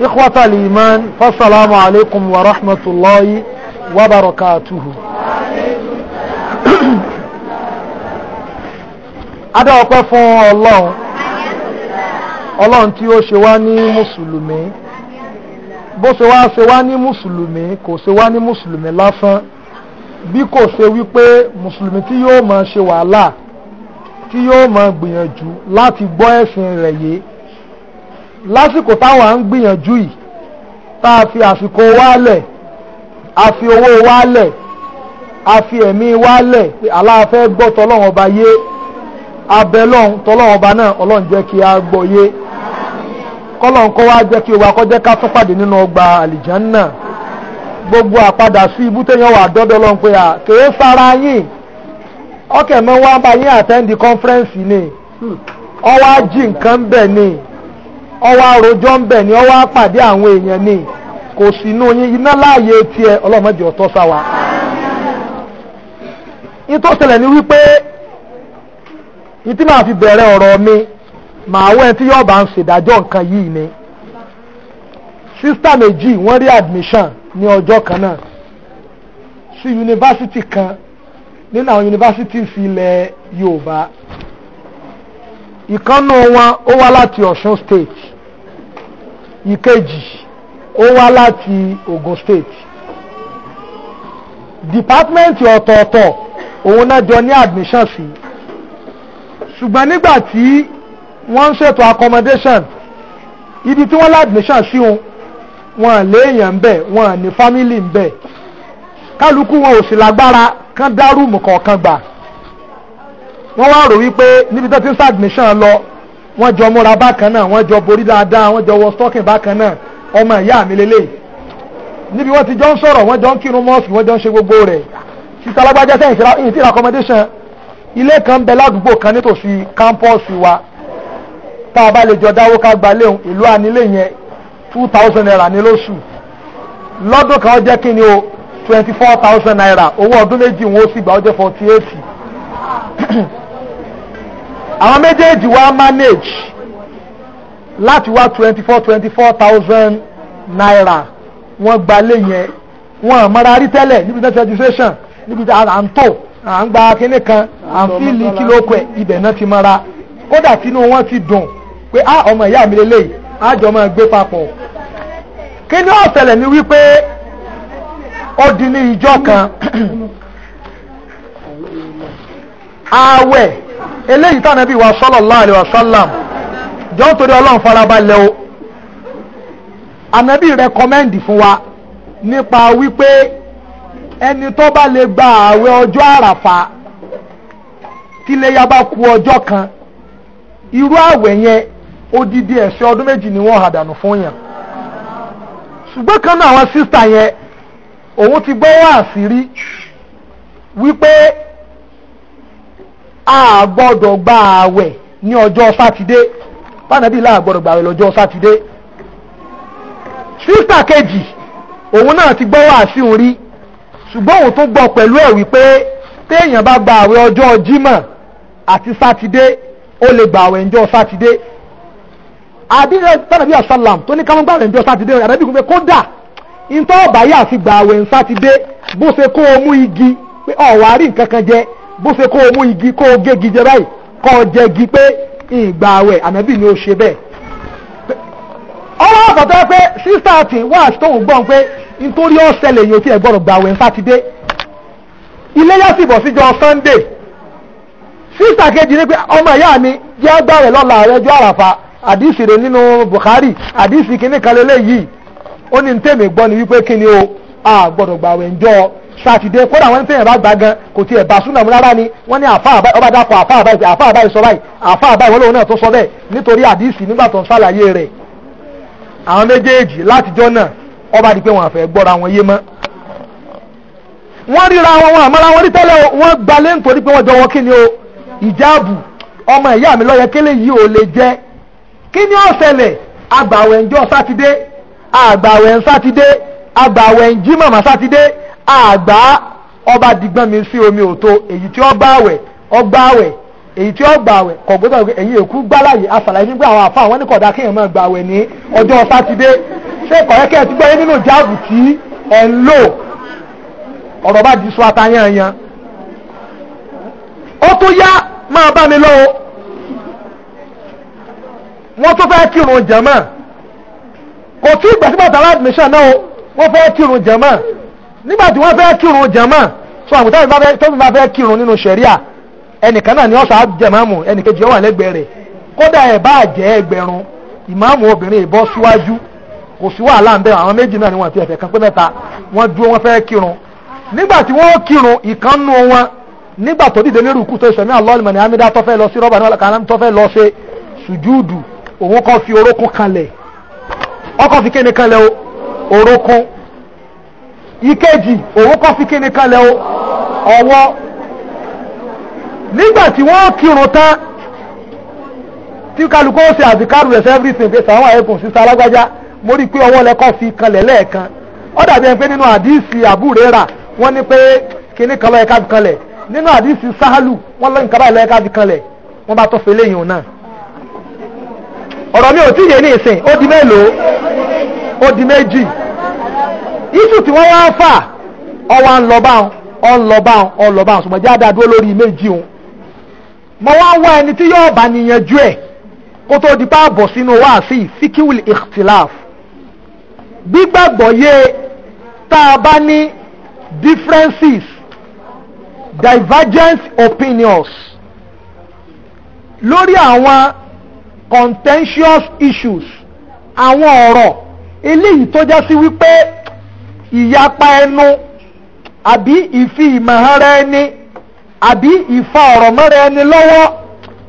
إخوة الإيمان فالسلام عليكم ورحمة الله وبركاته adá ọpẹ́ fún ọlọ́run ọlọ́run tí ó ṣe wá ní mùsùlùmí bó ṣe wá ṣe wá ní mùsùlùmí kò ṣe wá ní mùsùlùmí lásán bí kò ṣe wípé mùsùlùmí tí yóò máa ṣe wàhálà tí yóò máa gbìyànjú láti gbọ́ ẹ̀sìn rẹ̀ yé lásìkò táwa ń gbìyànjú yìí tá a fi àsìkò wálẹ̀ a fi owó wálẹ̀ a fi ẹ̀mí wálẹ̀ pé gbọ́ ọba yé abẹ́ lọ́hún ọba náà ọlọ́run jẹ́ kí a gbọ́ yé kọ́ wá jẹ́ kí o wa kọ́ jẹ́ ká tún pàdé nínú ọgbà gbogbo àpadà sí ibú téèyàn wà dọ́dọ̀ lọ́n pé à kèé sára bá yín àtẹ́ndì ni ọwọ́ ají nǹkan bẹ̀ ọwọ́ àròjọ́ ń bẹ̀ ni ọwọ́ àpàdé àwọn èèyàn ni kò sínú yín iná láàyè ọlọ́mọdé ọ̀tọ́ ìtọ́ ni wípé ìtí ma fi bẹ̀rẹ̀ ọ̀rọ̀ mi màá wẹ́n tí yọọba ń ṣèdájọ́ nǹkan yìí ni. sísítà méjì wọ́n rí admission kan náà sí yunifásitì kan nínú àwọn yunifásitì ilẹ̀ Yorùbá ìkànnù wọn ó wá láti state ìkejì ó wá láti Ogun State dìpátmẹ́ǹtì ọ̀tọ̀ọ̀tọ̀ òun náà jọ ní admission sí ṣùgbọ́n nígbà tí wọ́n ń ṣètò accommodation ibi tí wọ́n ládmission sí òun wọn léèyàn ń bẹ̀ wọn ní fámìlì ń bẹ̀ kálukú wọn ò sì lágbára kán dá rúùmù kọ̀ọ̀kan gbà wọ́n wá rò wípé níbi tó ti ń ṣàdmission lọ wọ́n jọ múra bákan náà wọ́n jọ borí dáadáa wọ́n jọ wọ stocking bákan náà ọmọ ìyá mi lélẹ̀ níbi wọ́n ti jọ ń sọ̀rọ̀ wọ́n jọ ń kírun mọ́ọ̀sì wọ́n jọ ń ṣe gbogbo rẹ̀ títa alágbájá sẹ́yìn ìtìrà accommodation ilé kan bẹ ládùúgbò kan nítòsí kámpọ́ọ̀sì wa tá a bá lè jọ dáwó ká gba léhùn ìlú ànílé yẹn two thousand naira ní lóṣù lọ́dún kan jẹ́ kí ni o twenty four thousand naira owó ọdún méjì wọn ó sì gbà ó jẹ́ forty eight àwọn méjèèjì wá manage láti wá twenty four twenty four thousand naira wọ́n gba lé yẹn wọ́n àmọ́ra rí tẹ́lẹ̀ níbi tẹ́sí registration níbi tí à ń tò à ń gba kinní kan à ń fíìlì kílókù ẹ̀ ibẹ̀ náà ti mọ́ra kódà tínú wọn ti dùn pé á ọmọ ìyá mi lélẹ́yìí á jọ máa gbé papọ̀ kíní ọ̀sẹ̀lẹ̀ ni wípé ó di ní ìjọ kan ààwẹ̀ eléyìí tànà bí wa sallallahu alaihi wasallam jọ torí ọlọ́run farabalẹ̀ o ànábì rẹkọmẹ́ndì fún wa nípa wípé ẹni tó bá lè gba ààwẹ̀ ọjọ́ àràfà tíléyà bá ku ọjọ́ kan irú ààwẹ̀ yẹn odidi ẹ̀ṣẹ̀ ọdún méjì ni wọ́n hàdànù fún yàn ṣùgbọ́n kan náà àwọn sísà yẹn òun ti gbọ́ wá àṣírí wípé a gbọ́dọ̀ gba ààwẹ̀ ní ọjọ́ sátidé fànàbí là gbọ́dọ̀ gba ààwẹ̀ lọ́jọ́ sátidé sísà kejì òun náà ti gbọ́ wá sí orí ṣùgbọ́n òun tó gbọ́ pẹ̀lú ẹ̀ wípé téèyàn bá gba ààwẹ̀ ọjọ́ jímọ̀ àti sátidé ó lè gba ààwẹ̀ ǹjọ́ sátidé àbíyẹ tàbí àṣàlám tó ní káwọn gba ààwẹ̀ ǹjọ́ sátidé àbẹ́bí kò pé kódà ntọ́ ọ̀báyé àti gba ààwẹ̀ bó ṣe kó o igi pé ọ̀wárí nǹkan kan jẹ bó ṣe kó o mú igi kó o gégi jẹ báyìí kó o jẹ igi pé ìgbà àwẹ̀ ànábì ni ó ṣe bẹ́ẹ̀. ọwọ́ àkọ́tọ́ pé sísá tí wàásù tóun gbọ́n pé nítorí ọ̀sẹ̀lẹ̀ yìí ó tiẹ̀ gbọ́dọ̀ gbà àwẹ̀ sátidé iléyà sì bọ̀ síjọ sunday sísà kejì ní pé ọmọ ìyá mi jẹ́ agbára lọ́la ẹjọ́ àràfà àdìsí rẹ̀ nínú bukhari àdìsí kìíní kan lélẹ́yìí ó ní tèmi gbọ́ ni wípé kí ni o a gbọ́dọ̀ gbàwẹ̀ ńjọ́ sátidé kódà wọn tẹ̀yìn bá gbà gan kò tiẹ̀ bá súnà mu rárá ni wọ́n ní àfa ọba dàpọ̀ àfa àbáyé pé àfa àbáyé sọ báyìí àfa àbáyé wọ́n lòun náà tó sọ bẹ́ẹ̀ nítorí àdìsí nígbà tó ń ṣàlàyé rẹ̀ àwọn méjèèjì látijọ́ náà ọba di pé wọn àfẹ́ gbọ́ra wọn yé mọ́ wọ́n ríra wọn wọn àmọ́ra wọn rí tẹ́lẹ̀ wọ́n gbalẹ̀ nítorí pé wọ́n jọ wọn kí ni o ìjáàbù ọmọ ìyá mi lọ́yẹ kélé yìí ò lè jẹ́ kí ni ó ṣẹlẹ̀ agbàwẹ̀ ǹjọ́ sátidé agbàwẹ̀ ń sátidé agbàwẹ̀ ń jí màmá sátidé àgbá ọba dìgbọ́n mi sí omi òtó èyí tí ó gbààwẹ̀ ó gbààwẹ̀ èyí tí ó gbààwẹ̀ kọ̀gbọ́dọ̀ pé ẹ̀yin èkú gbálàyè àṣàlàyé nígbà àwọn àfa àwọn oníkọ̀dá kéèyàn máa gbààwẹ̀ ní ọjọ́ sátidé ṣé kọ̀rẹ́kẹ́ ti gbọ́yé nínú jáàbù tí ẹ̀ ń lò ọ̀rọ̀ bá di sọ atayanyan ó tó yá máa bá mi lọ́wọ́ wọ́n tó fẹ́ kírun jẹ̀mọ́ kò tí ìgbà sí bàtà admission náà wọ́n fẹ́ kírun jẹ̀mọ́ nígbà tí wọ́n fẹ́ kírun jàmá so àwọn tó bá fẹ́ kírun nínú ṣẹ̀ríà ẹnìkan náà ni ọ̀sà jẹ̀máàmù ẹnìkejì ọ̀wà lẹ́gbẹ̀ẹ́ rẹ̀ kódà ẹ̀ bá jẹ́ ẹgbẹ̀rún ìmáàmù obìnrin ìbọ́ síwájú kò sí wàhálà ń bẹ àwọn méjì náà ni wọ́n ti ẹ̀fẹ̀ kan pé mẹ́ta wọ́n dúró wọ́n fẹ́ kírun nígbà tí wọ́n kírun ìkànnù wọn nígbà tó dìde ní rúkú tó sẹ̀mí àlọ́ọ̀lùmọ̀ ní amídá tó fẹ́ lọ sí rọ́bà ní ọlọ́kàlám tó fẹ́ lọ ṣe sùjúùdù òun kọ́ fi orókún kanlẹ̀ ọkọ̀ fi kéne kanlẹ̀ orókún ìkejì òun kọ́ fi kíni kalẹ̀ o ọwọ́ nígbà tí wọ́n kírun tán tí kálukú ó ṣe àdìkárù rẹ̀ sí everything pé sàwọn ẹ̀kùn sísá alágbájá mo rí ekan pé ọwọ́ lẹ́kọ́ fi kanlẹ̀ lẹ́ẹ̀kan ó dàbí ẹni pé nínú àdìsí àbúrẹ́rà wọ́n ní pé kíní kan lọ́yẹ̀ká fi kanlẹ̀ nínú àdìsí sáhálù wọ́n lọ́yìn kan báyìí lọ́yẹ̀ká fi kanlẹ̀ wọ́n bá tó fi léyìn náà ọ̀rọ̀ mi ò tíye ní ìsìn ó di mélòó ó di méjì iṣu tí wọ́n wá fà ọwọ́ ń lọ báwọn ọ̀n lọ báwọn ọ̀n lọ báwọn ṣùgbọ́n jáde àdúró lórí méjì òun mo wá ń wá ẹni tí yóò bá níyanjú ẹ̀ kó tó di bá bọ̀ sínú wáàsí fikiwul ikhtilaf gbígbàgbọ́ yé tá a bá ní differences divergent opinions lórí àwọn contentious issues àwọn ọ̀rọ̀ eléyìí tó já wípé ìyapa ẹnu àbí ìfi ìmọ̀hánra ẹni àbí ìfa ọ̀rọ̀ mọ́ra ẹni lọ́wọ́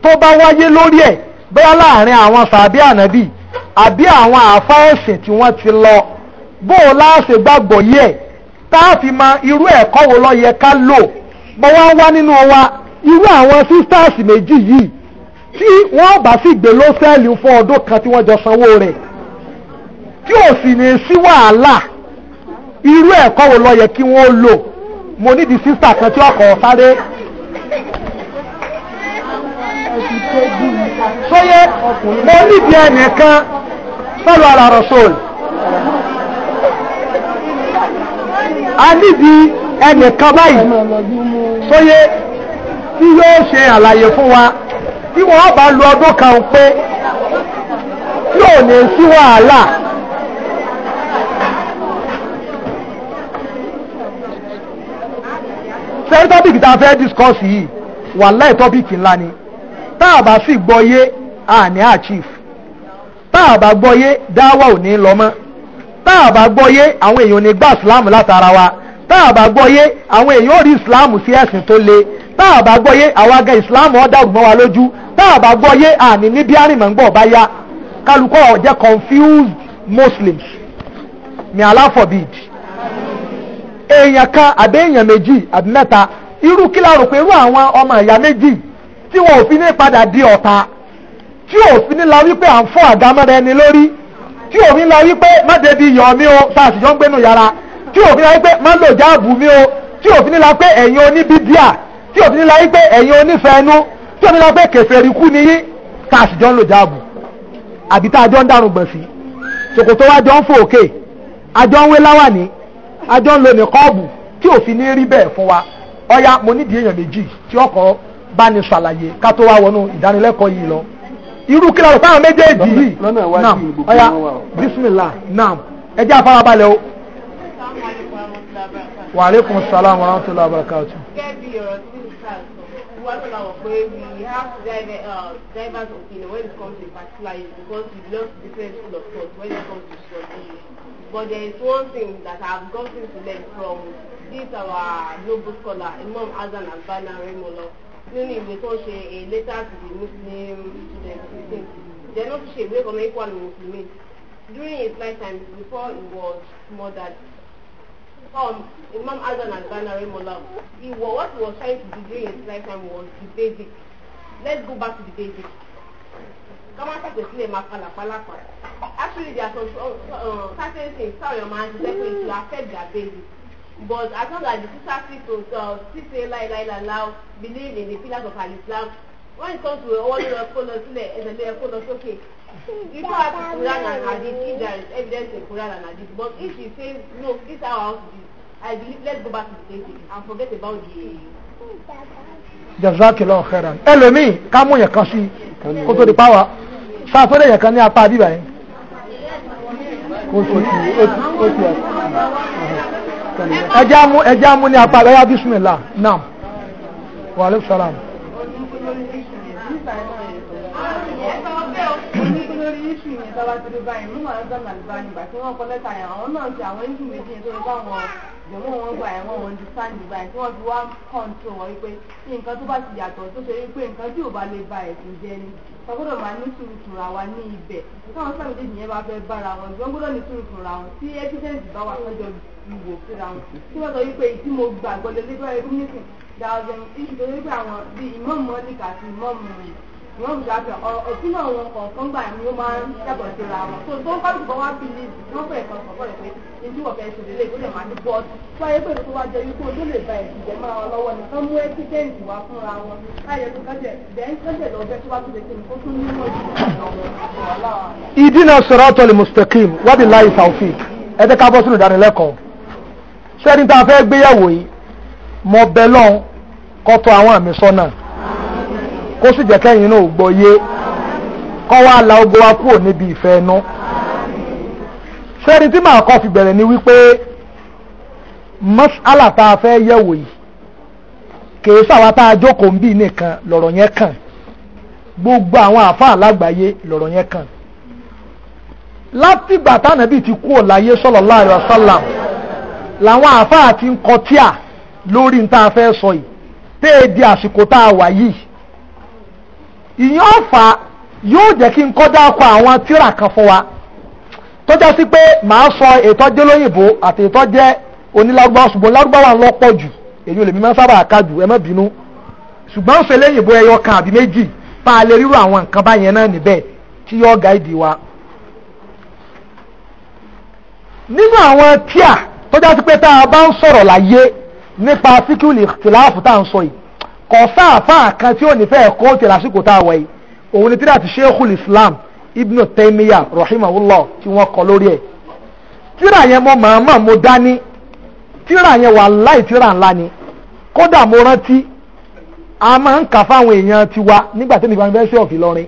tó bá wáyé lórí ẹ̀ bóyá láàrin àwọn sàbí ànábì àbí àwọn àáfà ẹ̀sìn tí wọ́n ti lọ bó o láàṣẹ gbàgbọ́ yí ẹ̀ tá a fi mọ irú ẹ̀kọ́ wo ló yẹ ká lò mo wá wá nínú wa irú àwọn sisters méjì yìí tí wọ́n bá sì gbé lọ́sẹ̀lì fún ọdún kan tí wọ́n jọ sanwó rẹ̀ tí ò sì ní sí wàhálà irú ẹ̀kọ́ wo ló yẹ kí wọ́n lò mo nídìí sísà kan tí ọkọ̀ sáré sóyé mo nídìí ẹnìkan sọ́lọ́ ara rọ̀sọ́ọ̀lù a nídìí ẹnìkan báyìí sóyé tí yóò ṣe àlàyé fún wa tí wọ́n bá lu ọdún kan pé tí ò ní sí wàhálà. sẹ́rí tọ́pìkì tá a fẹ́ discuss yìí wàláì tọ́pìkì ńlá ni tá a bá sì gbọ́yé àní àchief tá a bá gbọ́yé dáwà ò ní lọ mọ́ tá a bá gbọ́yé àwọn èèyàn ní gbà Islam látara wa tá a bá gbọ́yé àwọn èèyàn ò rí Islam sí ẹ̀sìn tó le tá a bá gbọ́yé àwọn aga Islam ọ̀dà ògbọ́n wa lójú tá a bá gbọ́yé àní níbi àrìmọ̀ngbọ̀ bá yá kálukọ́ jẹ́ confused Muslims may Allah èèyàn kan àbí èèyàn méjì àbí mẹ́ta irú kí la rò pé irú àwọn ọmọ ìyá méjì tí wọn ò fi ní padà di ọ̀tá tí ò fi ní la wípé à ń fọ́ àdámọ́ra ẹni lórí tí ò fi ní la wípé má débi yàn mí o tá a sì jọ ń gbénu yàrá tí ò fi ní la wípé má lò jáàbù mí o tí ò fi ní la pé ẹ̀yin oníbídíà tí ò fi ní la wípé ẹ̀yin onífẹ̀ẹ́nu tí ò fi ní la pé kèfèrí kú niyí tá a sì jọ ń lò jáàbù àbí tá a jọ ń dàrú gbọ̀nsì ṣòkòtò wa jọ ń fò òkè a jọ ń wé láwàní àjọ ń lo nìkọ́ọ̀bù tí òfin ní rí bẹ́ẹ̀ fún wa ọ̀ya mo nídìí èèyàn méjì tí ọkọ̀ bá ní ṣàlàyé ká tó wá wọnú ìdánilẹ́kọ̀ọ́ yìí lọ irú kí lọ́rọ̀ fáwọn méjèèjì yìí naam ọ̀ya bismillah naam ẹ jẹ́ àfarabalẹ̀ o. wa alaikum salaam wa rahmatullahi wọ́n tó làwọn pé we have uh, diverse opinion when it comes to particular issue because we love different school of thought when it comes to study. But there is one thing that I have gotten to learn from this our noble scholar, Imam Azan Albani Arimolo, nínú ìwé tó ń ṣe a letter to the Muslim students. Then ó tún ṣe ìwé kan mẹ́kọ́ àwọn Mùsùlùmí. During his lifetime before he was murdered, um, Imam Azan Albani Arimolo, he was, what he was trying to do during his lifetime was the basic. Let's go back to the basic kọ́má tẹ̀pẹ̀ sílẹ̀ máa falà pálápà actually there are some uh, uh, certain things táwọn máa ń ṣiṣẹ́ pé it will affect their baby but as long as the sister still to uh, say lai lai la lao believe in the pillars of alislam when it comes to ọwọ́ ló yẹ kó lọ sílẹ̀ ẹsẹ̀ ló yẹ sókè you don't have to Quran and Hadith if there is evidence in Quran and Hadith but if you say no this is how I want to be," I believe let's go back to the basics and forget about the jazakallahu khairan ẹlòmíì ká mú yẹn kan sí kó tó di pàwọ́ sáfẹ́rẹ́ yẹn kan ní apá bíbá yẹn ẹjá mú ẹjá mú ní apá rẹ̀ yá náà wà lè sọ́ràn báyìí, mú màá ń sọ́nà àlùbáyìí, bàtí wọ́n kọ́ lẹ́tà yẹn, àwọn náà ti àwọn ìṣù méjì tó rí báwọn ìyàwó wọn gbà ẹ̀wọ̀n wọn understand ìgbà ẹ̀ tí wọ́n fi wá control wọn wípé ní nǹkan tó bá ti yàtọ̀ tó ṣe wípé nǹkan tí ò bá lè ba ẹ̀sìn jẹ́ ni wọ́n gbọ́dọ̀ máa ní sùúrùtùrà wa ní ibẹ̀ táwọn sábà méjèèjì yẹn bá fẹ́ bára wọn wọ́n gbọ́dọ̀ ní sùúrùtùrà wọn tí evidence bá wà sọ́jọ́ ìwò síra wọn tí wọ́n sọ wípé tí mo gbàgbọ́ lé lébẹ́ wọ́n fi dàgbà ọ̀tún náà wọn kọ̀ọ̀kan gbà ni ó máa ń yàtọ̀ síra wọn tó tó ń kálukú kan wá bí ní wọ́n fẹ́ kan kọ̀ọ̀kan rẹ̀ pé ìdí wọ̀ fẹ́ ṣe lélẹ̀ ìgbọ́dọ̀ máa ní bọ́ọ̀tù fún ayé pẹ̀lú tó wá jẹ wípé ó lè ba ẹ̀sìn jẹ́ máa wọn lọ́wọ́ ni kán mú ẹ́sídẹ́ǹtì wá fúnra wọn láyé tó kẹ́tẹ̀ bẹ́ẹ̀ kẹ́tẹ̀ lọ bẹ́ẹ̀ tó wá tún lè ṣe nǹkan tó ní mọ́ ìdínà sọ̀rọ̀tọ̀ lè mustaqim wádìí láì tàwfíì ẹ jẹ́ ká bọ́ sínú ìdánilẹ́kọ̀ọ́ sẹ́ni tá a fẹ́ gbéyàwó yìí mọ̀ bẹ́lọ́n kọ́tọ̀ àwọn àmì sọ́nà kó sì jẹ́ kẹ́yìn náà gbọ́ yé kọ́ wá la ogbó wa kúrò níbi ìfẹ́ ẹnu ṣẹ́ni tí màá kọ́ fi bẹ̀rẹ̀ ni wípé mọ́ṣálà tá a fẹ́ yẹ̀wò yìí kèé sàwa tá a jókòó ń bì nìkan lọ̀rọ̀ yẹn kàn gbogbo àwọn àáfàá lágbàáyé lọ̀rọ̀ yẹn kàn látìgbà tánàbí ti kú ọ̀láyé sallallahu alaihi wasallam làwọn àáfàá ti ń kọtíà lórí ní tá a fẹ́ sọ yìí téèdì àsìkò tá a wà yìí ìyẹn ọ̀fà yóò jẹ́ kí n kọ́ dákọ̀ àwọn tíra kan fún wa tó já sí pé màá sọ ètò jẹ́ lóyìnbó àti ètò jẹ́ onílágbá ṣùgbọ́n lárúbáwá ńlọ pọ̀ jù èyí ò lè mi máa sábà ká jù ẹ má bínú ṣùgbọ́n ń fẹ́ lẹ́yìnbó ẹyọ kan àbí méjì tá a lè ríru àwọn nǹkan báyẹn náà níbẹ̀ tí yóò gáìdì wa. nínú àwọn tíà tó já sí pé tá a bá ń sọ̀rọ̀ láyé nípa fíkúlì kìláàfù tá à ń sọ yìí kò sáàfà kan tí ó nífẹ̀ẹ́ ẹ̀kọ́ ti lásìkò tá a wọ̀ yìí òun ni tíra ti sheikhul islam ibn taymiya rahimahullah tí wọ́n kọ lórí ẹ̀ tíra yẹn mo màmá mo dání tíra yẹn wallahi tíra ńlá ni kódà mo rántí a máa ń kà fáwọn èèyàn tiwa nígbà tí nìkan fẹ́ sí ọ̀fìn lọ́rin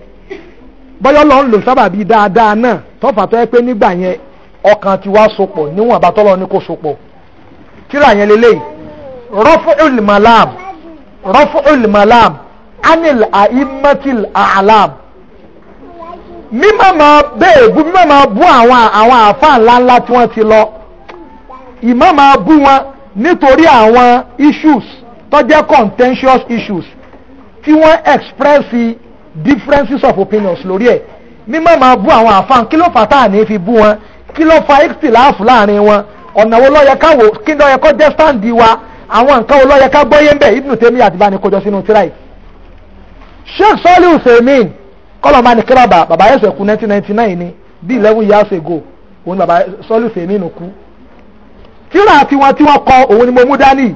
bọ́yọ́ lọ ń lò sábàbí dáadáa náà tọ́fà tó yẹ pé nígbà yẹn ọkàn tiwa sopọ̀ níwọ̀n àbátọ́lọ́ ni kò sopọ̀ tíra yẹn lélẹ́yìí rọ́fọ́ ìlmàlám rọ́fúl malam anil aimatil alam mímọ̀ máa bẹ́ẹ̀bù mímọ̀ máa bú àwọn àwọn àáfàá ńláńlá tí wọ́n ti lọ ìmọ̀ máa bú wọn nítorí àwọn issues tó jẹ́ contentious issues tí wọ́n express differences of opinions lórí ẹ̀ mímọ̀ máa bú àwọn àáfàá kí ló fà tá à ní fi bú wọn kí ló fa ìtìláàfù láàrin wọn ọ̀nà wo ló yẹ káwò kí ló yẹ kó jẹ́ stand wa àwọn nǹkan olóyè ká gbọ́yé ń bẹ̀ Ibn Taymiyyah àti bani kọjọ sínú tíráì Sheikh Salihu Usaimin kọlọ̀mà ní bàbá yẹn sọ 1999 ni bí eleven years ago òun bàbá Salihu Usaimin kú tíra tiwọn tí wọ́n kọ òun ni mo mú dání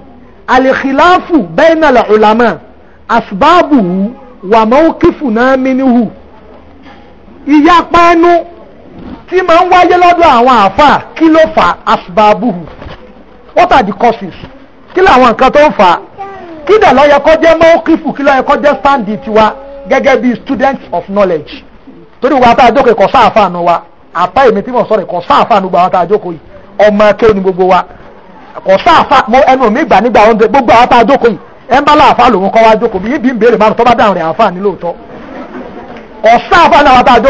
al-khilafu bayna al-ulama asbabuhu wa mawqifuna minhu ìyapa ẹnu tí máa ń wáyé lọ́dọ̀ àwọn àáfàá kí ló fà asbabuhu what are the causes kí làwọn nǹkan tó ń fà á kí dẹ̀ lọ yẹ jẹ́ mọ́ọ́kìfù kí ló yẹ jẹ́ sáǹdì tiwa gẹ́gẹ́ bí students of knowledge torí wa tá a jókòó kò wa àpá èmi tí mo sọ̀rọ̀ gba ọmọ akéwì wa mo ẹnu mi gbà nígbà gbogbo àwọn jókòó yìí ẹ ń bá ibi ń béèrè márùn tó bá dáhùn rẹ̀ lóòótọ́ àwọn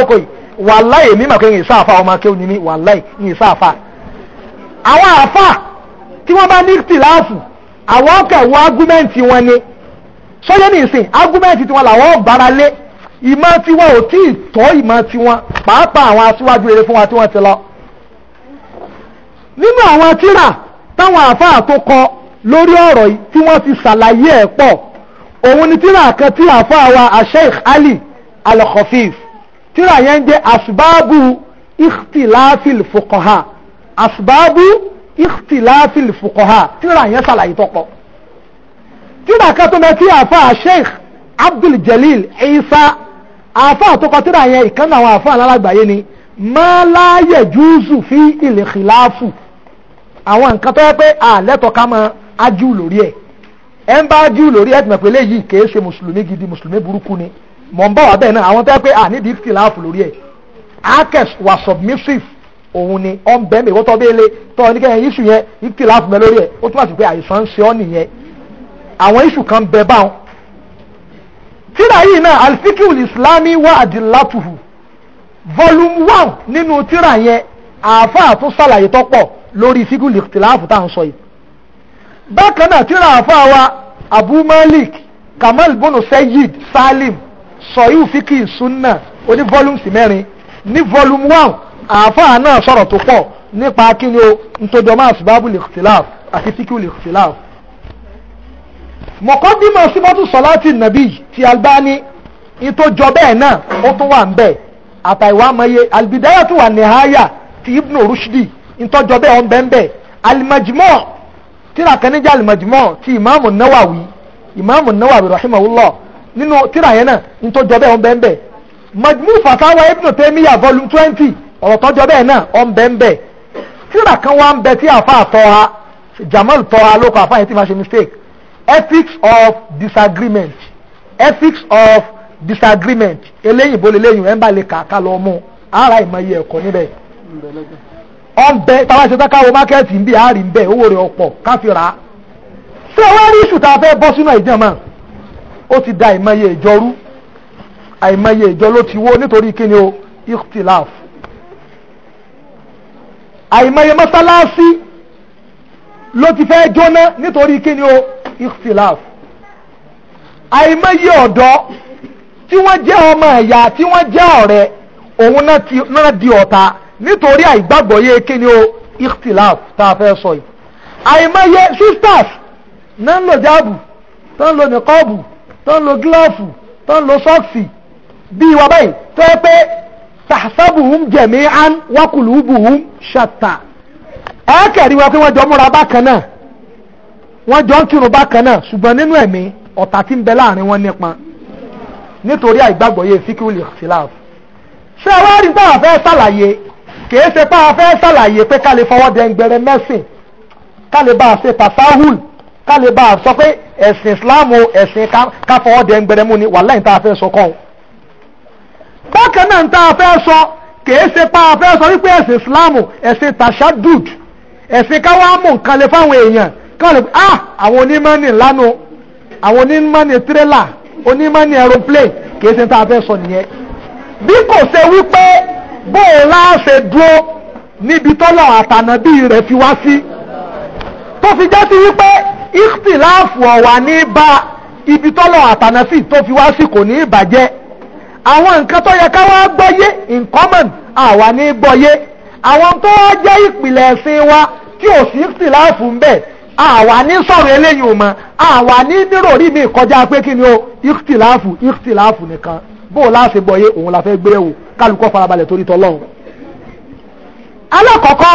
jókòó yìí àwọn ọkọ̀ wọ ágúmẹ́ǹtì wọn ni sọ́jọ́ ní ìsìn ágúmẹ́ǹtì tiwọn làwọn bára lé ìmọ̀ tiwọn ò tí ì tọ́ ìmọ̀ tiwọn pàápàá àwọn aṣíwájú rere fún wa tí wọ́n ti lọ. nínú àwọn tírà táwọn àáfàá tó kọ lórí ọ̀rọ̀ tí wọ́n ti ṣàlàyé ẹ̀ pọ̀ òun ni tírà kan tí àáfàá wa Sheikh Ali Al-Khafif yẹn ń jẹ́ asbabu ikhtilafil fuqaha asbabu ìtìláfìlì fùkọ̀há tíra yẹn ṣàlàyé tọ́pọ̀ tíra kan tó mẹ́ tí àfa sheikh abdul jalil isa àfa tó kọ tíra yẹn ìkànnì àwọn àfa alálàgbáyé ni máa láàyè júùsù fi ilẹ̀ xìláàfù àwọn nǹkan tó yẹ pé àlẹ́tọ̀ ká máa ájú lórí ẹ̀ ẹ̀ ń bá ájú lórí ẹ̀ tìmọ̀ pé léyìí kìí ṣe mùsùlùmí gidi mùsùlùmí burúkú ni mọ̀ ń bá wà bẹ́ẹ̀ náà àwọn tó yẹ pé ànídìí xìláàfù lórí ẹ̀ akes wa submissive òun ni ọ̀ ń bẹ́ mi kótó béèlè tó ọ ní kẹ́hìn iṣu yẹn ìkí láàfin mi lórí ẹ̀ ó túmọ̀ sí pé àìsàn ń ṣe ọ́ nìyẹn àwọn iṣu kan bẹ báwọn. tíra yìí náà alifikiu islami wa adilatuhu volume one nínú tíra yẹn àáfàá tún ṣàlàyé tọ́pọ̀ lórí fikiu ìtìláàfù tá à ń sọ yìí. bákan náà tíra àáfàá wa abu malik kamal bono sayyid salim sọyún fikiu sunna oní volume sí mẹ́rin ní volume one àáfàá náà sọ̀rọ̀ tó pọ̀ nípa kíni o ntọ́jọ́ máa sùbábù lèkìtìláf àti fíkìú lèkìtìláf. mọ̀kọ́dímọ̀ síbọ́tù sọ́láàtì nàbí ti albani ìtọ́jọ́ bẹ́ẹ̀ náà ó tún wà ń bẹ̀ àtàìwá amáyé albidaya tó wà nìháyà ti ibnu rushdi ìtọ́jọ́ bẹ́ẹ̀ ọ̀n bẹ́ẹ̀ bẹ́ẹ̀ alimajimọ́ tíra kanijá alimajimọ́ ti imaamu nawawi imaamu nawawi rahimahullah nínú tíra yẹn náà ìtọ́jọ́ bẹ́ẹ̀ ọ̀n bẹ́ẹ̀ bẹ́ẹ̀ majmu fatawa ibnu taymiya volume twenty ọ̀rọ̀ tọ́jọ́ bẹ́ẹ̀ náà ọ ń bẹ́ tíra kan wá ń bẹ tí àfa àtọ́ha Jamal tọ́ha ló kọ àfa tí ma ṣe mistake ethics of disagreement ethics of disagreement eléyìnbó lélẹ́yìn ẹ̀ ń bá lè kà lọ mú ara ìmọ̀ye ẹ̀kọ́ níbẹ̀ ọ táwa ṣe táka wo mákẹ́ẹ̀tì ń bí àárín ń bẹ owó rẹ̀ ọ̀pọ̀ káfí ra ṣé wọ́n rí ìṣù tá a fẹ́ bọ́ sínú ìjọ ó ti da ìmọ̀ye ìjọ rú àìmọ̀ye ìjọ ló ti wó nítorí kíni o ikhtilaf àìmọye mọ́sálásí ló ti fẹ́ jóná nítorí kíni o ikhtilaf àìmọye ọ̀dọ́ tí wọ́n jẹ́ ọmọ ẹ̀yà tí wọ́n jẹ́ ọ̀rẹ́ òun náà di ọ̀tá nítorí àìgbàgbọ́yé kíni o ikhtilaf tá a fẹ́ sọ yìí àìmọye sisters náà ń lò jáàbù tó ń lò nìkọ́ọ̀bù tó ń lò gíláàfù tó ń lò sọ́ọ̀sì bí ìwà tó yẹ pé tahsabuhum jami'an wa qulubuhum shatta ẹ kẹ̀rí wọn pé wọ́n jọ múra bákan náà wọ́n jọ ń kírun bákan náà ṣùgbọ́n nínú ẹ̀mí ọ̀tá tí ń bẹ láàrin wọn nípa nítorí àìgbàgbọ́ yé fíkúlì ìkhtilaf ṣé ẹ wá rí bá a fẹ́ ṣàlàyé kìí ṣe bá a fẹ́ ṣàlàyé pé ká lè fọwọ́ dẹ́ngbẹ̀rẹ̀ mẹ́sìn ká lè bá ṣe tasahul ká lè bá sọ pé ẹ̀sìn islam ẹ̀sìn ká fọwọ́ dẹ́ngbẹ̀rẹ̀ mú ni wàláhì tá fẹ́ sọ kọ́ bákan náà tá a fẹ́ sọ kìí ṣe pa a fẹ́ sọ wípé ẹ̀sìn islamu ẹ̀sìn tashadud ẹ̀sìn káwá mú nǹkan lè fáwọn èèyàn káwọn lè ah àwọn onímọ̀nì lánà àwọn onímọ̀nì tírélà onímọ̀nì aeroplane kìí ṣe tá a fẹ́ sọ nìyẹn bí kò ṣe wípé bóun láàṣẹ dúró níbi tọ́lọ̀ àtànàbí rẹ̀ fi wá sí tó fi jẹ́ sí wípé ìkìtìláàfù ọ̀wà ní bá ibi tọ́lọ̀ àtànàbí tó fi wá sí kò ní ìbàjẹ́ àwọn nǹkan tó yẹ ká wá gbọ́yé in common àwa ní gbọ́yé àwọn tó wá jẹ́ ìpìlẹ̀ ẹ̀sìn wa tí ò sí ìsìláàfù ń bẹ̀ àwa ní sọ̀rọ̀ eléyìí ò mọ̀ àwa ní níròrí mi kọjá pé kí ni o ìsìláàfù ìsìláàfù nìkan bó o láti gbọ́yé òun la fẹ́ gbé wò kálukọ́ farabalẹ̀ torí tọ́lọ́hún. alákọ̀ọ́kọ́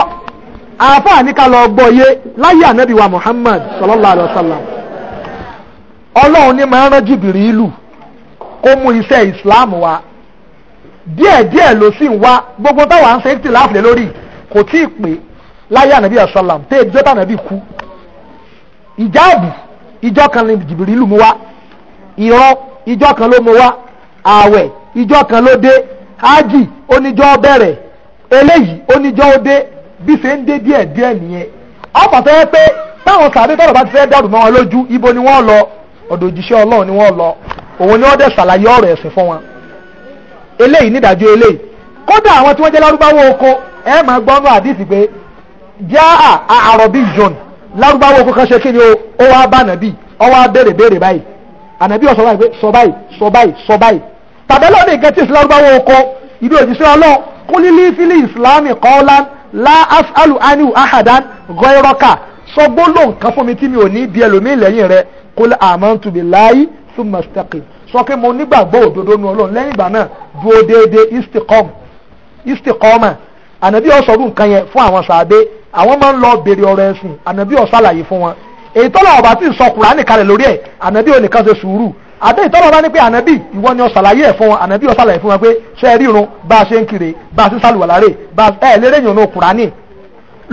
àáfàá ní ká lọ gbọ́yé láyé ànábì Muhammad sallallahu alayhi wa sallam ọlọ́run ní máa ń rán jìbìrì ìlú kó mú iṣẹ́ islam wa díẹ̀ díẹ̀ ló sì ń wá gbogbo táwa ń ṣe ikhtilaf lé lórí kò tí ì pé láyé ànábì asalam tẹ́ kú ìjáàbù ìjọ kan ní jìbìrì ìlú mu wá ìrọ ìjọ kan ló mu wá ààwẹ̀ ìjọ kan ló dé ájì oníjọ́ bẹ̀rẹ̀ eléyìí oníjọ́ ó dé bí ṣe ń dé nìyẹn pé bá ibo ni wọ́n lọ ọ̀dọ̀ òjíṣẹ́ òun ni wọ́n dẹ̀ ṣàlàyé ọ̀rọ̀ ẹ̀sìn fún wọn eléyìí nídàájọ́ eléyìí kódà àwọn tí wọ́n jẹ́ lárúbáwá oko ẹ máa gbọ́nú àdìsí pé jáà àròbí john lárúbáwá oko kan ṣe kí ni ó wá bá nàbí ó wá béèrè béèrè báyìí ànàbí ó sọ báyìí pé sọ báyìí sọ báyìí sọ báyìí tàbí lọ́dẹ̀ gẹ́tì lárúbáwá oko ìdí òjíṣẹ́ ọlọ́run kúlílí fílí ìsìlámì kọ́ọ́lán la asalu aniu ahadan gọ́ẹ́rọ́kà sọ gbólóhùn kan fún mi tí mi ò ní di ẹlòmíì lẹ́yìn rẹ kul amantu billahi súnmọ́ stẹ́kìm sọ pé mo nígbàgbọ́ òdodo nu ọlọ́run lẹ́yìn ìgbà náà dúró déédéé istikọ́m istikọ́mà ànàbí ọ̀sọ̀rù nǹkan yẹn fún àwọn sàádé àwọn máa ń lọ béèrè ọ̀rọ̀ ẹ̀sìn ànàbí ọ̀sàlàyé fún wọn èyí tọ́lọ̀ ọba tí ń sọ kùránì kalẹ̀ lórí ẹ̀ ànàbí ò nìkan ṣe sùúrù àdé ìtọ́lọ̀ bá ní pé ànàbí ìwọ ni ọ̀sàlàyé ẹ̀ fún wọn ànàbí ọ̀sàlàyé fún wọn pé ṣe é rírun bá a ṣe ń kiri bá a ṣe sálùwàlárè bá ẹ lérè yàn ní kùránì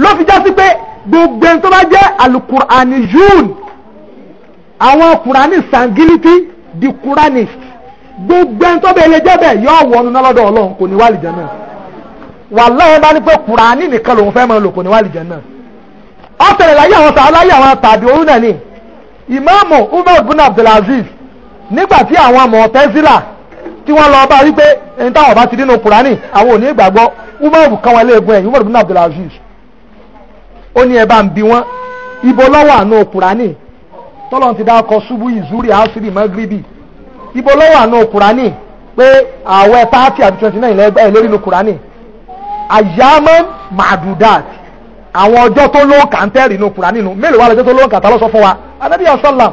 ló fi já sí pé gbogbo ẹni tó bá jẹ́ alukurani yún àwọn kùránì sangiliti di kùránì gbogbo ẹni tó bẹ ilé jẹ́bẹ̀ yọ wọnú náà lọ́dọ̀ ọlọ́run kò ní wà lìjẹ́ náà wàláhí bá ní pé kùránì nìkan lòun fẹ́ máa lò kò ní wà lìjẹ́ náà ọ̀sẹ̀rẹ̀ láyé àwọn sàá àwọn tàbí òun náà ni ìmáàmù umar bin abdulaziz nígbà tí àwọn mọ̀tẹ́sílà tí wọ́n lọ bá rí pé ẹni táwọn bá ti dínú kùránì àwọn ò ní ìgbàgbọ́ umar kan wọn léegun ẹ̀yìn umar bin abdulaziz ó ní ẹ bá ń bi wọn ibo lọ́wọ́ àánú kùránì tọ́lọ́n ti dákọ̀ ṣubú ìzúrí àásìrì mọ́gíríbì ibo lọ́wọ́ àna kùránì pé àwẹ̀ thirty àti twenty nine lẹ́gbẹ́ ẹ̀ lórí nu kùránì àyàmọ́ màdùdàt àwọn ọjọ́ tó ló ń kà ń tẹ́rì nu kùránì nu mélòó wà lọ́jọ́ tó ló ń kà tá ló fún wa anabi asalam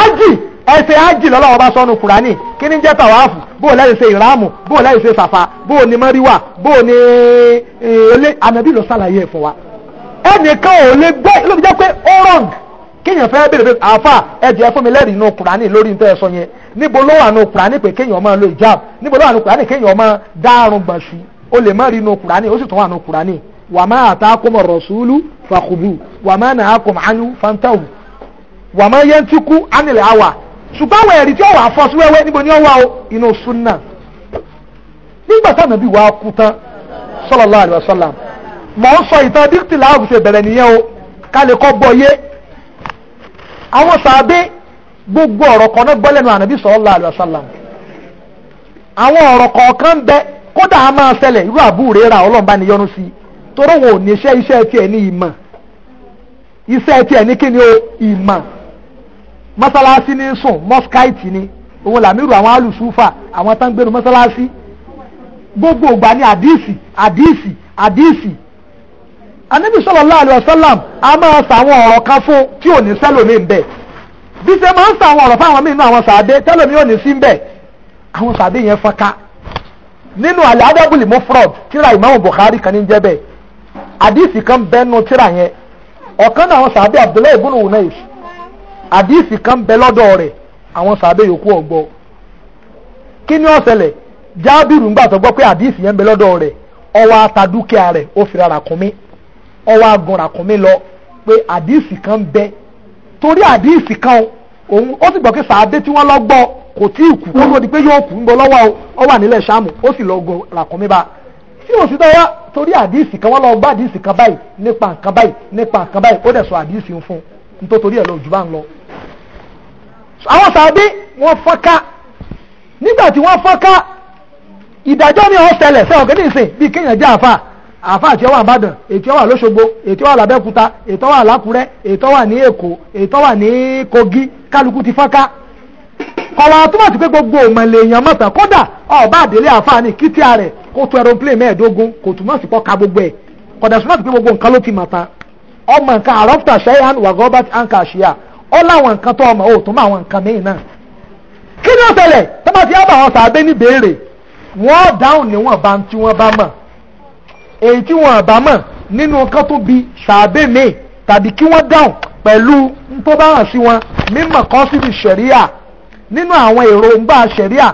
ájì ẹsẹ̀ ájì lọ́lọ́wọ́ bá sọnu kùránì kí ni jẹ́ tàwáàfù bó o lẹ́yìn ṣe ìrààmù bó o lẹ́yìn ṣe sàfà bó o ní mọ́ríwà bó o ní ẹ̀ẹ́lẹ́ eh, anabi ló ṣàlàyé ẹ̀ fún wa ẹnìkan ò lè gbẹ́ ló fi jẹ́ pé ó rọ̀ǹgì kéèyàn fẹ́ bèrè pé àáfà ẹ̀jẹ̀ fún mi lẹ́rìí inú kùránì lórí ní tẹ́ẹ̀ sọ yẹn níbo ló wà nù kùránì pé kéèyàn máa lo ìjáàb níbo ló wà nù kùránì kéèyàn máa dárun gbàṣù o lè má rí inú kùránì ó sì tún wà nù kùránì wà má àtàkùn rọ̀ṣúlù fàkùbù wà má nà ákùn ánú fantahù wà má yẹn ti kú ánìlẹ̀ àwà ṣùgbọ́n àwọn ẹ̀rí tí wà fọ́ síwẹ́wẹ́ níbo ni ó wà o inú súnà alaihi wasallam mọ̀ ń sọ ìtàn díktì láàbù ṣe bẹ̀rẹ̀ àwọn sàábé gbogbo ọ̀rọ̀ kan náà gbọ́lẹ̀nu ànábì sallallahu alaihi wasallam àwọn ọ̀rọ̀ kọ̀ọ̀kan bẹ kódà a máa ṣẹlẹ̀ irú àbúrò ra ọlọ́mba ni yọnu sí torí wọn eti ní iṣẹ́ iṣẹ́ tiẹ̀ ní ìmọ̀ iṣẹ́ tiẹ̀ ní kí ni o ìmọ̀ mọ́sálásí ní sùn mọ́skáìtì ni òun làmírù àwọn alùsùfà àwọn tán gbénu mọ́sálásí gbogbo ìgbà ni àdìsì àdìsì àdìsì anabi sallallahu alaihi wasallam a máa sa àwọn ọ̀rọ̀ kan fún tí ò ní sẹ́lòmí ń bẹ̀ bí ṣe máa ń sa àwọn ọ̀rọ̀ fáwọn míì náà àwọn sàdé tẹ́lòmí ò ní sí ń bẹ̀ àwọn sàdé yẹn fọ́nká nínú àlẹ́ adábùlì mufrod tíra ìmáàmù Bukhari kan ní jẹ́ bẹ́ẹ̀ àdìsí kan bẹ́nu tíra yẹn ọ̀kan náà àwọn sàdé Abdullahi ibn Unais àdìsí kan bẹ lọ́dọ̀ rẹ̀ àwọn sàdé yòókù ọ̀gbọ́ kí ni ó ṣẹlẹ̀ ń gbà tó pé àdìsí yẹn bẹ lọ́dọ̀ rẹ̀ ó wá ta ó fi rárá kún mi ọwọ́ agunra kún mi lọ pé àdìsí kan bẹ torí àdìsí kan òun ó sì gbọ́ pé sàádé tí wọ́n lọ gbọ́ kò tí ì kú ó tó di pé yóò kú ń bọ lọ́wọ́ ọ wà nílẹ̀ sàmù ó sì lọ gun ràkún mi bá tí ò sí tọ́wọ́ torí àdìsí kan wọ́n lọ gbọ́ àdìsí kan báyìí nípa nǹkan báyìí nípa nǹkan báyìí ó dẹ̀ sọ àdìsí fún un ẹ̀ lọ jù bá ń lọ. àwọn sàádé wọ́n fọ́nká nígbà tí wọ́n fọ́nká ìdájọ́ ni ọ̀ ṣẹlẹ̀ sẹ́wọ̀n kẹ́ni ìsìn bíi kéèyàn jẹ́ àáfàá àáfàá tí ó wà nìbàdàn ètò wà lọ́ṣogbo ètò wà làbẹ́òkúta ètò wà lákùrẹ́ ètò wà ní èkó ètò wà kogi kálukú ti faka. kọ̀wá túmọ̀ sí pé gbogbo òmọ̀lẹ̀ èèyàn mọ̀tàn kódà ọ̀bá àdélé àáfàá ní kítíà rẹ̀ kó aeroplane mẹ́ẹ̀ẹ́dógún kò túmọ̀ gbogbo ẹ̀ kọ̀dà súnmọ́ gbogbo nǹkan ló ọmọ nǹkan àrọ́pútà wà àǹkà àṣìyà ó láwọn nǹkan tó ọmọ òòtún máa wọn nǹkan náà kí ni ó ṣẹlẹ̀ wọn sàbẹ́ ní béèrè wọ́n dáhùn èyí tí wọ́n àbámọ̀ nínú kan tó bi sàbẹ̀ mi tàbí kí wọ́n dáhùn pẹ̀lú tó bá hàn sí wọn mímọ̀ kan síbi ṣẹ̀ríà nínú àwọn èròǹgbà ṣẹ̀ríà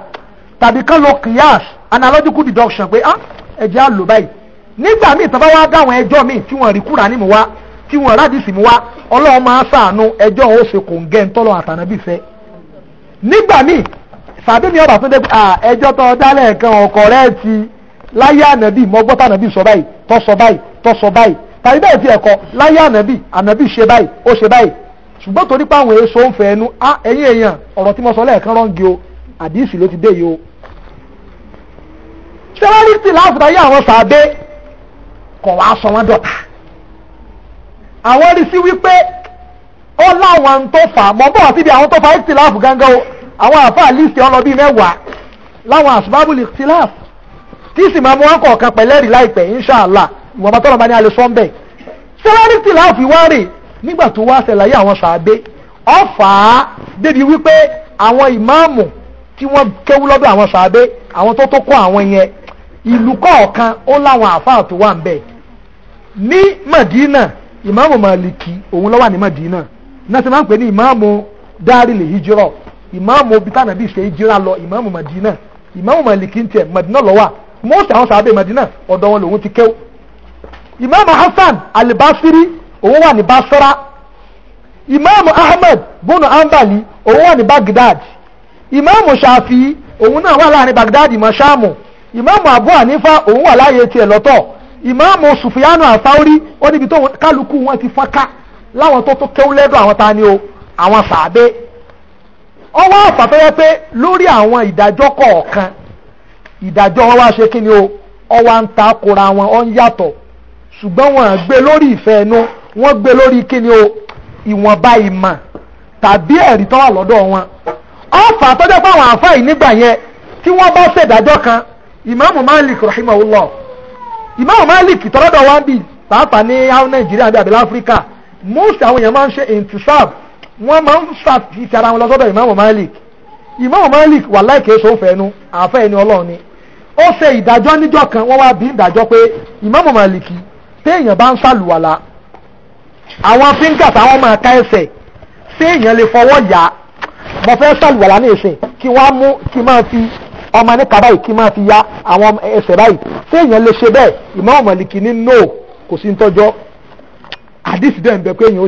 tàbí kán lo kìyàs analogical deduction pé ah ẹ̀jẹ̀ á lò báyìí nígbà míì tó bá wá dáhùn ẹjọ́ míì tí wọ́n rí kúrà ní mu wá tí wọ́n rádìsì mu wá ọlọ́run máa ṣàánú ẹjọ́ ó ṣe kò ń gẹ́ ń tọ́lọ́ àtànábì fẹ́ nígbà míì sàbí mi ọ̀bà tó dé ah, ẹjọ́ tó dálẹ̀ kan ọ̀kọ̀ rẹ̀ ti láyé ànábì mo gbọ́ tànábì sọ báyìí tó sọ báyìí tó sọ báyìí tàbí bẹ́ẹ̀ ti ẹ̀kọ́ láyé ànábì ànábì ṣe báyìí ó ṣe báyìí ṣùgbọ́n torí pé àwọn èso ń fẹ́ ẹnu á ah, ẹ̀yìn èèyàn ọ̀rọ̀ tí mo sọ lẹ́ẹ̀kan rọ́ǹgì o àdìsí ló ti dé yìí o. sẹ́wárìtì láàfin ayé àwọn sàbẹ́ kọ̀ wá sọ wọ́n dọ̀tà àwọn rí sí wípé ó láwọn tó fà mọ́ bọ̀ síbi àwọn tó fà ìtìláàfù gángan o àwọn àfáà líìsì ọlọ́bí mẹ́wàá láwọn àsùbábùlì ìtìláàfù tí sì máa mú wọn kọ̀ọ̀kan pẹ̀lẹ́rì láìpẹ́ inṣàlá ìwọ̀n bá tọ́lọ̀ bá ní alẹ́ sọ́ńbẹ̀ sẹ́lárìtì láàfin wá rè nígbà tó wá ṣẹlàyé àwọn sàábé ọ̀fà á débi wípé àwọn ìmáàmù tí wọ́n kéwú lọ́dọ̀ àwọn sàábé àwọn tó tó kọ́ àwọn yẹn ìlú kọ̀ọ̀kan ó láwọn àáfàá tó wà ń bẹ̀ ní Madina ìmáàmù Màlìkì òun ló ní Madina náà ti máa ń pè ní ìmáàmù dárìlì hijrọ ìmáàmù obìtánàbí ṣe hijira lọ ìmáàmù Madina ìmáàmù Màlìkì ń tiẹ̀ Madina ló most àwọn sàbẹ̀ Madina ọ̀dọ̀ wọn lòun ti kéw imam Hasan alibasiri òun wà ní Basra imam Ahmed bunu Ambali òun wà ní Baghdad imam Shafi òun náà wà láàrin Baghdad mọ́ Ṣáàmù imam Abu anifa òun wà láàyè tiẹ̀ lọ́tọ̀ imam Sufiyanu Asauri ó níbi tó kálukú wọn ti fọ́nká láwọn tó tó kéw lẹ́dọ̀ àwọn ta ni o àwọn sàbẹ̀ ọwọ́ lórí àwọn ìdájọ́ wọn wá ṣe kí ni o ọwọ́ ń ta kora wọn ọ ń yàtọ̀ ṣùgbọ́n wọn gbé lórí ìfẹ́ ẹnu wọ́n gbé lórí kí ni o ìwọ̀nba ìmọ̀ tàbí ẹ̀rí tó wà lọ́dọ̀ wọn ọ̀fà tó jẹ́ pé àwọn àfáà yìí nígbà yẹn tí wọ́n bá ṣèdájọ́ kan ìmáàmù Malik rahimahullah ìmáàmù Malik tọ́lọ́dọ̀ wọn bì pàápàá ní àwọn Nàìjíríà àbí àbẹ̀lẹ̀ Áfíríkà most àwọn èèyàn máa ń ṣe intisab wọ́n máa ń ṣàfihàn ara wọn lọ́sọ́dọ̀ ìmáàmù Malik ìmáàmù Malik wà láìkè sófẹ́nu àfẹ́ ẹni ọlọ́ọ̀ni ó ṣe ìdájọ́ níjọ́ kan wọ́n wá bí ìdájọ́ pé ìmáàmù màlìkì téèyàn bá ń ṣàlùwàlà àwọn fíńgà táwọn máa ká ẹsẹ̀ téèyàn lè fọwọ́ yà mo fẹ́ ṣàlùwàlà ní ìsìn kí wọ́n mú kí máa fi ọmọ níka báyìí kí fi ya àwọn ẹsẹ̀ báyìí téèyàn lè ṣe bẹ́ẹ̀ ìmáàmù màlìkì ní no kò sí ntọ́jọ́ àdìsí dẹ̀ ń bẹ pé èèyàn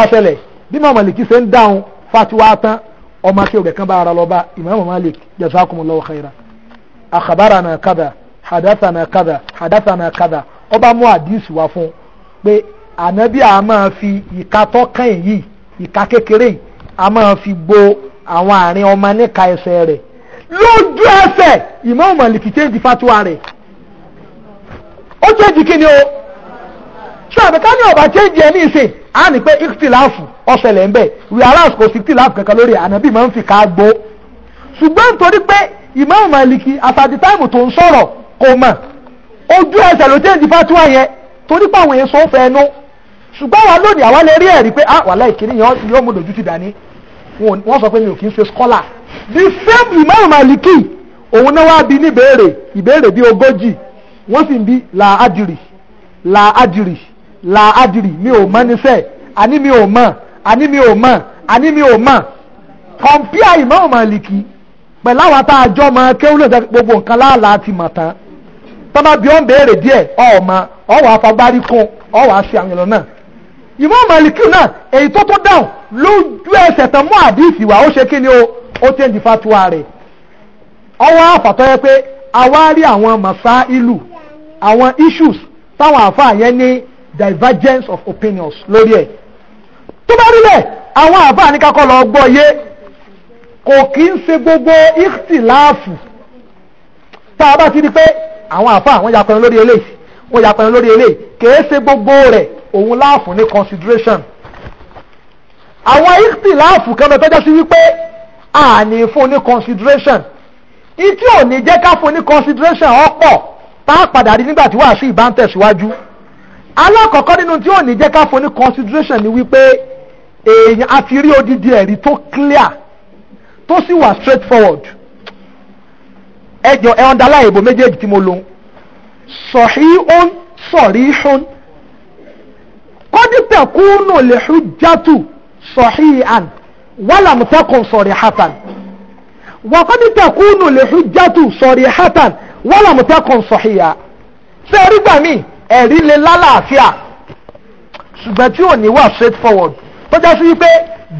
ó ṣe o bí màmá lèkì ṣe ń dáhùn fatiwa tán ọmọ akéwì rẹ̀ kan bá ara lọ bá imam malik jazakumullahu khaira akhbarana kada hadathana kada hadathana kada ọba mú àdìsí wá fún pé ànábì a máa fi ìka tọ́kàn yìí ìka kékeré yìí a máa fi bo àwọn àárín ọmọ níka ẹsẹ̀ rẹ̀ lójú ẹsẹ̀ imam malik change fatiwa rẹ̀ ó é kí ni o ṣàbẹ̀ká ní ọ̀bà change ẹ̀ ní ìsìn á ní pé ìkìtìláàfù ọ̀sẹ̀lẹ̀ ń bẹ̀ wíwáràs kò sí ìkìtìláàfù kankan lórí ànábì máa ń fi ká gbó ṣùgbọ́n nítorí pé ìmáàmù màlìkì àtàdì táìmù tó ń sọ̀rọ̀ kò mọ̀ ojú ẹsẹ̀ ló chéńjì fatuwa yẹn torí pé àwọn yẹn sọ fẹ́ nú ṣùgbọ́n wa lónìí àwa lè rí ẹ̀rí pé ah wàhálà ìkíní yóò mú dojú ti dání wọ́n sọ pé mi ò kí ń ṣe scholar the same ìmáàmù màlìkì òun náà wá bi ní ìbéèrè ìbéèrè bíi ogójì wọ́n sì ń bi làádìrì làádìrì la adìrì mi ò mọ̀ níṣẹ́ àní mi ò mọ̀ àní mi ò mọ̀ àní mi ò mọ̀ kọ̀mpíà ìmọ̀ọ́ màlìkì pẹ̀lú àwọn tá a jọ máa kéwú lè sẹ́kì gbogbo nǹkan láàlá ti mọ̀ tán tọ́mọ bí ó ń béèrè díẹ̀ ọ̀ọ́mọ ọ̀wọ́ afọgbárí kún ọ̀wọ́ àṣẹ àwọn èèyàn náà ìmọ̀ọ́ màlìkì náà èyí tó tó dáhùn lójú ẹsẹ̀ tán mú àdìsí wa ó ṣe kí ni o ó tẹ́ ní fatuwa rẹ̀ ọwọ́ àfàtọ́ yẹ pé àwa rí àwọn màsá ìlú àwọn issues táwọn àfáà yẹn ní divergence of opinions lórí ẹ̀ tó bá rí bẹ́ẹ̀ àwọn àbá ní kakọ́ lọ gbọ́ yé kò kí ń ṣe gbogbo ìtìláàfù tá a bá ti di pé àwọn àbá wọn yapa lórí eléyìí wọn yapa lórí eléyìí kìí ṣe gbogbo rẹ̀ òun láàfù ní consideration àwọn ìtìláàfù kan lọ tọ́jọ́ sí wípé àní fún ní consideration ìtí ò ní jẹ́ ká fún ní consideration ọ̀pọ̀ tá a padà rí nígbà tí wàásù ìbá ń tẹ̀síwájú alákọ̀ọ́kọ́ nínú tí ò ní jẹ́ ká fún ní consideration ni wípé èèyàn a ti rí odidi ẹ̀rí tó clear tó sì wà straightforward ẹjọ ẹ underline ìbò méjèèjì tí mo lò sọ̀híhún sọ̀ríhún kọ́dítẹ̀ kúnnù lè hujjatu sọ̀híhàn wàlàmùtẹ́kùn sọ̀ríhàtàn wàkọ́dítẹ̀ kúnnù lè hujjatu sọ̀ríhàtàn wàlàmùtẹ́kùn sọ̀híhà ṣé ẹ rí gbà míì ẹ̀rí lè lálàáfíà ṣùgbọ́n tí ò ní wà straight forward tó jẹ́ sí wípé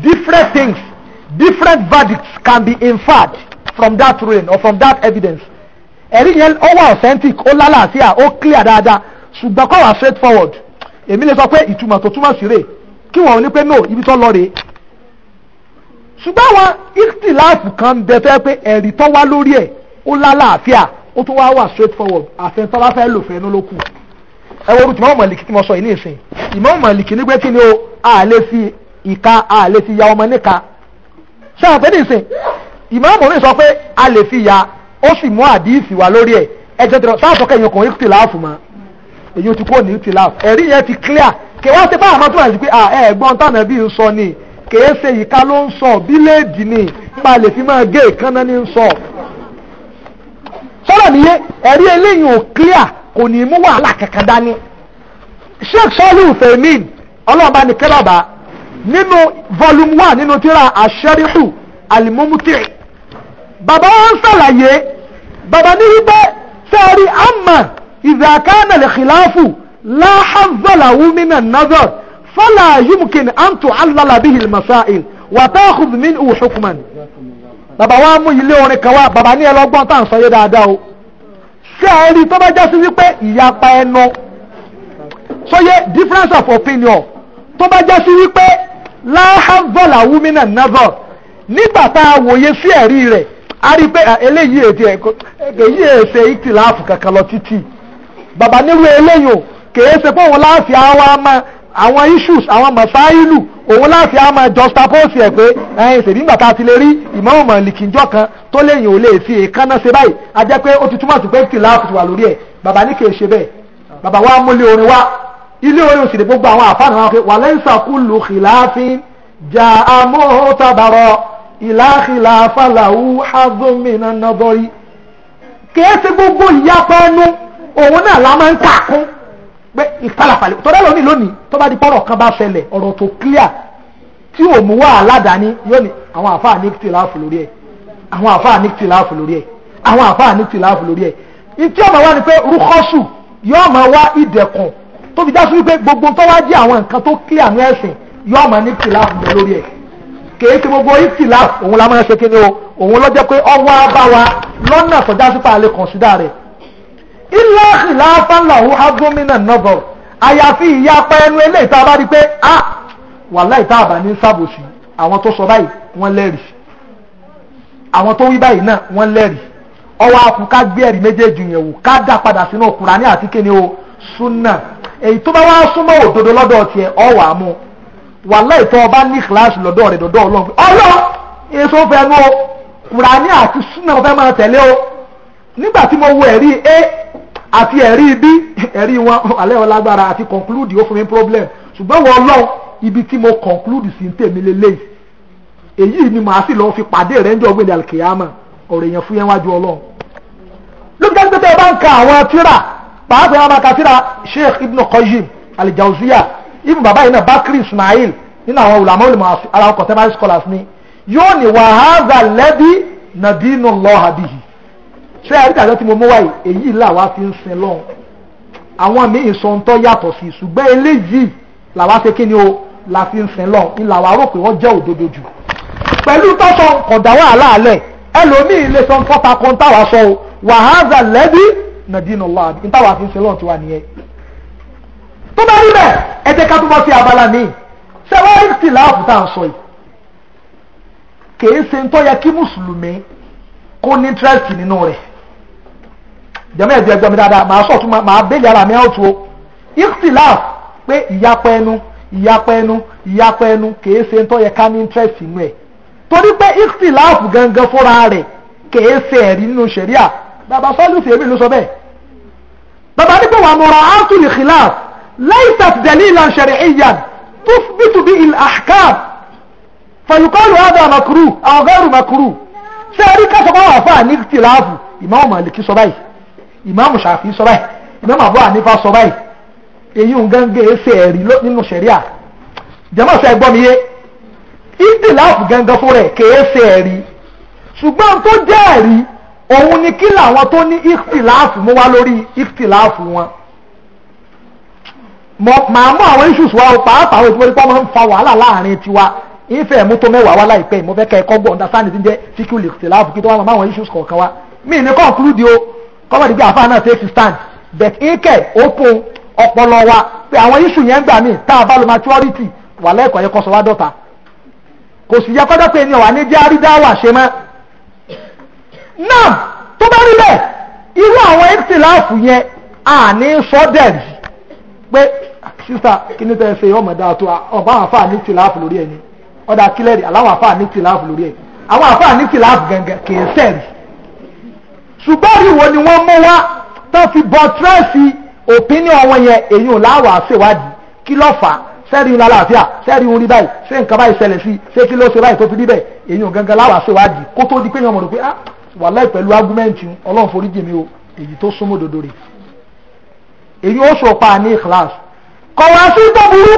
different things different verdicts can be inferred from that ruling or from that evidence ẹ̀rí yẹn ó wà authentic ó lálàáfíà ó clear dáadáa ṣùgbọ́n kọ́ wà straight forward èmi lè sọ pé ìtumọ̀ tó túmọ̀ sí rè kí wọ́n ní pé no ibi tó lọ rèé ṣùgbọ́n àwọn ìtìláàfù kan ń bẹ fẹ́ pé ẹ̀rí tó wá lórí ẹ̀ ó lálàáfíà ó tún wá wà straight forward àfẹ́ntọ́ bá fẹ́ lò fẹ́ẹ́ ló lókù ẹwọ́rú tí Imam Malik tí mo sọ ilé ìsìn Imam Malik nígbẹ́ kí ni o a lè fi ìka a lè fi ya ọmọ níka ṣáà pé ní ìsìn Imam mi sọ pé a lè fi ya ó sì mú àdìsí wa lórí ẹ̀ ẹjẹ tẹ̀lé sáà sọ kẹyìn ọkùnrin ti láàfù mọ́ èyí ti kúrò ní ti láàfù ẹ̀rí yẹn ti clear kì wá sí báwọn àmọ́tò àti pé à ẹ̀ gbọ́n tànà bí n sọ ni kì í ṣe ìka ló ń sọ bíléèdì ni pa lè fi máa gé ìkànnà ní ń sọ sọ́dọ̀ nìyẹn ẹ̀rí eléyìí ò clear kò ní mú wàhálà kankan dání sheikh sọ́lù fẹ̀mín ọlọ́ọ̀bá ní kẹ́lọ́ba nínú volume one nínú tíra àṣẹríhù alimumuti bàbá wọn ṣàlàyé bàbá ní wípé sẹ́ẹ̀rí àmà ìzàkánà lè kìláàfù láhàzọ́làwú mínà nọ́zọ̀ fọ́là yumkin àǹtò alálàbíhì masáìl wàtáhùzmín ùhùkùmán bàbá wa mú ilé orin kan wá bàbá ní ẹlọgbọ́n tá à ń sọ yé dáadáa o tí a rí tó bá já sí wípé ìyapa ẹnu sóyè difference of opinion tó bá já sí wípé láhàbọ̀là wúmínà nàbọ̀ nígbà tá a wòye sí ẹ̀rí rẹ̀ a rí pé eléyìí èdè ẹ̀kọ́ èyí èsè ìtìláàfù kankan lọ títì bàbá nírú eléyìí o kèé ṣe pé òun láàfin àwa máa àwọn issues àwọn mọ̀sáìlù òun láti á máa juxtapose ẹ̀ pé ẹ̀yìn ṣèbí ńgbà tá a ti lè rí ìmọ̀ọ́mọ̀ màlìkìjọ́ kan tó lẹ́yìn ò lè fi èékánná ṣe báyìí a jẹ́ pé ó ti túmọ̀ sí pé tí láàfù ti wà lórí ẹ̀ bàbá ní kì í ṣe bẹ́ẹ̀ bàbá wa múlé orin wa ilé orin òsì ní gbogbo àwọn àfáàní wọn pé wà lẹ́sà kú lu khilafin jà amóhótàbàrọ̀ ìlàkìlà fàlàwù hazomina nọbọrí kì í ṣe gbogbo ìyapa ẹnu òun náà la máa ń kà pé ìfàlàfàlẹ̀ tó dẹ́lómi lónìí tó bá di pọ́rọ̀ kan bá ṣẹlẹ̀ ọ̀rọ̀ tó clear tí ò mú wá aládàáni yóò ní àwọn àfáà ní tì láàfù lórí ẹ̀ àwọn àfáà ní tì láàfù lórí ẹ̀ àwọn àfáà ní tì láàfù lórí ẹ̀ ìtí ọmọ wa ni pé rúkọ́sù yóò máa wá ìdẹ̀kùn tó fi já sí wípé gbogbo tó wá jẹ́ àwọn nǹkan tó clear ní ẹ̀sìn yóò máa ní tì láàfù lórí ẹ̀ kèé ti gbogbo ìtì láàfù òun la máa ṣe kíni o òun ló jẹ́ pé ọwọ́ abáwa lọ́nà tó já sí rẹ̀ ilé ìlàáfàlà òun hágómìnà nọ́bọ̀ àyàfi ìyapa ẹnu eléyìí tá a bá rí pé a ah, wàláì tá a bá ní sábòsí àwọn tó sọ báyìí wọ́n lẹ́rìí àwọn tó wí báyìí náà wọ́n lẹ́rìí ọwọ́ akùn ká gbé ẹ̀rí méjèèjì yẹn wò ká dá padà sínú Kùránì àti kíni o súnà èyí tó bá wá súnmọ́ òdodo lọ́dọ̀ tiẹ̀ ọwọ́ àmú wàláì tó ọba ní kíláàsì lọ́dọ̀ rẹ̀ dọ̀dọ̀ ọlọ́run ọlọ́ o Kùránì àti súnà fẹ́ àti ẹ̀rí bí ẹ̀rí wọn alẹ́ wọn lágbára àti conclude ó fún mi problem ṣùgbọ́n wọn lọ ibi tí mo conclude sí ń tèmi lélẹ́yìí èyí ni màá sì lọ fi pàdé rẹ̀ ń jọ gbẹ̀dẹ̀ àlùkìyàmà ọ̀rọ̀ èèyàn fún yẹn wájú ọlọ́run. lóbi dájú pé tẹ́ ẹ bá ń ka àwọn tíra pàápàá wọn bá ka tíra Sheikh Ibn Qayyim al-Jawziyya ibn bàbá yìí náà Bakri Ismail nínú àwọn olùmọ̀ọ́lùmọ̀ ara contemporary scholars ni yóò ní wàhálà lẹ́bí nàdínú lọ́hàbíyì ṣé àríkàjọ tí mo mú wáyé èyí làwa fi ń sin lọ́hùn àwọn míì sọ ń tọ́ yàtọ̀ sí ṣùgbọ́n eléyìí làwa ṣe kí ni o la fi ń sin lọ́hùn ni làwa rò pé wọ́n jẹ́ òdodo jù pẹ̀lú tọ́sọ kọ̀dà wàhálà alẹ̀ ẹlòmíì lè sọ nǹkan takọ ń táwa sọ o wàhálà lẹ́bí nàdínà lọ́wọ́ ń táwa fi ń sin lọ́hùn tiwa nìyẹn tó bá rí bẹ́ẹ̀ ẹ jẹ́ ká tó bọ́ sí abala míì ṣé wọ́n rí sí láàbù tá à ń sọ yìí kèé ṣe ń tọ́ yẹ kí mùsùlùmí kó ní interest nínú rẹ̀ jẹ́mọ́ ẹ̀jẹ̀ ẹ̀jọ́ mi dáadáa màá sọ̀tún màá bẹ́ẹ̀lì ara mi ọ̀tún o ikhtilaf pé ìyapa ẹnu ìyapa ẹnu ìyapa ẹnu kèé ṣe ń tọ́yẹ ká ní interest inú ẹ̀ torí pé ikhtilaf gangan fúnra rẹ̀ kèé ṣe ẹ̀rí nínú ṣẹ̀ríà bàbá sọ́ọ́lù sèébì ló sọ bẹ́ẹ̀ bàbá nípò wà mọ̀ra artul khilaf laysat dalilan shar'iyyan tuthbitu bihi al-ahkam fayuqalu hadha makruh aw ghayru makruh ṣé ẹ̀rí ká wà fáà ní ikhtilaf ìmáàmù Málíkì sọ báyìí ìmáàmù ṣàfi sọ báyìí ìmáàmù àbúrò ànífà sọ báyìí èyí ń gángan ẹsẹ ẹ̀rí nínú ṣẹ̀ríà jẹ́mọ̀ sẹ́ gbọ́ mi yé ìdìláàfù gangan fún rẹ̀ kèése ẹ̀rí ṣùgbọ́n tó jẹ́ ẹ̀rí òun ni kí làwọn tó ní ìtìláàfù mú wá lórí ìtìláàfù wọn màá mú àwọn issues wa o pàápàá àwọn ìtumọ̀ máa ń fa wàhálà láàrin tiwa ìfẹ́ mú tó mẹ́wàá wá láìpẹ́ mo kẹ́ ẹ̀kọ́ gbọ́ understand ti jẹ́ fíkú ìtìláàfù kí tó wá máa àwọn issues kọ̀ọ̀kan wa mi ní conclude o kọ́mọ̀dé bí àfáà náà take stand ike ọpọlọ wa pé àwọn yẹn gbà mí tá a bá lo maturity wà lẹ́ẹ̀kọ́ yẹ kọ́sọ́ wá dọ̀ta kò sì yẹ kọ́jọ́ pé ènìyàn wà ní jẹ́ àrídáwà ṣe mọ́ náà tó bá rí bẹ́ẹ̀ irú àwọn yẹn à ní sọ dẹ̀rì pé sísá kí ní tẹ́ ṣe ọmọdé tó ọ̀pá àwọn àfáà ní lórí ọ̀dà kílẹ̀rì ní lórí àwọn ní kì ṣùgbọ́n ìwò ni wọ́n mú wá tán fi bọ́ tírẹ́sì òpínìyàn wọn yẹn èyí ò láwàá ṣèwádìí kí ló fà á sẹ́ẹ̀rì ń lálàáfíà sẹ́ẹ̀rì ń rí báyìí ṣé nǹkan báyìí ṣẹlẹ̀ sí ṣé kí ló ṣe báyìí tó fi rí bẹ́ẹ̀ èyí ò gangan láwàá ṣèwádìí kó tó di pé èèyàn rò pé ah wàláì pẹ̀lú ágúmẹ́ǹtì ọlọ́run forí jì mí o èyí tó súnmọ́ dodo rè èyí ó sọ pa ní class kọ̀wá sí tó burú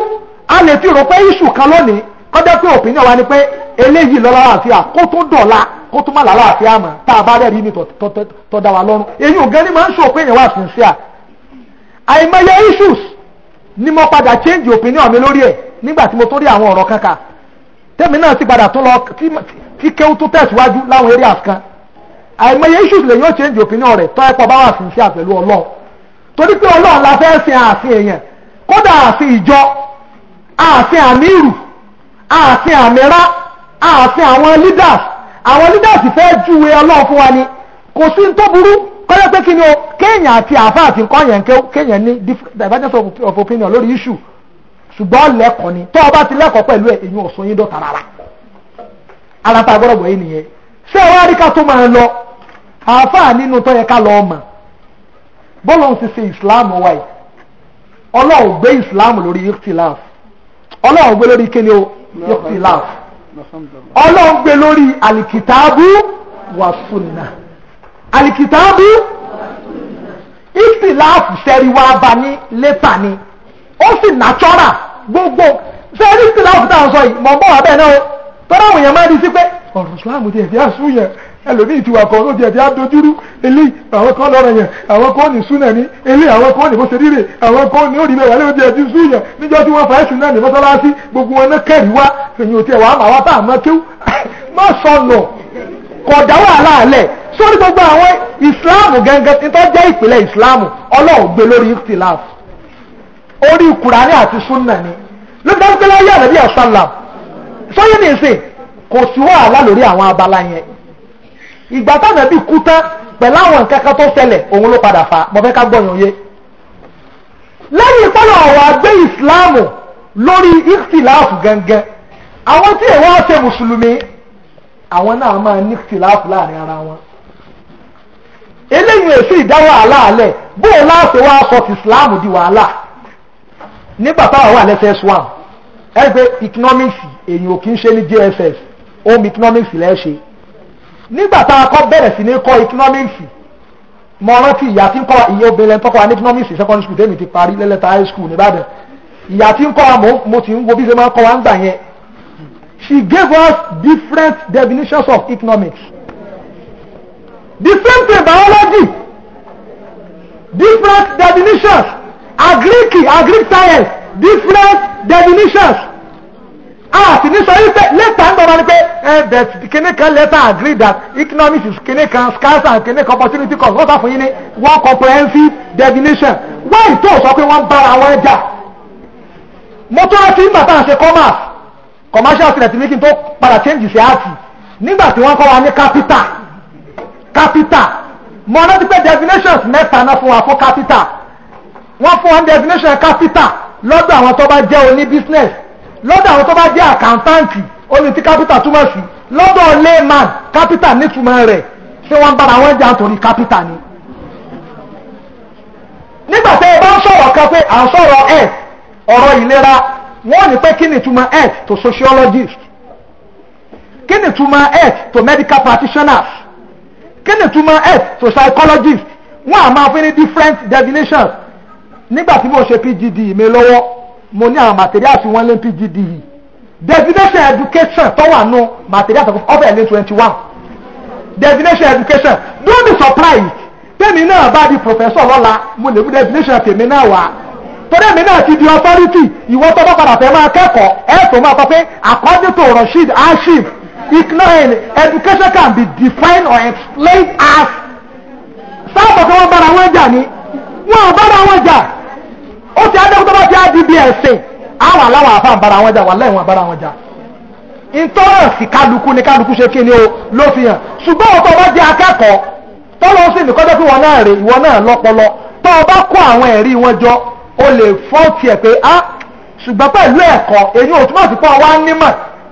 a lè fi rò pé iṣu kan lónìí kọ́jọ́ kó tún má làlàáfíà mọ̀ tá a bá rẹ̀ rí ni tọ́ da wa lọ́rùn èyí ò gan ni máa ń sọ pé èèyàn wà sincere àìmọye issues ni mo padà change opinion mi lórí ẹ̀ nígbà tí mo tó rí àwọn ọ̀rọ̀ kankan tẹ́mi náà ti padà tó lọ tí kéwú tó tẹ̀síwájú láwọn areas kan àìmọye issues lè yóò change opinion rẹ̀ tọ́ ẹ̀pọ̀ bá wà sincere pẹ̀lú ọlọ́run torí pé ọlọ́run la fẹ́ sin ààfin èèyàn kódà ààfin ìjọ ààfin àmírù ààfin àmírà ààfin àwọn leaders àwọn onídàásí fẹ́ júwe ọlọ́run fún wa ni kò sí tó burú kọ́lẹ́ pé kí ni o kéèyàn àti àáfàá àti nǹkan yẹn kéèyàn ní divergence of opinion lórí issue ṣùgbọ́n lẹ́kọ̀ọ́ ni tó o bá ti lẹ́kọ̀ọ́ pẹ̀lú ẹ̀ èyí ò sọ yín dọ̀tà rárá aláta gbọ́dọ̀ bọ̀ yín nìyẹn ṣé ẹ wá rí ká tó máa lọ àáfàá nínú tó yẹ ká lọ ọmọ bọ́lọ̀ ń ti ṣe ìsìláàmù wa yìí ọlọ́run ìsìláàmù lórí ikhtilaf ọlọ́run gbé lórí kíni o ikhtilaf ọlọ́run gbé lórí alikitaabu wà sunna alikitaabu ìtìláàfù sẹ́rí wa bá ní létà ni ó sì nàtọ́rà gbogbo sẹ́rí ìtìláàfù táwọn sọ yìí mọ̀ bọ́ wà bẹ́ẹ̀ náà o tọ́lá àwọn èèyàn máa di sí pé ọ̀rọ̀ Islam ti ẹ̀dí àṣù yẹn ẹlòmíì ti wà kọ́ ló jẹ̀bi adójúrú eléyìí àwọn kan lọ́rọ̀ yẹn àwọn kan ní súnà ní eléyìí àwọn kan ní bó ṣe ríre àwọn kan ní òrìlẹ̀ wàlẹ́ òjì ẹ̀jú sú yẹn níjọ́ tí wọ́n fa ẹ̀sùn náà ní mọ́sálásí gbogbo wọn náà kẹ́rì wá èyàn tiẹ̀ wàá mà wá tá àmọ́ kéwù má sọnù kọ̀dá wàhálà alẹ̀ sórí gbogbo àwọn ìsìláàmù gẹ́gẹ́ nítorí jẹ́ ìpìlẹ̀ ìsìláàmù ọlọ́run gbé lórí ìtìláàf orí kùránì àti súnà ni lóbi ìgbà táwọn ẹbí kú tán pẹ̀lú àwọn nǹkan kan tó ṣẹlẹ̀ òun ló padà fà mo fẹ́ ká gbọ́yàn yé lẹ́yìn ìpọ́nlọ̀ ọ̀rọ̀ àgbé ìsìláàmù lórí ìsìláàfù gangan àwọn tí èèwọ̀ ṣe mùsùlùmí àwọn náà máa ní ìsìláàfù láàrin ara wọn eléyìí èsì ìdáwọ́ àlàálẹ̀ bóun láti wá sọ ti ìsìláàmù di wàhálà nígbà táwọn wà lẹ́sẹ̀ẹ́sì wà ẹgbẹ́ economics èyí ò kí ń ṣe ní JSS home economics lẹ́ẹ̀ṣe nígbà tá bẹ̀rẹ̀ sí ní kọ́ economics mo rántí ìyá tí ń kọ́ ìyá obìnrin tọ́kọ́ wa ní economics secondary school tèmi ti parí lẹ́lẹ́ta high school nìbàdàn ìyá tí ń kọ́ wa mo ti ń wo bí ṣe máa ń kọ́ wa ń gbà yẹn she gave us different definitions of economics Different thing biology different definitions agric agric science different definitions a sì ní sọ yí pé lẹ́tà ń gbọ́dọ̀ ni pé ẹ bẹ̀rẹ̀ kíní kan lẹ́tà agree that economics is kíní kan scarce and kíní kan opportunity cost wọ́n sàfún yín ní one comprehensive definition why tó sọ pé wọ́n bára wọn jà mo tó rántí nígbà tá à commerce commercial student making tó padà change sí àti nígbà tí wọ́n kọ́ wa ní capital capital mo rántí pé definitions mẹ́ta náà fún wa fún capital wọ́n fún wa ní definition capital lọ́dọ̀ àwọn tó bá jẹ́ oní business lọ́dọ̀ àwọn tó bá jẹ́ àkàǹtáǹtì ó ní tí kápítà túmọ̀ sí lọ́dọ̀ layman kápítà nítumọ̀ rẹ̀ ṣé wọ́n bára wọn jà nítorí kápítà ni. nígbà tẹ́ ẹ bá ń sọ̀rọ̀ kan pé à ń sọ̀rọ̀ health ọ̀rọ̀ ìlera wọ́n ní pé kí ni ìtumọ̀ health to sociologist kí ni ìtumọ̀ health to medical practitioners kí ni ìtumọ̀ health to psychologist wọ́n á máa fi ní different definitions nígbà tí mo ṣe PGD mi lọ́wọ́ mo ní àwọn materials wọn lé pgd yìí destination education tó wà nù materials Over lé twenty one destination education don't be surprised tèmi náà bá di professor lọ́la mo lè mú destination tèmi náà wá torí èmi náà ti di authority ìwọ tó bá padà fẹ́ máa kẹ́kọ̀ọ́ ẹ̀ tó máa kọ pé according to Rashid Ashif ignorant education can be defined or explained as sábà tó wọ́n bára wọn jà ni wọ́n bára wọn jà ó ti adékútọ́ bá ti á di bí ẹ̀sìn àwọn aláwọ̀ àfa àbára wọn jà wà lẹ́wọ̀n àbára wọn jà ìtọ́rọ̀sì kálukú ni kálukú ṣe kí ni o ló fi hàn ṣùgbọ́n ọ̀tọ̀ bá jẹ́ akẹ́kọ̀ọ́ tọ́lọ́ sí nìkan jẹ́ pé wọn náà rè ìwọ náà lọ́pọlọ tọ́ ọ bá kó àwọn ẹ̀rí wọn jọ o lè fọ́ tiẹ̀ pé á ṣùgbọ́n pẹ̀lú ẹ̀kọ́ èyí ò túmọ̀ sí pé ọwá nímọ̀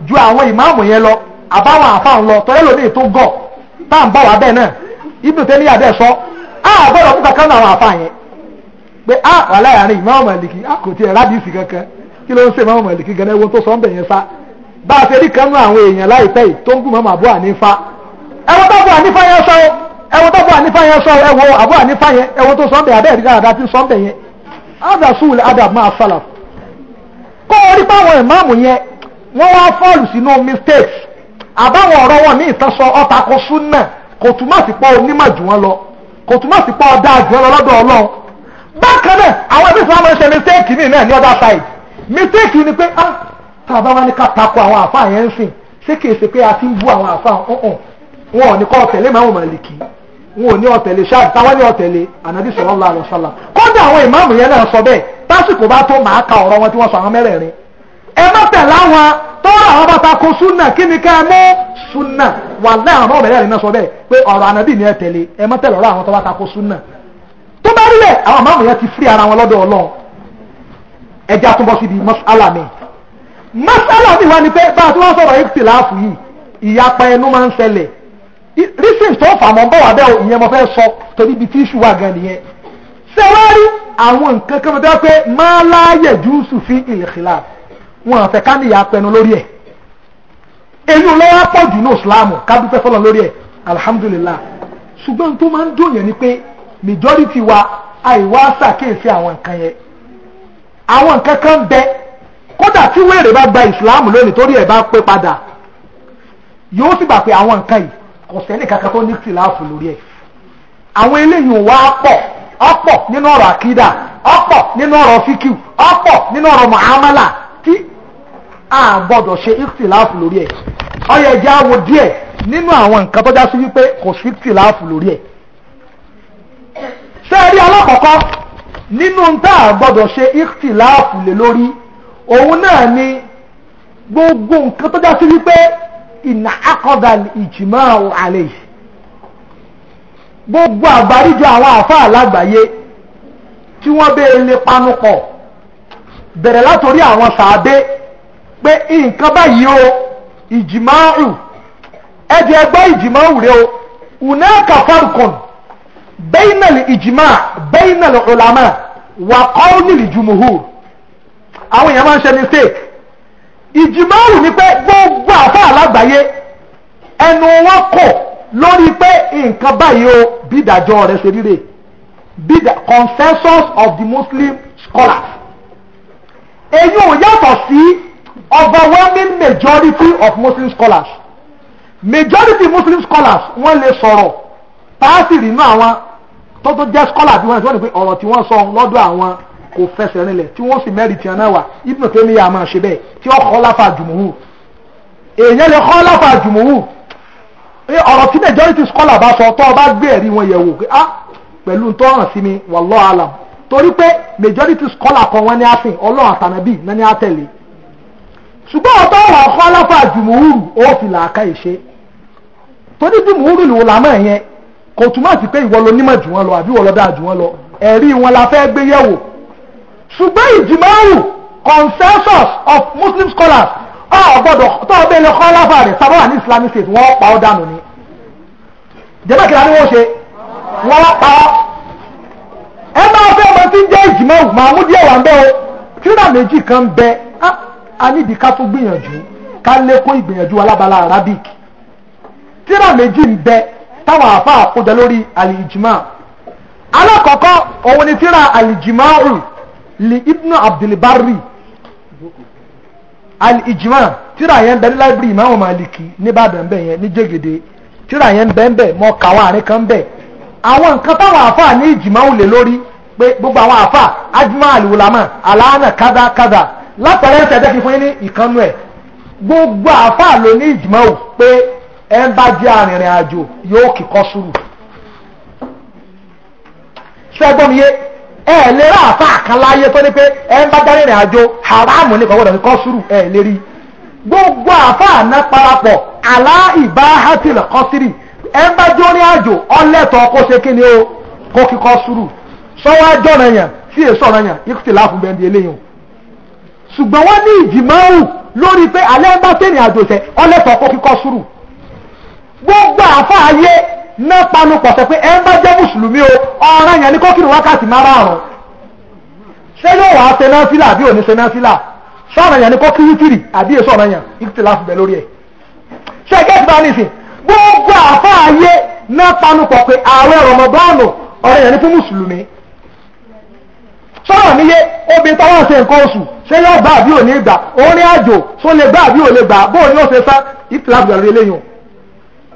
ju àwọn ìmáàmù yẹn lọ àbáwọn àfáàn lọ tọ́lẹ́ lómi tó gọ̀ tá à ń bọ̀ wá bẹ́ẹ̀ náà ibùdó tẹ́lẹ̀ yàbẹ́ sọ á àbọ̀rọ̀ fún kankan náà àwọn àfáàn yẹn pé a ah, wà láàrin ìmọ̀ màlìkì á ah, kò tiẹ̀ rádìsì kankan kí ló ń ṣe ìmọ̀ sọ ń bẹ̀ bá a ṣe rí kan nú àwọn èèyàn láìpẹ́ yìí tó ń gùn mọ́ àbú ànífá ẹwọ́n tó bú ànífá yẹn sọ ẹwọ́n tó yẹn sọ ẹwọ́ àbú ànífá yẹn sọ ń bẹ̀ sùúl máa sálà kó o rí báwọn mistakes àbáwọn ọ̀rọ̀ wọn ní ọ̀tàkùn súnà kò túmọ̀ sí onímọ̀ jù wọn lọ kò túmọ̀ sí ọ̀dà bákan náà àwọn ẹbí fún wa máa ń ṣe mistake mi náà ní other side mistake ni pé ah tá a bá wá ní ká takò àwọn àfáà yẹn ń sìn ṣé kìí ṣe pé a ti ń bú àwọn àfáà ọ̀hún wọn ò ní kọ́ ọ̀tẹ̀lé máa ń Málíkì wọn ò ní ọ̀tẹ̀lé ṣáàbù táwọn ní ọ̀tẹ̀lé ànábì sallallahu alaihi wasallam kódà àwọn ìmáàmù yẹn náà sọ bẹ́ẹ̀ tásìkò bá tó máa ka ọ̀rọ̀ wọn tí wọ́n sọ àwọn mẹ́rẹ̀ẹ̀rin ẹ má tẹ̀lé àwọn tọ́rọ àwọn bá takò súnà kí ni ká mú súnà wà láàrin àwọn mẹ́rẹ̀ẹ̀rin náà sọ tó bá rí bẹ́ẹ̀ àwọn àmàmù yẹn ti fírí ara wọn lọ́dọ̀ ọlọ́run ẹja tó bọ́ síbi masala mi masala mi wá ni pé bá a ti wá sọ̀rọ̀ ìtìláàfù yìí ìyapa ẹnu máa ń ṣẹlẹ̀ reason tó fà mọ́ bọ́ wà bẹ́ẹ̀ ìyẹn mo fẹ́ sọ torí ibi tí ìṣù wà gan nìyẹn ṣé wá rí àwọn nǹkan kan tó pé máa láàyè júùsù fi ìlẹ̀kìlá wọn àfẹ́ ká ní ìyapa ẹnu lórí ẹ̀ èyí ló wá pọ̀ jù ní ìsìláàmù ká dúpẹ́ fọlọ́ lórí ẹ̀ alhamdulillah ṣùgbọ́n tó máa ń dùn yẹn ni pé majority wa àìwá ṣàkíyèsí àwọn nǹkan yẹn àwọn nǹkan kan bẹ kódà tí wèrè bá gba ìsìláàmù lónìí torí ẹ̀ bá pé padà yóò sì gbà pé àwọn nǹkan yìí kò sẹ́ni kankan tó ní tìláàfù lórí ẹ̀ àwọn eléyìí wá pọ̀ ọ̀pọ̀ nínú ọ̀rọ̀ àkídà ọ̀pọ̀ nínú ọ̀rọ̀ fíkìw ọ̀pọ̀ nínú ọ̀rọ̀ mọ̀hámálà tí a gbọ́dọ̀ ṣe ìtìláàfù lórí ẹ̀ ó jẹ́ á díẹ̀ nínú àwọn nǹkan tó já sí wípé kò sí ìtìláàfù lórí ẹ̀ sẹ́ẹ̀rí alákọ̀ọ́kọ́ nínú nta a gbọ́dọ̀ ṣe ìtìláàfù lé lórí òun náà ni gbogbo nǹkan tó já wípé ìnà akọ̀dà ìjìmọ̀ àlè yìí gbogbo àgbáríjọ àwọn àfáà lágbàáyé tí wọ́n bẹ́ẹ̀ lè panupọ̀ bẹ̀rẹ̀ látòrí àwọn sàábé pé nǹkan báyìí o ìjìmọ̀ ẹ̀jẹ̀ ẹgbẹ́ ìjìmọ̀ rẹ o ùnà kàfàrùkọ̀nù bẹ́ẹ̀nà ìjìmá bẹ́ẹ̀nà ọ̀làmà wà kọ́ nílì jùmùhù àwọn èèyàn máa ń ṣe mistake ìjìmá rù ní pé gbogbo àfa àlágbáyé ẹnu wọn kò lórí pé nǹkan báyìí o bídàjọ rẹ ṣe ríre bídà consensus of the muslim scholars èyí ò yàtọ̀ sí overwhelming majority of muslim scholars majority muslim scholars wọ́n lè sọ̀rọ̀ táàsì rí náà àwọn tó tó jẹ́ skọ́là bí wọ́n ti wọ́n ní pé ọ̀rọ̀ tí wọ́n sọ lọ́dọ̀ àwọn kò fẹsẹ̀ rinlẹ̀ tí wọ́n sì mẹ́rin tiẹ̀ náà wà ibùdó tó níyà máa ṣe bẹ́ẹ̀ tí ó kọ́ láfa jùmùhù èèyàn lè kọ́ láfa jùmùhù ọ̀rọ̀ tí majority scholar bá sọ tó o bá gbé ẹ̀rí wọn yẹ̀ wò pé ah pẹ̀lú tó hàn sí mi wallahu alam torí pé majority scholar kan wọ́n ní àsìn ọlọ́run àtànàbí náà ní àtẹ̀lé ṣùgbọ́n ọ̀tọ́ wà kọ́ láfa jùmùhù ó fi làákà ìṣe torí jùmùhù lò lámọ́ yẹn kò túmọ̀ sí pé ìwọ ló nímọ̀ jù wọ́n lọ àbí ìwọ ló dáa jù wọ́n lọ ẹ̀rí wọn la fẹ́ gbé yẹ̀wò ṣùgbọ́n ìjìmọ̀rù consensus of muslim scholars ọ̀ gbọ́dọ̀ tó o bẹ́ẹ̀ lè kọ́ láfà rẹ̀ sábà ní islamic state wọ́n pa ọ́ dànù ni jẹ́bẹ́ kìlá ni wọ́n ṣe wọ́n pa ọ́ ẹ máa fẹ́ ọmọ tí ń jẹ́ ìjìmọ̀rù màá mú díẹ̀ wà ń bẹ́ o tírà méjì kan ń bẹ a nídìí ká tún gbìyànjú ká lékún ìgbìyànjú alábala arabic tírà méjì ń bẹ táwọn àfa àkójọ lórí alìjìmá alákọ̀ọ́kọ́ òun ni tíra alìjìmá rù li ibnu abdulbari alìjìmá tíra yẹn bẹ ní láìbírì ìmáwọn màlìkì nìbàdàn bẹ yẹn ní jẹgẹdẹ tíra yẹn bẹ ń bẹ mọ kàwọn àárín kan bẹ àwọn nǹkan táwọn àfa ní ìjìmá ò lè lórí pé gbogbo àwọn àfà ajima aliwulama alaana kádàkádà látọ̀rẹ́ ẹ̀sẹ̀ ẹ̀dẹ́kì fún yín ní ìkànnú ẹ̀ gbogbo àfà ló ní ìjìmọ̀ ò pé ẹ ń jẹ́ arìnrìn àjò yóò kíkọ́ sùúrù ṣẹ́gbọ́n yé ẹ lè rà tó ní pé ẹ jẹ́ àjò gbogbo àfà àná parapọ̀ àlá ìbáhátìlì kọ́sírì ẹ jẹ́ orin àjò ọlẹ́tọ̀ kó ṣe kí ni ó kó kíkọ́ sùúrù sọ́wọ́ àjọ̀nà yẹn lórí pé alẹ́ ń bá gbogbo àfáàyè náà panu pọ̀ sọ pé ẹ ń bá jẹ́ mùsùlùmí o ọ̀ràn yẹn ní kókìrì wákàtí márààrún ṣé yóò wá ṣe náà sílà àbí òní ṣe náà sílà sọ̀ràn yẹn ní kókìrì tìrì àbí èso ọ̀ràn yẹn ìtìláfù bẹ̀ lórí ẹ̀ ṣé gẹ́gẹ́ bá nìsín gbogbo àfáàyè náà panu pọ̀ pé ààrẹ rọmọdọ́ọ̀nù ọ̀ràn yẹn ní fún mùsùlùmí sọ̀rọ̀ níye obìnrin tọ́wọ́ ṣe nǹkan oṣù ṣé yóò gbà àbí òní gbà òun ní àjò tó lè gbà àbí òní gbà bóun ni ó ṣe sá ìtìláfù bẹ̀ lórí eléyìí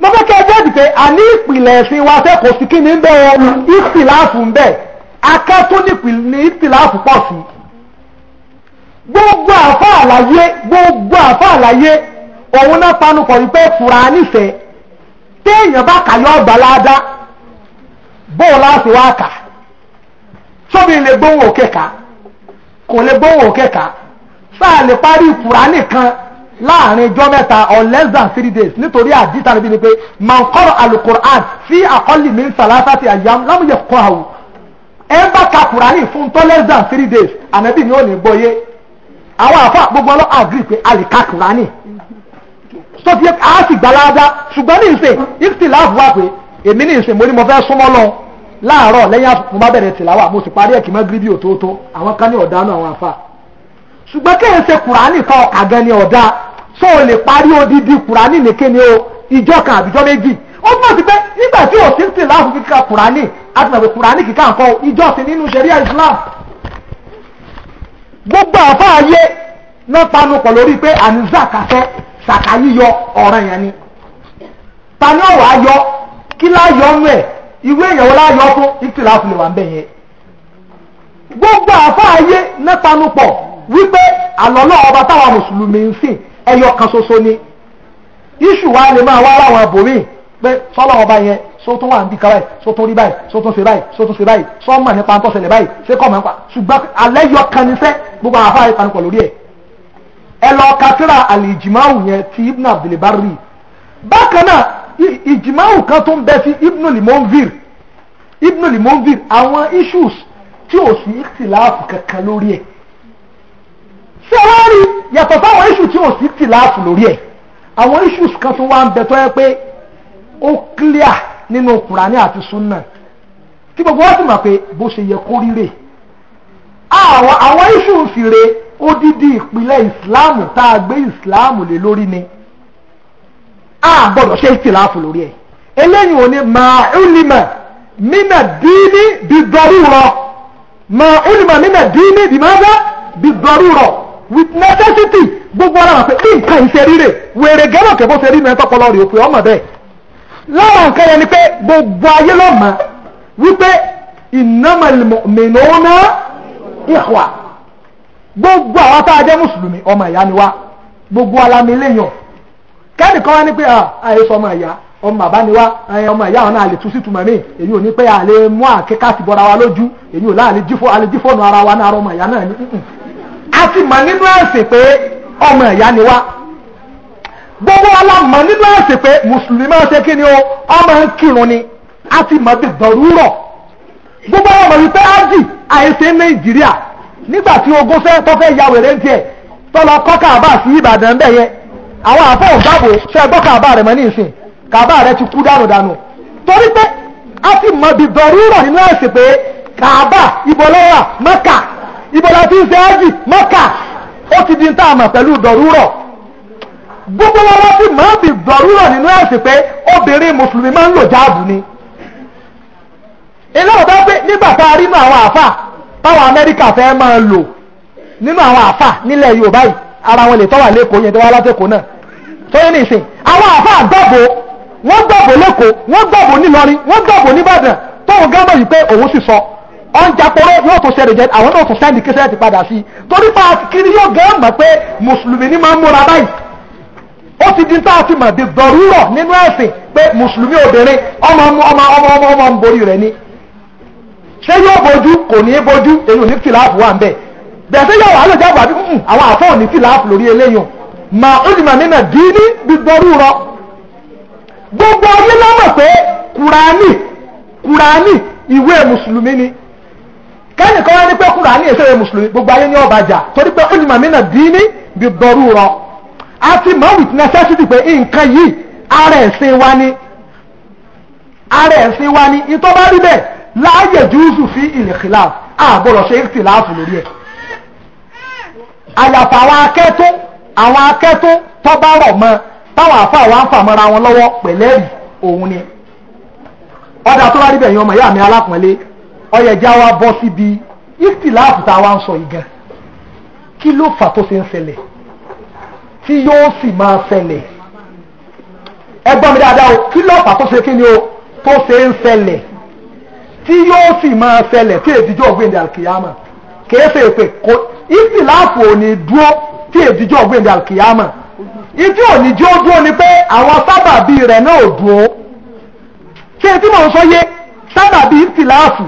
mo fẹ́ kí ẹ jẹ́bi a ní ìpìlẹ̀ ẹ̀sìn wa fẹ́ kò sí kí ni ń bẹ ọ ìpìláàfù ń bẹ akẹ́tún ní ìpìláàfù pọ̀ sí gbogbo àfa àlàyé gbogbo àfa àlàyé òun náà panupọ̀ wípé fura nífẹ̀ẹ́ téèyàn bá kàyọ́ ọgbà láadá bóò láti wá kà sóbi lè gbóhùn òkè ká kò lè gbóhùn òkè sáà lè parí nìkan láàrin ijọ́ mẹ́ta or less than three days nítorí àdìta níbi ni pé man kọ́rọ̀ alukur'an fi àkọ́lì mi sàlásàtì àyàm lámúyẹ kọ́ àwù ẹ bá ka kùránì fún tó less than three days ànábì ni ó ní gbọ́ yé àwọn àfa gbogbo ọlọ́ agree pé a lè ka kùránì so ti a sì gbalada ṣùgbọ́n ní ìsìn ìtìláàfù wà pé èmi ní ìsìn mo ní mo fẹ́ súnmọ́ lọ láàárọ̀ lẹ́yìn mo bá bẹ̀rẹ̀ tìláwà mo sì parí ẹ̀kí mọ́ bí òtótó àwọn kan ní ọ̀dánù àwọn àfa ṣùgbọ́n kéèyàn ṣe kùránì kan ọ̀kà ọ̀dá so o pari odidi odidi kùránì nìkéni o ìjọ kan àbíjọ méjì ó túmọ̀ sí pé nígbà tí òsì ń sìn láàfin kíkà kùránì àtìmọ̀pẹ̀ kùránì kika nǹkan ìjọ sí n'inu shari'a Islam gbogbo àfáàyè náà panupọ̀ lori pe àníza saka yiyo ni tani ọ̀wọ̀ ayọ gbogbo ẹyọ kan ṣoṣo ni iṣu wa lè máa wá láwọn àbòrí pé sọ́lọ́ ọba yẹn só tún wà ń bí ká báyìí só tún rí báyìí só tún ṣe báyìí só tún ṣe báyìí sọ́mọ̀ nípa ń tọ́sẹ̀lẹ̀ báyìí ṣé kọ́ mọ̀ nípa ṣùgbọ́n alẹ́ yọ kan níṣẹ́ gbogbo àwọn afárá ìpanupọ̀ lórí ẹ̀ ẹ lọ katira àlìjìmáwù yẹn ti ibn abdulbari bákan náà ìjìmáwù kan tó ń bẹ sí ibn limonvir ibn limonvir àwọn issues tí ò sí ìtìláàfù kankan lórí ẹ̀ ṣé wọ́n rí yàtọ̀ fáwọn iṣu tí ò sí tì láàfù lórí ẹ̀ àwọn issues kan tó wá ń bẹ tó yẹ pé ó clear nínú Kùránì àti Sunnah kí gbogbo wọn sì mọ̀ pé bó ṣe yẹ kó rí rè àwọn issues rè odidi ìpìlẹ̀ ìsìláàmù tá a gbé ìsìláàmù lé lórí ni a gbọ́dọ̀ ṣe ìtìláàfù lórí ẹ̀ eléyìí ò ní màá ulima mina dini bi darura màá ulima mina dini bi mada bi darura with necessity gbogbo ara wà pé bí nǹkan ìṣe rírè wèrè gẹ́rọ̀ kẹ́ bó ṣe rí mẹ́tọ́ pọlọ rè òpè ọmọ bẹ́ẹ̀ lára nǹkan yẹn ni pé gbogbo ayé ló mọ̀ wípé innamal mu'minuna ikhwa gbogbo àwọn tá a jẹ́ mùsùlùmí ọmọ ìyá ni wá gbogbo alámiléyàn kẹ́nìkan wá ní pé ah, àìsàn ọmọ ìyá ọmọ bàbá ni wá ọmọ ìyá ọ̀nà àlè tún sí túmọ̀ mí èyí ò ní pé àlè mú àkíkà ti bọ́ra wa lójú èyí ò láàlè jífọ́nù ara wa náà ọmọ ìyá náà ní a ti mọ̀ nínú ẹ̀sìn pé ọmọ ẹ̀yà ni gbogbo ala nínú ẹ̀sìn pé mùsùlùmí máa ṣe kí ni o ọmọ ń kírun ni a ti mọ̀ bí dọ̀rúrọ̀ gbogbo ọmọ mọ̀ pé ájì àìsè nàìjíríà nígbà tí ogun fẹ́ tó fẹ́ ya wèrè kọ́ kàbá sí ìbàdàn bẹ́ẹ̀ yẹn àwọn ṣe gbọ́ kàbá ti kú dànù dànù torí a mọ̀ bí dọ̀rúrọ̀ nínú ẹ̀sìn pé kàbá ìbọ̀lọ́wà mọ́kà ìbọ̀dà tí ń ṣe ájì mọ́kà ó ti di ń pẹ̀lú gbogbo wọn wọ́n sì máa ń dọ̀rúrọ̀ nínú ẹ̀sìn pé obìnrin mùsùlùmí máa ń ni ilé ọ̀dọ́ pé nígbà tá a rí Amerika àwọn ma táwọn amẹ́ríkà fẹ́ máa lò nínú àwọn ara wọn lè tọ́wà lẹ́kọ̀ọ́ yẹn tó wá látẹ̀kọ̀ọ́ náà tó yẹ ní àwọn gbàgbó wọ́n gbàgbó lẹ́kọ̀ọ́ wọ́n gbàgbó nílọrin wọ́n gbàgbó níbàdàn tóun sọ ọ̀njàpọ̀rọ̀ yóò tó ṣe reject àwọn náà tó sẹ́ndì kí sẹ́ẹ̀tì padà sí torí pa kiri yóò gẹ́ mọ̀ pé mùsùlùmí ni máa ń múra báyìí ó ti di tá a ti mọ̀ di dọ̀rúrọ̀ nínú ẹ̀sìn pé mùsùlùmí obìnrin ọmọ ọmọ ọmọ ọmọ ọmọ ni ṣé yóò bojú kò ní í bojú èyí ò ní fìlàfù wà ń bẹ́ẹ̀ ṣé yóò wà lójà àbí àwọn àfọ̀ ò ní fìlàfù lórí eléyìí mà ó mà bí dọ̀rúrọ̀ gbogbo kẹ́nìkan wá ní pé kúrò ní èsèrè mùsùlùmí gbogbo ayé ní ọ̀bàjà torí pé olùmọ̀ mi náà dín ní bí dọ́rú rọ a ti mọ̀ with necessity pé nǹkan yìí ara ẹ̀sìn wa ni ara ẹ̀sìn wa ni ìtọ́ bá rí bẹ́ẹ̀ láàyè jùúsù fi ìlẹ̀kìláàfù àbọ̀rọ̀ ṣe ìtìláàfù lórí ẹ̀ àyàfà àwọn akẹ́tún àwọn akẹ́tún tọ́ bá rọ̀ mọ́ táwọn àfa wa ń fàmọ́ra wọn lọ́wọ́ pẹ̀lẹ́rì òun ni ọ̀dà tó bá rí bẹ́ẹ̀ yan ọmọ ìyá mi alápọ̀nlé ọ̀yẹ̀já wa bọ́ síbi ìtìláàfù tá a wá ń sọ yìí gan kí ló fà tó ṣe ń ṣẹlẹ̀ tí yóò sì máa ṣẹlẹ̀ ẹ mi dáadáa o kí ló fà tó ṣe kí ni o tó ṣe ń ṣẹlẹ̀ tí yóò sì máa ṣẹlẹ̀ tí èdìjọ́ ọ̀gbìn dàkìyàmà kìí ṣe èpè kò ìtìláàfù ò ní dúró tí èdìjọ́ ọ̀gbìn dàkìyàmà ìtí ò ní dúró ni pé àwọn sábàbí rẹ̀ náà ò dúró ṣé tí mò ń sọ yé sábàbí ìtìláàfù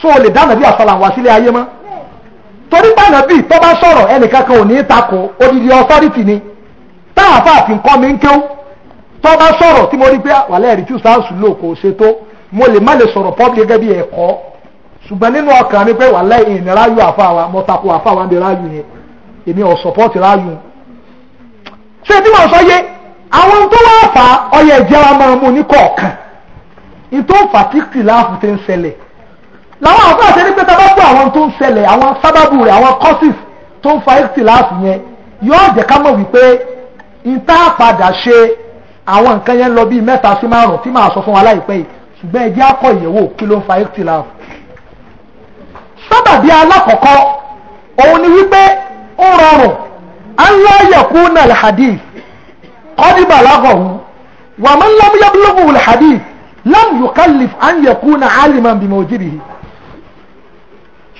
so o lè dá nàbí àsàlàm wá sílé ayé mọ́ torí pé nàbí tó bá sọ̀rọ̀ ẹnìkan kan ò ní takò odidi authority ni táàfà àti nǹkan mi ń kéwú tó bá sọ̀rọ̀ tí mo rí pé ah, wàlẹ́ ẹ̀rí tí o lò kò ṣe tó mo lè má lè sọ̀rọ̀ public gẹ́gẹ́ bí ẹ̀kọ́ ṣùgbọ́n nínú ọkàn mi pé wàlẹ́ ìrìn ráyù àfa wa mo takò àfa ń bẹ ráyù yẹn èmi ò support ráyù ṣé tí wọ́n sọ yé àwọn tó wá fà ọyẹ ìjẹra máa mú ní kọ̀ọ̀kan ìtò fàtíkì láàfù ń ṣẹlẹ̀ làwọn àfáà ṣe ní pé tábà gbọ́ àwọn tó ń ṣẹlẹ̀ àwọn sábàbù rẹ̀ àwọn courses tó ń fa ẹ́sìtìláàfù yẹn yóò jẹ́ ká mọ̀ wípé ìta padà ṣe àwọn nǹkan yẹn lọ bíi mẹ́ta sí márùn-ún tí màá sọ fún wa láìpẹ́ yìí ṣùgbọ́n ẹ jẹ́ á kọ́ ìyẹ̀wò kí ló ń fa ẹ́sìtìláàfù. sábàbí alákọ̀ọ́kọ́ òun ni wípé ó rọrùn aláyẹ̀kú náà lè hadith kọ́díbà lágọ̀ọ́hún wàmọ́ lámúyábúlógún lè hadith lámùyọ̀kálìf àyẹ̀kú náà álìmọ̀ bìmọ̀ òjìrìhì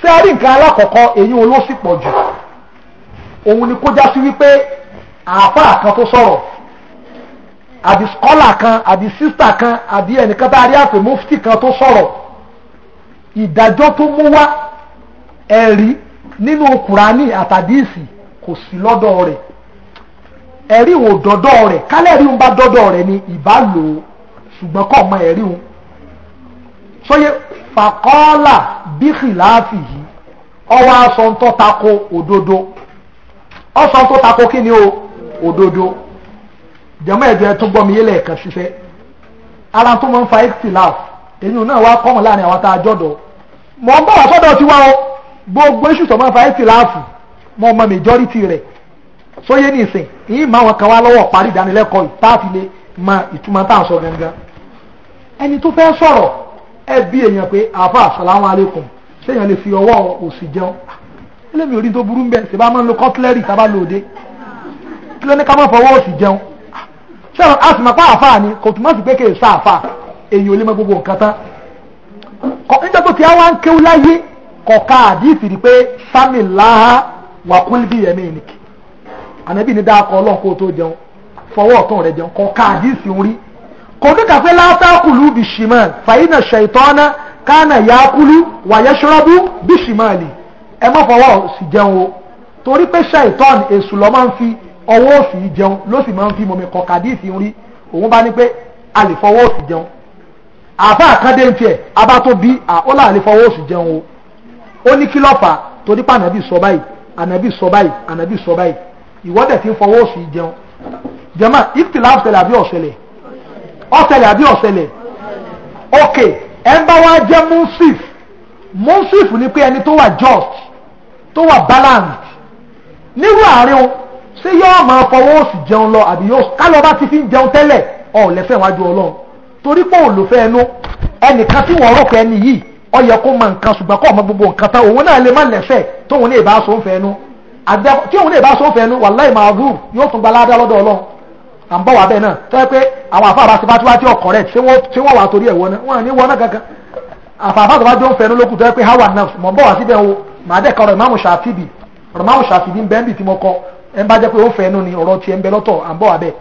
ṣé a rí nǹkan alákọ̀ọ́kọ́ èyí olóṣì pọ̀ jù òun ni kó já sí wípé àáfàá kan tó sọ̀rọ̀ àbí skọ́là kan àbí sísà kan àbí ẹnìkan tá a rí àpè mufti kan tó sọ̀rọ̀ ìdájọ́ tó mú wá ẹ̀rí nínú kùránì àtàdíìsì kò sí lọ́dọ̀ rẹ̀ ẹ̀rí wò dọ́dọ̀ rẹ̀ kálẹ̀rí ń bá dọ́dọ̀ rẹ̀ ni ìbá lò ó ṣùgbọ́n kọ́ ọmọ ẹ̀rí ń fàkọ́ọ́là bíkì láàfì yìí ọwọ́ aṣọ tó tako òdodo ọsọ tó tako kí ni o òdodo jẹ́mọ́ ẹ̀jẹ̀ tó gbọ́ mi yé lẹ́ẹ̀kan ṣiṣẹ́ ara tó máa ń fa èyí náà wá láàrin àwọn tá a jọ́dọ̀ ń bọ̀ wá sọ́dọ̀ gbogbo iṣu tó ń fa ixtilaf mọ̀ ọmọ majority rẹ̀ sóyé ní ìsìn máa wọn kan wá lọ́wọ́ ma ìtumọ̀ tá à ń sọ ẹ bí èèyàn pé àfa salamu alaykum séèyàn lè fi ọwọ́ òsì jẹun ẹlẹ́mi orí tó burú ń bẹ̀ ṣèbá máa ń lo kọ́tílẹ́rì tá a bá lo òde kí ló ní ká má fọwọ́ òsì jẹun sẹ́wọ̀n a sì máa pa àfa ni kò túmọ̀ sí pé kì í sa àfa èyí ò lè mọ gbogbo nǹkan tán nígbà tó ti á wá ń kéwú láyé kọ̀ọ̀ka àdìsí rí pé sami láha wàkúlì bí yẹmí ìnìkì ànábì ní dáa kọ́ ọlọ́run kó tó jẹun fọwọ́ ọ̀tún rẹ jẹun kọ̀ọ̀ka àdìsí ń kò kíkà pé látàkùlù faina fàyínà kana kánà yàákùlù wàyẹ́ṣọ́rọ́bù bìṣìmọ̀ lè ẹ má fọwọ́ sí jẹun o torí pé ṣètọ́n èṣù lọ máa ń fi ọwọ́ òsì jẹun ló sì máa ń fi mọ̀mí kọ̀kadíìsì ń rí òun bá ní pé a lè fọwọ́ òsì jẹun àbá àkàndé ń tiẹ̀ abá tó bí ó là lè fọwọ́ òsì jẹun o ó ní kí lọ́fà torí pé ànábì sọ báyìí ànábì sọ báyìí ànábì sọ báyìí ìwọ́dẹ̀ ti ń fọwọ́ òsì jẹun jẹ́mà ìtìláfù tẹ̀lé àbí ọ̀sẹ̀lẹ̀ ọ̀sẹ̀lẹ̀ àbí ọ̀sẹ̀lẹ̀ ok ẹ ń bá wá jẹ́ munsif munsif ni pé ẹni tó wà just tó wà balanced nírú àárín o ṣé yóò máa fọwọ́ òsì jẹun lọ àbí yóò kálọ̀ bá ti fi ń jẹun tẹ́lẹ̀ ọ̀ lẹ́fẹ̀ wájú ọlọ́run torí pé òun ló fẹ́ ẹnu ẹnìkan tí wọ́n rò pé ẹni yìí ó yẹ kó mọ nǹkan ṣùgbọ́n kọ́ ọmọ gbogbo nǹkan tán òun náà lè má lẹ́fẹ̀ tóun náà bá fẹ́ ẹnu tí òun náà bá fẹ́ ẹnu wàláì máa rú yóò tún gbalá dá lọ́dọ̀ ọlọ́run à ń bọ̀ wá bẹ́ẹ̀ náà tọ́ pé àwọn àfa àbáṣe bá tí wá tí ọkọ̀ rẹ̀ tí wọ́n wà torí ẹ̀ wọ́n náà wọ́n ní wọ́n náà kankan àfààfà tó bá jọ ń fẹnu lókùn tọ́ pé hawa nafs mọ̀ ń bọ̀ wá síbẹ̀ o màá dẹ̀ kọ́rọ̀ ìmáàmù ṣàfìdì ọ̀rọ̀ ìmáàmù ṣàfìdì ń bẹ́ẹ̀ bì tí mo kọ ẹ̀ ń bá jẹ́ pé ó fẹ́nu ni ọ̀rọ̀ tiẹ̀ ń bẹ lọ́tọ̀ à ń bọ̀ wá bẹ́ẹ̀.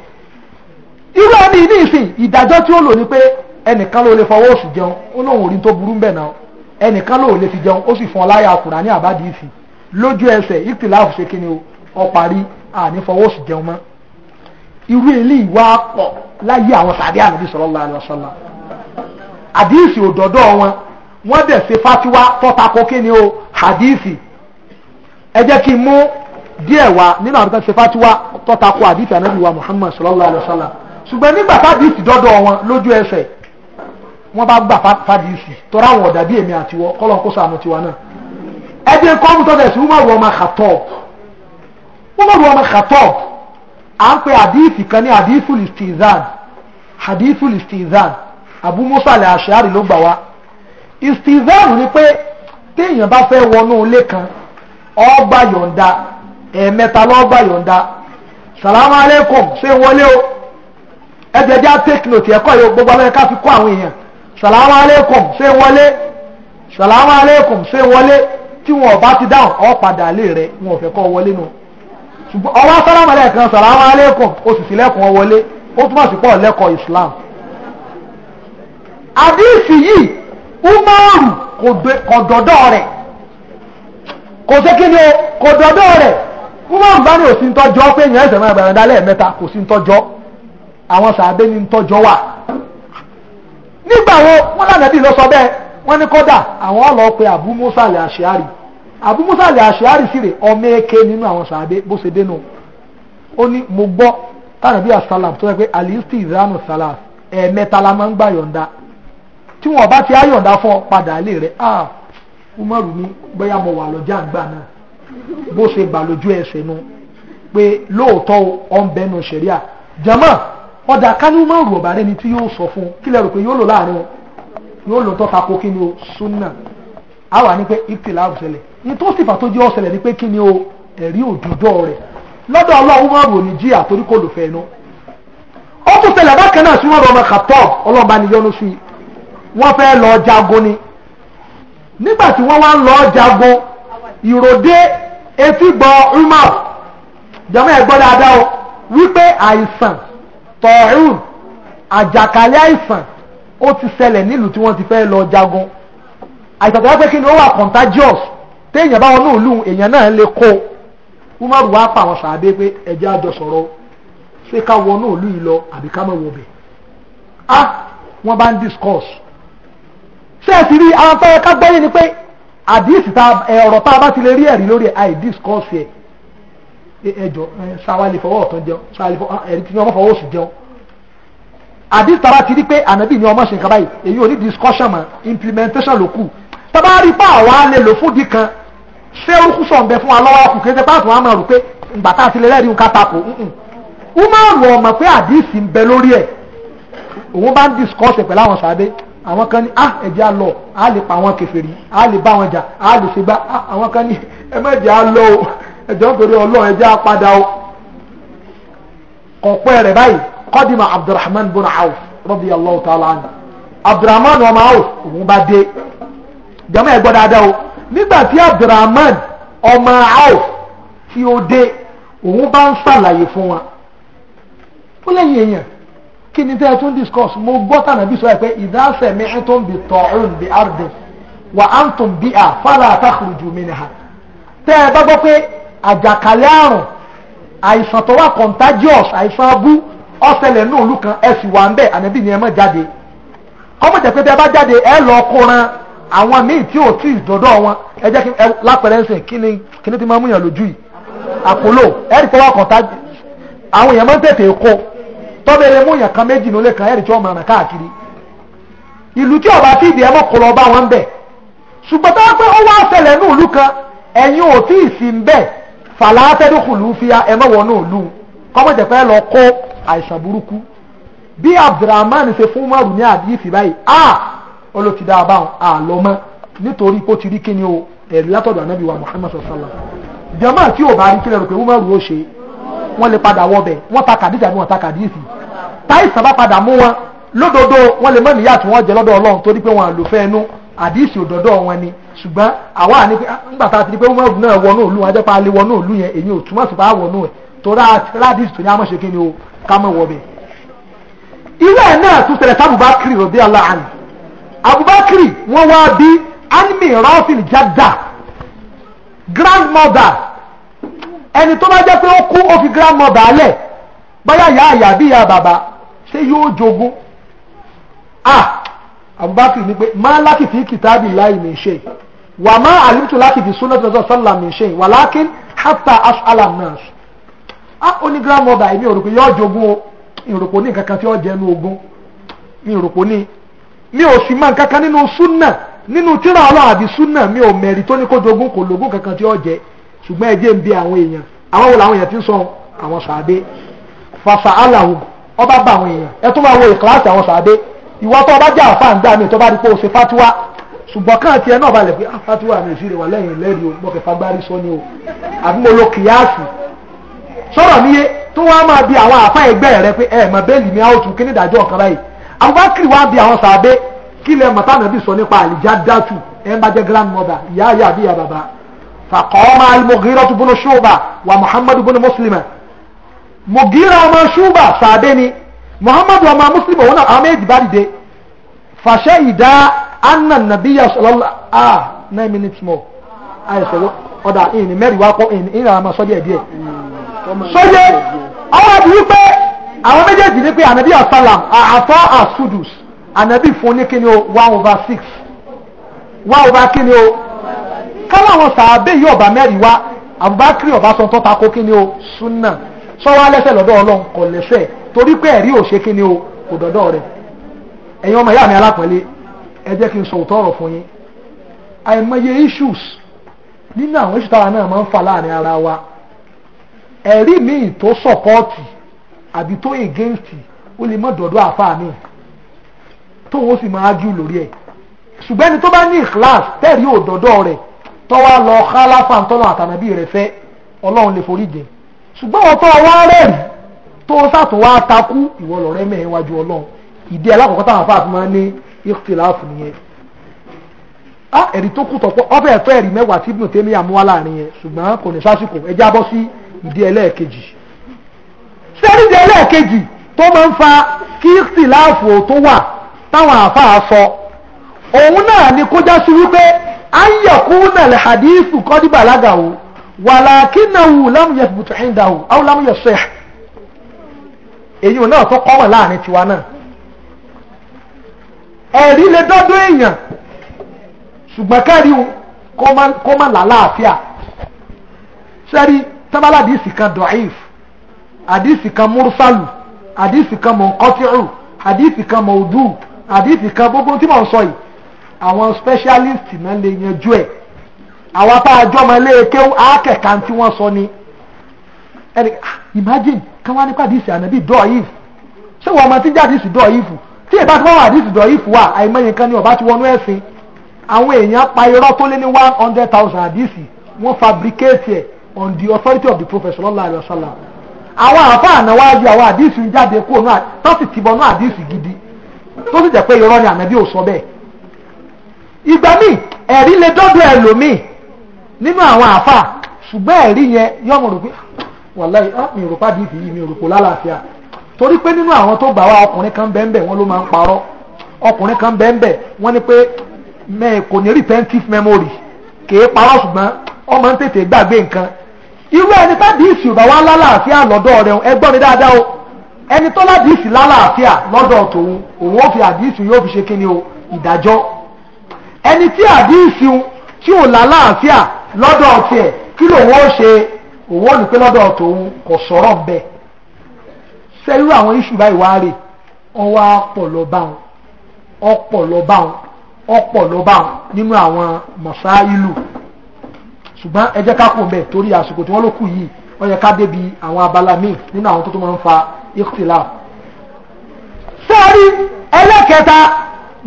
irú ẹni ní ìsìn ìdájọ́ tí ó lò ní pé ẹnìkan ló lè fọwọ́ òsì jẹun ó lóun ò rí tó burú bẹ́ẹ̀ náà ẹnìkan ló lè fi jẹun ó sì fún ọ ọkùnrin ní àbádìí ìsìn lójú ẹsẹ̀ ìtìláàfù ṣe kí ni ó parí àní fọwọ́ òsì jẹun mọ́ irú eléyìí wá pọ̀ láyé àwọn sàbí ànábì sallallahu alaihi wasallam àdíìsì òdọ́dọ́ wọn wọ́n dẹ̀ ṣe fásiwá tọ́takọ kí ni o àdíìsì ẹ jẹ́ kí n mú díẹ̀ wá nínú àwọn tó ṣe fásiwá tọ́takọ àdíìsì ànábì wa Muhammad sallallahu alaihi wasallam ṣùgbọ́n nígbà fàdíìsì dọ́dọ̀ wọn lójú ẹsẹ̀ wọ́n bá gbà fàdíìsì tọ́ra àwọn ọ̀dà bí èmi àti wọ́ kọ́lọ́n kó sànù tiwa náà ẹ jẹ́ kọ́mùtọ́dẹ̀sì Umaru ọmọ Khattab Umaru ọmọ Khattab a ń pe àdíìsì kan ní àdíìsù listizan àdíìsù listizan Abu Musa al-Ash'ari ló gbà wá istizan ni pé téèyàn bá fẹ́ wọnú ilé kan ó gba yọ̀ǹda ẹ̀ẹ̀mẹ́ta ló gba yọ̀ǹda salamu aleykum ṣé wọlé o ẹ̀jẹ̀ já take note ẹ̀kọ́ yìí gbogbo abẹ́rẹ́ ká fi kọ́ àwọn èèyàn salamu aleykum ṣé wọlé salamu aleykum ṣe wọlé tí wọn ọba bá ti dáhùn ọ padà lé rẹ wọn ò fẹ́ kọ́ wọlé nù. No ṣùgbọ́n ọwọ́ sálámà lẹ́ẹ̀kan sọ̀rọ̀ àwọn oṣù sílẹ̀kùn wọn wọlé ó túmọ̀ sí pọ̀ lẹ́kọ̀ọ́ Islam àdìsí yìí Umaru kò dọ̀dọ̀ rẹ̀ kò sí kí ni ụmụ dọ̀dọ̀ rẹ̀ Umaru bá ní òsì ń tọ́jọ́ pé èèyàn ẹ̀sẹ̀ máa kò sí ń sọ bẹ́ẹ̀ wọ́n ní kọ́dà àṣẹ àrí Abu Musa al-Ash'ari sí rè ọmọ eke nínú àwọn sàbẹ bó ṣe dénú ó ní mo gbọ́ tànàbí asalam tó yẹ pé alisti ìdánù salas ẹ̀ẹ̀mẹ́ta la máa ń gbà yọ̀ǹda tí wọn bá ti á yọ̀ǹda padà lé rẹ ah Umaru ní bóyá mo wà lọ́jà àgbà náà bó ṣe gbà lójú ẹsẹ̀ nu pé lóòótọ́ ọ̀nbẹ́nu ṣẹ̀ríà jama ọ̀dà kánú Umaru ọ̀bàrẹ́ni tí yóò sọ fún kílẹ̀ rò pé yóò lò láàrin yóò lò tó tako kí ni o sunna a wà ní pé ìtìlá ọ̀sẹ̀lẹ̀ ní tó sì fàtójú ọ̀sẹ̀lẹ̀ ní pé kí ni o ẹ̀rí òdùdọ́ rẹ̀ lọ́dọ̀ ọlọ́run máa rò ní jíà torí kò lò fẹ́ẹ́ nu. ó tún ṣẹlẹ̀ bákan náà sí wọn rọ ọmọ Khattab ọlọ́run bá ní yọ́nú sí i wọ́n fẹ́ lọ jagun ni nígbà tí wọ́n wá ń lọ jagun ìròdé etígbọ̀ Umar jọmọ ẹ̀ gbọ́ dáadáa o wípé àìsàn tọ̀ọ̀rùn àjàkálẹ̀ àìsàn ó ti ṣẹlẹ̀ nílùú tí wọ́n ti fẹ́ lọ jagun àìsàn tó yá pé kí ni ó wà contagious téèyàn bá wọnú ìlú èèyàn náà lè kó umaru wá pa àwọn sàábé pé ẹjẹ́ àjọ sọ̀rọ̀ ṣé ká wọnú ìlú yìí lọ àbí ká má wọ bẹ̀ ah wọ́n bá ń discuss ṣé ẹ ti rí àwọn tó yẹ ká gbọ́yé ni pé àdíìsì ta ọ̀rọ̀ tá a bá ti lè rí ẹ̀rí lórí ẹ̀ àì discuss ẹ̀ ẹjọ́ ṣàwálì fọwọ́ ọ̀tán jẹun ṣàwálì fọwọ́ ẹ̀rí tí wọ́n fọwọ́ oṣù jẹun àdíìsì ta bá ti rí pé ànábì ni ọmọ ṣe nǹkan báyìí èyí ò ní discussion mọ́ implementation ló kù tọ́ba rí pa àwa lè lò fúdi kan ṣé orúkúsọ̀ ń bẹ fún wa lọ́wọ́ ọkùnrin kí ẹ ti pààtó wa máa rò pé ìgbà tá a ti lè rẹ́rìí nǹkan tako umaru ọmọ pé àdìsí ń bẹ lórí ẹ̀ òun bá ń discuss pẹ̀lú àwọn sábẹ́ àwọn kan ní ah ẹ̀jẹ̀ á lọ á lè pa àwọn kèfèrí á lè bá wọn jà á lè ṣe gbá ah, àwọn kan ní ẹ má jẹ́ á lọ o ẹ̀jọ̀ nítorí ọlọ́run ẹ̀jẹ̀ á padà o ọ̀pẹ́ rẹ̀ báyìí kọ́dìmọ̀ abdulrahman bin awf radiyallahu ta'ala anhu abdulrahman ọmọ awf òun bá dé jẹ́mọ́ ẹ̀gbọ́n dáadáa o nígbà tí abdulrahman ọmọ Auf tí ó òun bá ń fún wa. ó lẹ́yìn èèyàn kí ni tẹ́ ẹ tún discuss mo gbọ́ tànà bí ẹ pé ìdásẹ̀ mi ń tún bí tọ̀ọ̀rùn bí ardẹ̀ wà á ń tún bí tẹ́ ẹ bá gbọ́ pé àjàkálẹ̀ àrùn àìsàn tó wà contagious àìsàn abú ọ̀sẹ̀lẹ̀ náà sì wà jáde pé tẹ́ ẹ jáde ẹ lọ kóran àwọn míì tí ò tí ì wọn ẹ kí ẹ ti máa mú lójú yìí àpòlò ẹ̀rì fọwọ́ kan àwọn èèyàn máa ń tètè kó tọ́bẹ̀rẹ̀ kan méjì kan ẹ̀rì tí wọ́n máa rìn káàkiri ìlú tí ọba tí ìdí lọ bá wọn bẹ̀ ṣùgbọ́n tó wá pé wá ṣẹlẹ̀ ní kan ẹ̀yin ò tí ì sí ó ló ti dá a bá wọn àlọ́ mọ́ nítorí pé ó ti rí kíni o ẹ̀rí látọ̀dọ̀ ànábì wa Muhammad sallam jama tí ò bá rí kílẹ̀ rò pé Umaru o ṣe wọ́n lè padà wọ́ bẹ̀ wọ́n ta kàdí tàbí wọ́n ta kàdí ìsì táìsàn bá padà mú wọn lódodo wọ́n lè mọ́ níyà tí wọ́n jẹ lọ́dọ̀ Ọlọ́run torí pé wọ́n àlòfẹ́ ẹnu àdìsí òdòdó wọn ni ṣùgbọ́n àwa ní ah, nígbà tá a ti di pé wọ́n náà wọnú òlu wọn ajẹ́pá lé wọnú òlu yẹn èyí ò túmọ̀ sí bá wọnú ẹ̀ torí àdìsí tó ní amọ̀ṣe kí ni o ká mọ̀ wọ bẹ̀. irú ẹ̀ náà tún ṣẹlẹ̀ sábùbá kiri rọ̀bí aláàánú Abubakar wọ́n wá bí animi rafin jada grandmother ẹni tó bá jẹ́ pé ó kú ó grandmother alẹ̀ báyà yá àyà bí ya bàbá ṣé yóò jogún ah Abubakar ní pé máa láti fi kìtàbí láì mi ṣe wà máa àlùtù láti fi súnà tó sọ́là mi ṣe wà lákín hatta as'ala nas ah ó grandmother èmi òrùkú yóò jogún o ìrùkú ní nǹkan kan tí ó jẹ́ nu ogún ìrùkú ní mi ò sì máa kankan nínú súnà nínú tíra ọlọ́run àbí súnà mi ò mẹ̀rí tó ní kó jogún kò kankan tí ó jẹ ṣùgbọ́n ẹjẹ́ ń bi àwọn èèyàn àwọn wo àwọn èèyàn ti ń sọ àwọn sàádé fàṣà aláwo ọba bá àwọn èèyàn ẹ wo ìkíláàsì àwọn sàádé ìwọ tó ọba jẹ àfáà ń mi tó bá rí pé o ṣe fatiwa ṣùgbọ́n káà tiẹ̀ náà balẹ̀ pé ah, fatiwa mi wà lẹ́yìn lẹ́rìí o Abubakar wá bí àwọn sàbẹ kí lẹ mọ̀ táwọn ẹbí sọ nípa àlìjá dátù ẹ ń bá jẹ́ grandmother ìyá ìyá àbí ìyá bàbá fàkọ́ọ́mà al-Mughiratu bunu Shu'ba wa Muhammadu bunu Muslima Mughira ọmọ Shu'ba sàbẹ ni Muhammadu ọmọ Muslima òun náà àwọn méjì fàṣẹ ìdá anna nabiya sallallahu ah nine minutes more àìsàn ọ̀dà ìní mẹ́rin wá pọ̀ ìní ìní mm. àwọn ọmọ sọ́jà ẹ̀ díẹ̀ sọ́jà ọ̀rọ̀ àbúrú pé àwọn méjèèjì ní pé ànábì asalam àfọ́ asudus ànábì fún ní kíni o one over six one over kíni o káwọn àwọn sàábé yìí ọba mẹ́rin wá Abubakar ọba sọ tọ́ta kó kíni o sunna sọ́wọ́ lẹ́sẹ̀ lọ́dọ̀ Ọlọ́run kò lẹ́sẹ̀ torí pé ẹ̀rí ò ṣe kíni o kò dọ̀dọ̀ rẹ̀ ẹ̀yin ọmọ ìyá mi alápẹ̀lẹ́ ẹ jẹ́ kí n sọ òótọ́ ọ̀rọ̀ fún yín àìmọye issues nínú àwọn ìṣùtara náà máa ń fà láàrin ara wa ẹ̀rí míì tó sọ̀pọ́ọ̀tì àbí tó against ó lè mọ́ dọ̀dọ̀ àfáà mi tóun ó sì máa ájú lórí ẹ̀ ṣùgbọ́n ẹni tó bá ní ìkíláàs tẹ́rí òdọ̀dọ̀ rẹ̀ tọ́wá lọ kálàfà tọ́lọ̀ àtànàbí rẹ̀ fẹ́ ọlọ́run lè forí jẹ ṣùgbọ́n ọ̀tọ́ wá rẹ̀rì tó sàtún wá takú ìwọ lọ̀rẹ́ mẹ́rin wájú ọlọ́run ìdí alákọ̀ọ́kọ́ táwọn afáà fi máa ń ní ìkíláàfù nìyẹn á ẹ̀rí tó kù tọ̀pọ̀ ọbẹ̀ ẹ̀fẹ́ ẹ̀rí mẹ́wàá tí ibùn tẹ́mi àmúwá láàrin yẹn ṣùgbọ́n kò ní sásìkò ẹjá bọ́ sí ìdí ẹlẹ́ẹ̀kejì sẹ́ríjẹ́ ẹlẹ́ẹ̀kejì tó máa ń fa kí ìtìláàfù tó wà táwọn àáfàá sọ òun náà ni kó já sí wípé ayọ̀kúnnà lè hadithu kọ́díbà lágàwó wàlàkínàwó lámúyẹ̀ bùtù ẹ̀ńdàwó àwọn lámúyẹ̀ sẹ́yà èyí ò náà tó kọ́mọ̀ láàrin tiwa náà ẹ̀rí lè dọ́dún èèyàn ṣùgbọ́n kẹ́rí kó má làlàáfíà sẹ́rí tábàládìsì kan dọ̀ífù àdìsí kan múrúfàlù àdìsí kan mọ̀nkọ́tìrù àdìsí kan mọ̀ọ́dù àdìsí kan gbogbo tí mò ń sọ yìí àwọn specialist náà lè yanjú ẹ̀ àwa tá a jọmọ léèké àákẹ́ka tí wọ́n sọ ni ẹni ah, imagine kí wọ́n á nípa àdìsí ànábì dọ̀ yìí ṣé wọ́n ọmọ tí jáde sì dọ̀ yìí fún tí ìbá tí wọ́n wà àdìsí dọ̀ yìí fún wa àìmọye kan ni ọba ti wọnú ẹ̀sìn àwọn èèyàn pa irọ́ tó lé ní one hundred thousand àdìsí wọ́n fabricate ẹ̀ on the authority of the professor. sallallahu alayhi àwọn àfa ànáwájú àwọn àdìsù ń jáde kúrò náà tó sì gidi tó sì jẹ́ pé irọ́ ni ànábì ò sọ bẹ́ẹ̀ ìgbà míì ẹ̀rí lè dọ́dọ̀ nínú àwọn àfa ṣùgbọ́n ẹ̀rí yẹn yọmọ rò pé wàláì ah, mi ò rò yìí mi ò rò pò lálàáfíà torí pé nínú àwọn tó gbà kan bẹ́ẹ̀ wọ́n ló máa ń parọ́ ọkùnrin kan bẹ́ẹ̀ wọ́n pé kò ní retentive memory kì í irú ẹni tádìsì òbá wá lálàáfíà lọ́dọ̀ rẹ̀ ẹ gbọ́ mi dáadáa o ẹni tó ládìsì lálàáfíà lọ́dọ̀ tòun òun ó fi àdìsì yóò fi ṣe kí ni o ìdájọ́ ẹni tí àdìsì tí ò lálàáfíà lọ́dọ̀ tiẹ̀ kí lòun ó ṣe òun ó ní pé lọ́dọ̀ tòun kò sọ̀rọ̀ ń bẹ̀ ṣe irú àwọn iṣu báyìí wá rè ọwọ́ ọpọlọ bá wọn ọpọlọ bá wọn ọpọlọ bá wọn nínú àwọn mọ̀sáìlù ṣùgbọ́n ẹ jẹ́ ká kó mbẹ torí àsìkò tí wọ́n ló kù yìí wọ́n yẹ ká débi àwọn abala míì nínú àwọn tó tó máa ń fa ìkìlá. sẹ́ẹ̀rí ẹlẹ́kẹta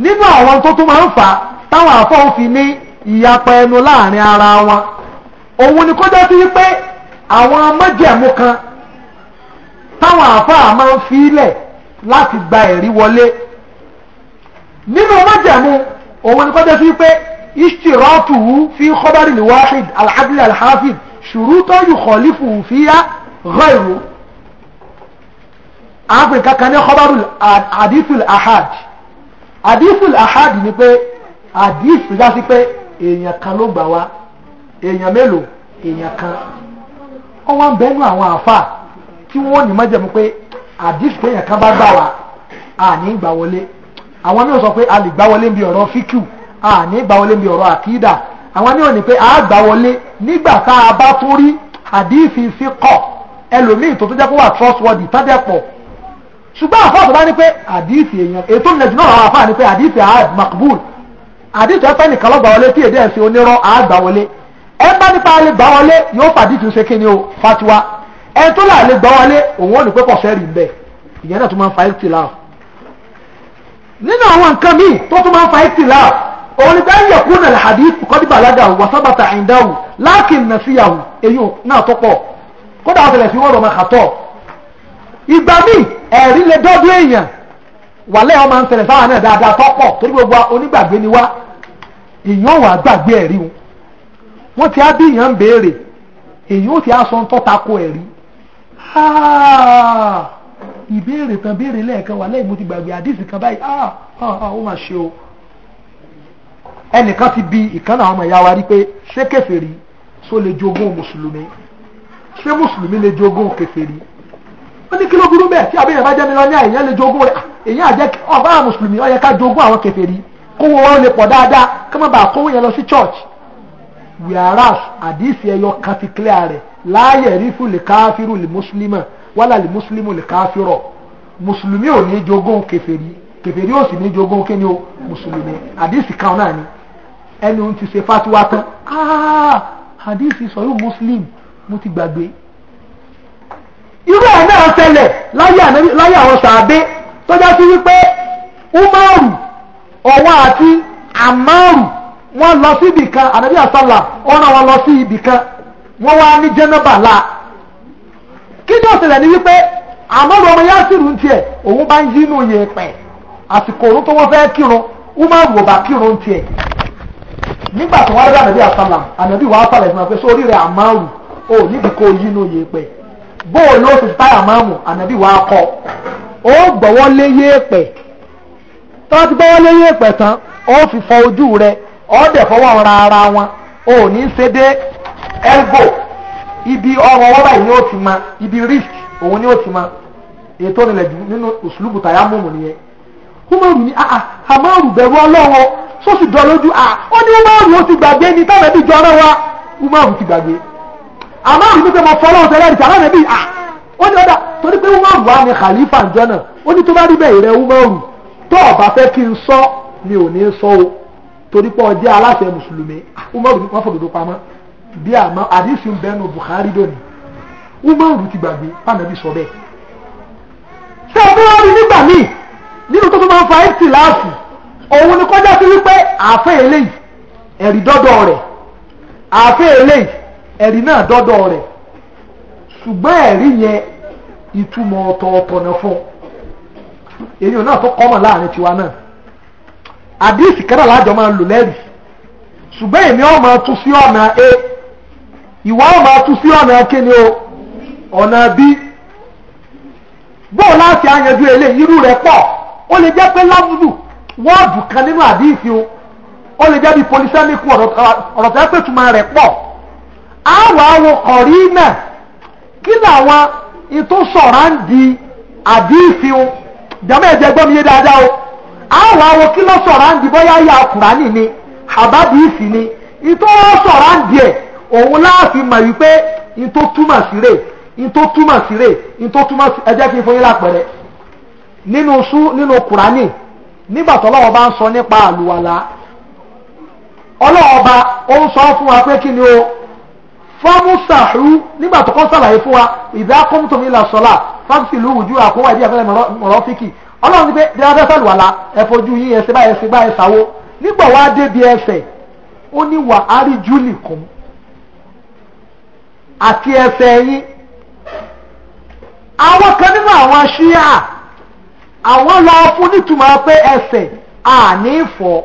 nínú àwọn tó tó máa ń fa táwọn àfọwọ́ fi ní ìyapa ẹnu láàrin ara wọn òun ni kó jẹ́ sí wípé àwọn mọ́jẹ̀mú kan táwọn àfáà máa ń fi ilẹ̀ láti gba ẹ̀rí wọlé nínú mọ́jẹ̀mú òun ni kó jẹ́ sí wípé اشتراطه في خبر الواحد العدل الحافظ شروطا يخالفه فيها غيره àápìn kankan ní khabarul àdífìl àhàd àdífìl àhàd ni pé àdíf tó já sí pé èèyàn kan ló gbà wá èèyàn mélòó èèyàn kan ó wá ń bẹnu àwọn àfà tí wọ́n ní májẹ̀mú pé àdíf téèyàn kan bá gbà wá àní gbà wọlé àwọn mìíràn a ní gbà wọlé bí ọ̀rọ̀ àkídà àwọn ní òní pé a gbà wọlé nígbà tá a bá tún rí àdífi fi kọ̀ ẹlòmíì tó tún jẹ́ kó wà trustworthy tọ́jẹ́ pọ̀ ṣùgbọ́n àfọ́ àtọ́bá ní pé àdífi èèyàn ètò ìlẹ̀jù náà àwọn àfáà ní pé àdífi a makbul àdífi ẹ̀fẹ́ nìkan lọ́gbà wọlé tí èdè ẹ̀sìn onírọ́ a gbà wọlé ẹ bá nípa lè gbà wọlé yóò fàdífi ṣe kí ni o fatiwa ẹ tó là lè gbà wọlé òun ò ní pé kọ̀ṣẹ́ rí bẹ́ẹ̀ ìyẹn náà tún máa ń fa ìtìlá nínú àwọn nǹkan míì tó tún máa ń fa ìtìlá òun ni bẹ́ẹ̀ yẹ̀kú nà hadith kọ́dí bàlágà wà àìndáwù láàkìn nà síyàwó èyí náà tó pọ̀ kódà ọ̀sẹ̀lẹ̀ sí wọ́n rọ̀ máa ìgbà míì ẹ̀rí lè dọ́dún èèyàn wàlẹ́ ọmọ ń tẹ̀lẹ̀ fáwọn náà dáadáa tó pọ̀ torí gbogbo onígbàgbé ni wá èèyàn wà gbàgbé ẹ̀rí ti á bí èèyàn ń béèrè èèyàn ó ti á sọ ń kan béèrè lẹ́ẹ̀kan wàlẹ́ ìmú ti gbàgbé àdìsí kan o. ẹnìkan ti bi ìkànnà àwọn ọmọ ìyá wa rí pé ṣé kèfèrí só lè jogún mùsùlùmí ṣé mùsùlùmí lè jogún kèfèrí ó ní kí ló burú bẹ́ẹ̀ tí abẹ́yẹn bá jẹ́ mi lọ ní àyẹ̀yẹ́ lè jogún rẹ̀ èyí àjẹ́ ọba mùsùlùmí ó ká jogún àwọn kèfèrí kówó wọn lè pọ̀ dáadáa kí wọ́n bá kówó yẹn lọ sí church whereas àdìsí ẹyọ kan ti clear rẹ̀ láàyè rífù lè káfírù lè mùsùlùmí wálà lè mùsùlùmí lè káfírọ̀ mùsùlùmí ò ní jogún kèfèrí kèfèrí ò sì ní jogún kíni o mùsùlùmí àdìsí kan náà ni ẹni òun ti ṣe fatiwa tán àdìsí ah, sọ̀rọ̀ muslim mo ti gbàgbé irú ẹ̀ náà ṣẹlẹ̀ láyé àwọn sàábé tọ́já sí wípé umaru ọwọ́ àti amaru wọ́n lọ sí ibìkan anabi asala ọ̀nà wọn lọ sí ibìkan wọ́n wá ní jẹ́nàbà kí ni ó ṣẹlẹ̀ wípé amaru ọmọ yásìrù ń tiẹ̀ òun bá ń yínú yẹn pẹ̀ àsìkò òun tó wọ́n fẹ́ kírun umaru ò kírun tiẹ̀ nígbà tí wọ́n rí ànàbí àsálà ànàbí wàá fún wa pé sórí rẹ̀ àmárù ó nídìí kó yí inú yèèpẹ̀ bóò ló ti táyà máàmù ànàbí wàá kọ ó gbọ́wọ́ lé yèèpẹ̀ tó bá ti gbọ́wọ́ lé tán ó fi fọ ojú rẹ̀ ó fọwọ́ ra ara wọn ibi ni ó ma ibi ni ó ti ma ètò ìrìnlẹ̀ jù nínú nìyẹn kúmọ̀rù ni sóṣù jọ lójú à ó ní umaru ó ti gbàgbé ni táwọn ẹbí jọ ọ̀rẹ́ wa umaru ti gbàgbé àmọ́ àrùn pípẹ́ mọ fọlọ́ ọ̀sẹ̀ lẹ́rìí tàbí ẹbí à ó ní ọ̀dà torí pé umaru wa ni khalifa ǹjọ́ náà ó ní tó bá rí bẹ́ẹ̀ rẹ umaru tó ọ̀bá fẹ́ kí n sọ mi ò ní sọ o torí pé ọjẹ́ aláṣẹ mùsùlùmí umaru ní wọ́n fòdòdó pamọ́ bí àmọ́ àdìsí ń bẹ́nu Bukhari dòní umaru ti gbàgbé pàmẹ́bí sọ bẹ́ẹ̀ ṣé ọdún wọn rí nígbà míì nínú tó tó máa ń fa ẹ́tì láàfù òun ni kọjá sí wípé àáfẹ́ eléyìí ẹ̀rí dọ́dọ̀ rẹ̀ àáfẹ́ eléyìí ẹ̀rí náà dọ́dọ̀ rẹ̀ ṣùgbọ́n ẹ̀rí yẹn ìtumọ̀ ọ̀tọ̀ọ̀tọ̀ náà fún èyàn náà tó kọ́mọ̀ láàrin tiwa náà àdíìsì kẹ́rà lájọ máa ń lò lẹ́rìí ṣùgbọ́n èmi ọ̀ máa tú sí ọ̀nà a ìwà ọ̀ máa tú sí ọ̀nà kíni o ọ̀nà b bóò láti àyànjú eléyìí irú rẹ̀ pọ̀ ó lè jẹ́ pé lábùdù wọ́ọ̀dù kan nínú àdíìsì o ó lè jẹ́ bí polysemic ọ̀rọ̀ tó yẹ pé tuma rẹ̀ pọ̀ àwọn àwọn kọ̀rí náà kí làwọn ètò sọ̀rọ̀ ń di àdíìsì o jàmọ́ ẹ̀jẹ̀ gbọ́ mi yé dáadáa o àwọn àwọn kí ló sọ̀rọ̀ ń di bóyá ya kùránì ni àbádìísì ni ètò sọ̀rọ̀ ń di ẹ̀ òun láàfin mọ̀ wípé ètò túmọ̀ sí rè ètò túmọ̀ sí rè ètò túmọ̀ sí ẹ̀jẹ̀ fi fún yín lápẹ̀rẹ̀ nínú sùn nínú kùránì nígbà tó ọlọ́wọ́ bá ń sọ nípa àlùwàlá ọlọ́wọ́ bá ó ń sọ fún wa pé kí ni o fọ́mùsàhù nígbà tó kọ́ sàlàyé fún wa ìdá kọ́mùtòmí là sọ́là fáfìlú wùjú àkówà ìdí ẹ̀fẹ́ mọ̀rọ́fíkì ọlọ́run ti pé bí a fẹ́ sàlùwàlá ẹ fojú yín ẹsẹ̀ báyìí ẹsẹ̀ báyìí sàwó nígbà wá débi ẹsẹ̀ ó ní wà áríjú nìkan àti ẹsẹ̀ yín àwọn kan nínú àwọn ṣíà àwọn lọ fún nítumọ̀ pé ẹsẹ̀ àní fọ̀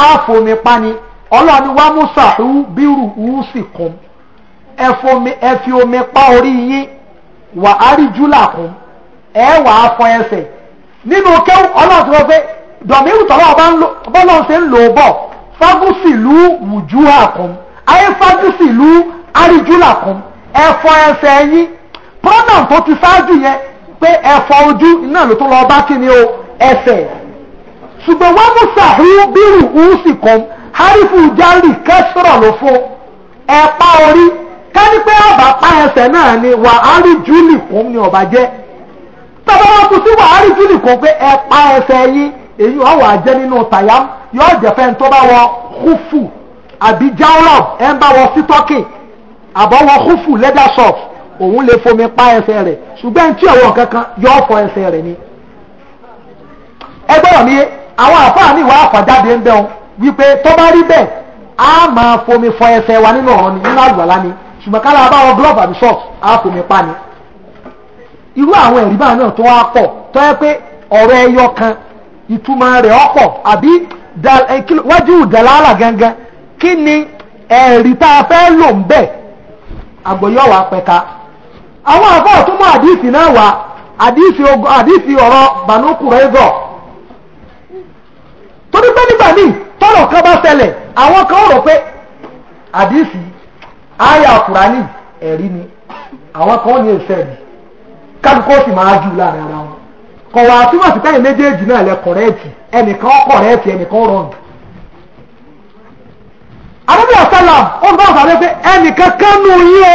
àfomi pani ọlọ́ni wá musa bírù wúsì kún ẹ fi omi pa orí yín wà á rí júlà kún ẹ wà á fọ ẹsẹ̀ nínú kẹ́wù ọlọ́run ti wọ́n pé dọ̀míwù tọ́lá ọbọ̀lọ́run ṣe ń lò ó bọ̀ fagusì lú wùjúhà kún ayé fagusì lú àríjúlà kún ẹ ẹsẹ̀ yín pronoun tó ti ṣáájú yẹn pé ẹ̀fọ́ ojú náà ló tún lọ bá kí ni o ẹsẹ̀ ṣùgbọ́n wọ́n mú sàhú bírù húsì kan harifu jari kẹsìrọ̀ ló fún ẹ̀pá orí ká ní pé ọba pa ẹsẹ̀ náà ni wàhálì júlì kún ni ọba jẹ́ tọ́ba wọn kú sí wàhálì júlì kún pé ẹ̀pá ẹsẹ̀ yín èyí wọn wà jẹ́ nínú tàyà yóò jẹ́ fẹ́ tó bá wọ àbí jáwọ́lọ̀ ẹ̀ ń bá wọ sítọ́kì àbọ̀wọ̀ húfù lẹ́dà òun lè fomi pa ẹsẹ̀ rẹ̀ ṣùgbọ́n tí ọ̀wọ́ kankan yọ fọ ẹsẹ̀ rẹ̀ ni. ẹ gbọ́dọ̀ mi àwọn àfáà mi wà àfàjáde ń bẹ̀ wọn wípé tó bá rí bẹ́ẹ̀ á máa fomi fọ ẹsẹ̀ wa nínú ọ̀rọ̀ ni nínú àlùwàlá ni ṣùgbọ́n kára bá wọn glove àbí socks á fomi pa ni. irú àwọn ẹ̀rí báà náà tó wá pọ̀ tó yẹ pé ọ̀rọ̀ ẹyọ kan ìtumọ̀ rẹ̀ ọ̀pọ̀ àbí wájú ìdàlálà gangan kí ni ẹ̀rí tá a fẹ́ lò ń bẹ̀ àgbọ̀yọ̀wà pẹ̀ka àwọn àfáà tó mú àdìsí náà wá àdìsí ọ̀rọ̀ bànúkùrọ̀ ẹ̀gọ́ torí pé nígbà míì tọ́rọ̀ kan bá ṣẹlẹ̀ àwọn kan rò pé àdìsí àyà kùránì ẹ̀rí ni àwọn kan ní èsẹ̀ rí kálukó sì máa jù láàrin ara wọn kọ̀wá túmọ̀ sí táyì méjèèjì náà lẹ kọ̀rẹ́ẹ̀tì ẹnìkan kọ̀rẹ́ẹ̀tì ẹnìkan rọrùn àdébíyà sálàm ó ń bá ọ̀sán pé ẹnìkan kánú yín o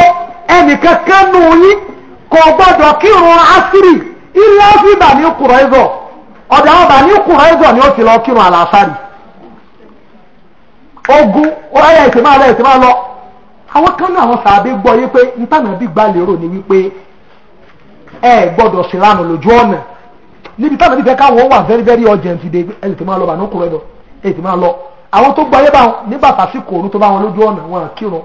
ẹnìkan kánú yín kò gbọ́dọ̀ kírun asiri ilé fi bàní kùrọ̀ ẹ̀zọ̀ ọ̀dọ̀ àwọn ní kùrọ̀ ẹ̀zọ̀ ni ó ti lọ kírun àlàáfàrì ogun ọ̀rẹ́yà ìsìnmá lọ ìsìnmá lọ àwọn kan náà wọn sàbẹ̀ gbọ́ yé pé ntànà bí lérò ni wípé ẹ lójú ọ̀nà níbi nífẹ̀ẹ́ káwọn wà very very urgent máa lọ lọ àwọn tó gbọ́ nígbà tó bá wọn lójú ọ̀nà wọn kírun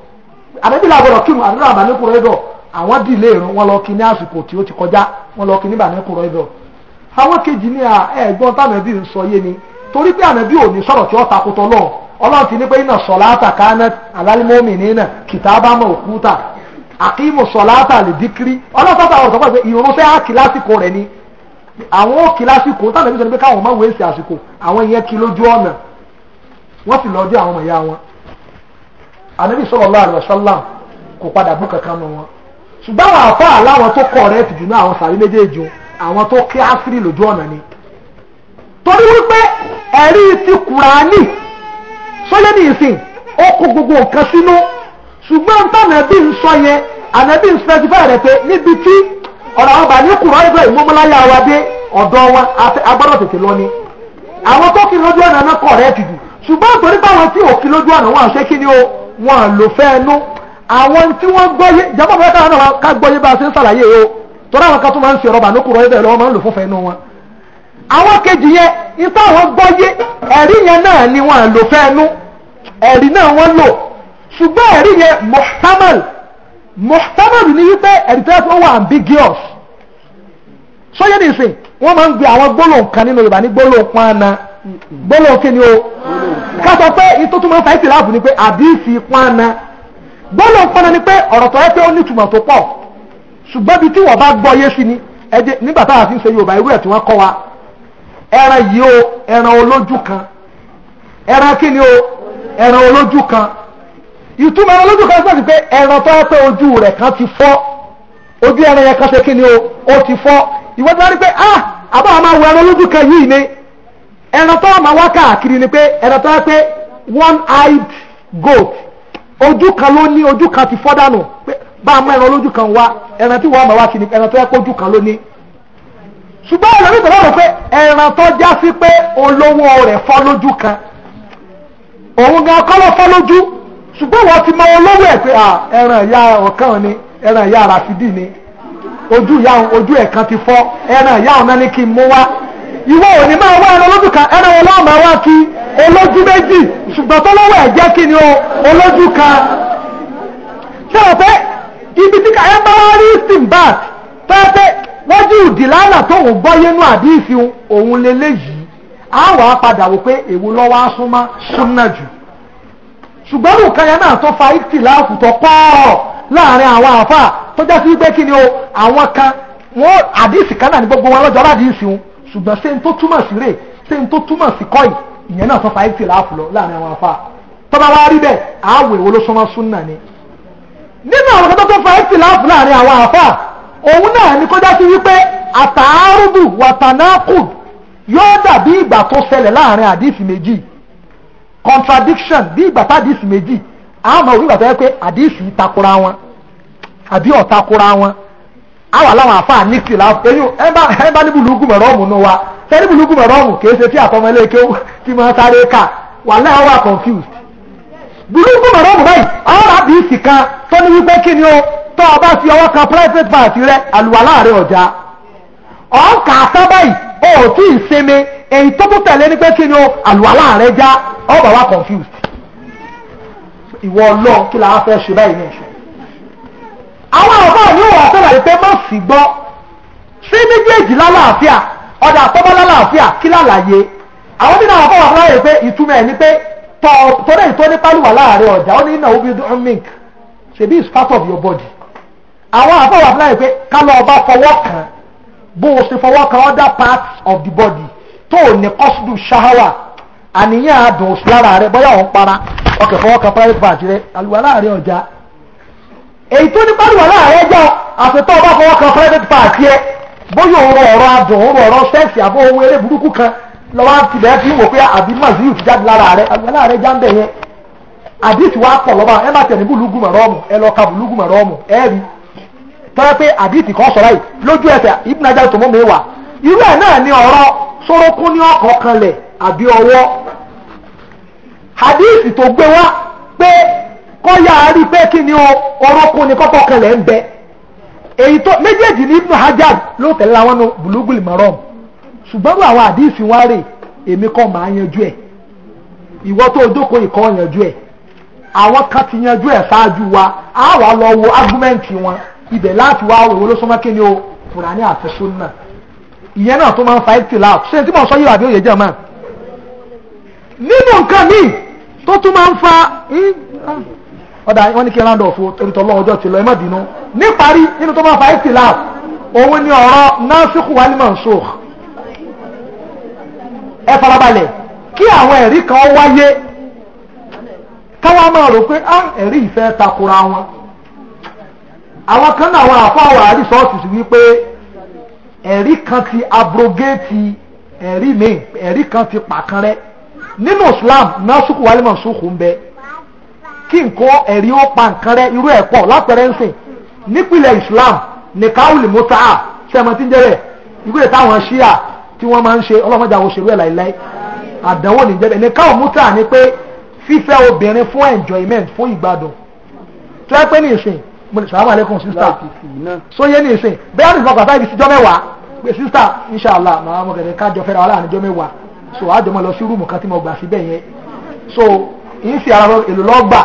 àwọn dìlé ìrún wọn lọ kí ní àsìkò tí ó ti kọjá wọn lọ kí nígbà ní kúrọ ibẹ̀ àwọn kejì ní ẹ̀gbọ́n tànàbí ń sọ yé ni torí pé ànàbí ò ní sọ̀rọ̀ tí ó takotọ lọ ti ní pé iná sọ̀láàtà káná alálímọ́mì nínà kìtàbámọ̀ òkúta àkímù sọ̀láàtà lè díkírí ọlọ́sọ̀tà ọ̀rọ̀ sọ́kọ̀ pé ìrúnṣẹ́ á kí lásìkò rẹ̀ ni àwọn ó kí lásìkò tànàbí sọ ni pé káwọn máa àsìkò àwọn ìyẹn kí lójú ọ̀nà wọ́n sì lọ́ọ́ dé ṣùgbọ́n àwọn àfa aláwọn tó kọ̀ rẹ̀ tìjú náà àwọn sàrí méjèèjì o àwọn tó kí áfírì lójú ọ̀nà ni torí wípé ẹ̀rí ti kùránì sọ́lẹ́nì ìsìn ó kó gbogbo nǹkan sínú ṣùgbọ́n tànàbí ń sọ yẹn ànàbí ń specify rẹ̀ pé níbi tí ọ̀rọ̀ àwọn bàní kùránì bẹ́ẹ̀ ìmọ̀mọ́láyà wa dé ọ̀dọ́ wa agbọ́dọ̀ tètè lọ ni àwọn tó kí lójú ọ̀nà náà kọ̀ rẹ̀ tìjú ṣùgbọ́n torí báwọn tí ò kí lójú ọ̀nà wọn àṣẹ kí ni o wọn lò fẹ́ ẹnu àwọn tí wọ́n gbọ́yé jàmbá bọ́yá káwọn náà ká gbọ́yé bá a ṣe ń ṣàlàyé o torí àwọn kan tó máa ń fi ọ̀rọ̀ bànúkúrọ̀ ibẹ̀ lọ́wọ́ máa ń lò fún fẹ́ẹ́nu wọn. àwọn kejì yẹn ìta àwọn gbọ́yé ẹ̀rí yẹn náà ni wọ́n à lò fẹ́ẹ́nu ẹ̀rí náà wọ́n lò ṣùgbọ́n ẹ̀rí yẹn muhtamal muhtamal ni wípé ẹ̀rí tẹ́lẹ̀ tó wà ambiguous sọ́yẹ́ nìsín wọ́n máa ń gbé àwọn gbólóhùn kan nínú Yorùbá ní gbólóhùn pọ́nna gbólóhùn kí ni o ká sọ gbọ́dọ̀ fọ́nà ni pé ọ̀rọ̀ tó yẹ pé ó nítumọ̀ tó pọ̀ ṣùgbọ́n bí tí wọ́n bá gbọ́ yé sí ni ẹdẹ nígbà táwa fi ń ṣe Yorùbá irú tí wọ́n kọ́ wa ẹran yìí o ẹran olójú kan ẹran kí ni o ẹran olójú kan ìtumọ̀ ẹran olójú kan sọ́ọ̀tì pé ẹran tó yẹ pé ojú rẹ̀ kan ti fọ́ ojú ẹran yẹn kan ṣe kí ni o ó ti fọ́ ìwọ́n ti wá rí pé ah àbá máa wọ ẹran olójú kan yìí ni ẹran tó máa wá káàkiri ni pé ẹran tó yẹ pé one eyed goat ojú kan ló ní ojú kan ti fọ́ dànù bá a mọ ẹran lójú kan wá ẹran tí wọ́n mọ̀ wá sí ni ẹran tó yẹ kó ojú kan ló ní. ṣùgbọ́n ẹran nígbà wọ́n rò pé ẹran tó já sí pé olówó rẹ̀ fọ́ lójú kan òun gan kọ́ ló fọ́ lójú ṣùgbọ́n wọ́n ti mọ olówó ẹ̀ pé ẹran ìyá ọ̀kan ni ẹran ìyá ràfídì ni ojú ìyá ojú ẹ̀ kan ti fọ́ ẹran ìyá ọ̀nà ni kí n mú wá ìwọ ò ní máa wá ẹran lójú kan ẹran wọn lọ́wọ́ máa wá kí olójú méjì ṣùgbọ́n tó lọ́wọ́ ẹ̀ jẹ́ kí ni o olójú kan ṣọ̀rọ̀ pé ibi tí ẹ bá wá rí stimbad fẹ́ pé wọ́n jí ìdìlánà tóun gbọ́yé nú àdífi òun leléyìí á wà á padà wò pé èwo lọ́wọ́ á súnmọ́ súnmọ́ jù ṣùgbọ́n nǹkan yẹn náà tó fa ìtìláàfù tó pọ̀ láàrin àwọn àáfàá tó jẹ́ sí pé kí ni o àwọn kan wọ́n àdíìsì kan náà ní gbogbo wọn lọ́jọ́ aládìísì wọn ṣùgbọ́n ṣé n tó túmọ̀ sí rè ṣé n tó túmọ̀ sí kọ́ yìí ìyẹn náà sọ́fà ayé ti láàfù lọ láàrin àwọn afá tọ́ba wa rí bẹ́ẹ̀ àáwò èwo ló sọ́mọ́ súnà ni nínú àwọn kọ́tọ́ tó fa ayé láàfù láàrin àwọn afá òun náà ni kọjá sí wípé àtàárùdù wàtànákù yóò dàbí ìgbà tó ṣẹlẹ̀ láàrin àdìsí méjì contradiction bí ìgbà tá àdìsí méjì àmọ́ òun ìgbà tó yẹ pé àdìsí àwa làwọn àfáà ní tìlá eyín ẹ bá ní bùlùkù mọ̀rọ́ọ̀mù nù wa sẹ́ni bùlùkù mọ̀rọ́ọ̀mù kì í ṣe tí àtọmọ eléke tí máa sáré kà wà láwọn wà confused. bùlùkù mọ̀rọ́ọ̀mù báyìí àwọn àbíìsì kan tó ní wípé kí ni ó tó o bá fi ọwọ́ kan private part rẹ àlùwà láàrin ọ̀já. ọ̀nkà sábàyì o ò tí ì sinmi èyí tó tún tẹ̀lé ni pé kí ni ó àlùwà láàrin já ọ̀bà wà confused. ìwọ ọlọ́ọ̀ kí la fẹ́ ṣe báyìí ní ìṣ àwọn ọ̀bá ní òwà sọ̀rọ̀ ìpè mọ̀ sí gbọ́ sí méjèèjì lálàáfíà ọ̀dà àtọ́bọ́ lálàáfíà kí lálàyé àwọn nínú àwọn fọwọ́ fúláyè pé ìtumọ̀ ẹ̀ ni pé tọ́lẹ̀ ìtọ́ ní pálùwà láàrin ọ̀dà ó ní ìnáwó bí dùn mink ṣèbí is part of your body àwọn àfọwọ́ fúláyè pé ká lọ ọba fọwọ́ kan bó o ṣe fọwọ́ kan other parts of the body tó o ní kọ́sùdù ṣáháwà àníyàn adùn òṣù lára rẹ bóyá òun para ọkẹ̀ fọwọ́ kan private part rẹ àlùwà láàrin ọ̀dà èyí tó ní pàdùwà láàrẹ jọ ọba fọwọ́ kan private park yẹ bóyá òun ọ̀rọ̀ adùn òun ọ̀rọ̀ sẹ́ẹ̀sì àbó ohun eré burúkú kan lọ́wọ́ ti fi ń wò pé àbí maziyu ti jáde lára rẹ̀ wa pọ̀ lọ́ba ẹ má búlúgùmọ̀ rọ́ọ̀mù ẹ lọ ka búlúgùmọ̀ rọ́ọ̀mù ẹ rí tọ́lá pé sọ̀rọ̀ yìí lójú ẹsẹ̀ mi wà irú ẹ̀ náà ni ọ̀rọ̀ ní ọkọ̀ kanlẹ̀ àbí ọwọ́ ya yaari pé kí ni orókùn ni kọ́tọ́ kẹlẹ̀ ń bẹ èyí tó méjèèjì ní ibùdó hajar ló tẹ̀lé àwọn nu bulugul maram ṣùgbọ́n bí àwọn àdìsí wá rè èmi kọ́ máa yanjú ẹ̀ ìwọ tó jókòó ìkọ́ yanjú ẹ̀ àwọn kan ti wa wà lọ wo wọn ibẹ̀ láti wá o Kùránì àti sunna ìyẹn náà tó máa ń fa ṣé tí mo sọ yìí àbí ọ̀dà wọn ní kí round off torí tọ́lọ́ ọjọ́ ti lọ ẹ má bínú níparí nínú tó máa fa ìtìlá òun ni ọ̀rọ̀ nasikh wal mansukh ẹ farabalẹ̀ kí àwọn ẹ̀rí kan wáyé káwọn máa rò pé á ah, ẹ̀rí ìfẹ́ takora wọn àwọn kan náà àwọn àfọwọ́ àrísọ́ọ̀sì sí wípé ẹ̀rí kan ti abrogate ẹ̀rí mi ẹ̀rí kan ti pàkan rẹ nínú Islam nasikh wal mansukh ń bẹ́ẹ̀ kí nǹkan ẹ̀rí ó pa nǹkan rẹ irú ẹ̀ pọ̀ lápẹ̀rẹ̀ ń sìn nípìnlẹ̀ Islam nìkáwùlì mọ́tà sẹ́mọ̀ tí ń jẹ́rẹ̀ ìgbéyè táwọn ṣíà tí wọ́n máa ń ṣe ọlọ́mọdé àwọn òṣèlú ẹ̀ láìláì àdánwò nìjẹ́bẹ̀ nìkáwù mọ́tà ni pé fífẹ́ obìnrin fún enjoyment fún ìgbádùn tó yẹ pé ní ìsìn sàlámù alẹ́kùn sísá sóyé ní ìsìn bẹ́ẹ̀ ní ìfọkàtà ibi síjọ́ mẹ́wàá pé sísá inṣàlá màá mọ̀ kẹ̀kẹ́ kájọ fẹ́ra wà láàrin ìjọ́ mẹ́wàá so àjọmọ́ lọ sí rúùmù kan tí mo gbà síbẹ̀ yẹn so ìyìn sí ara èlò lọ́gbà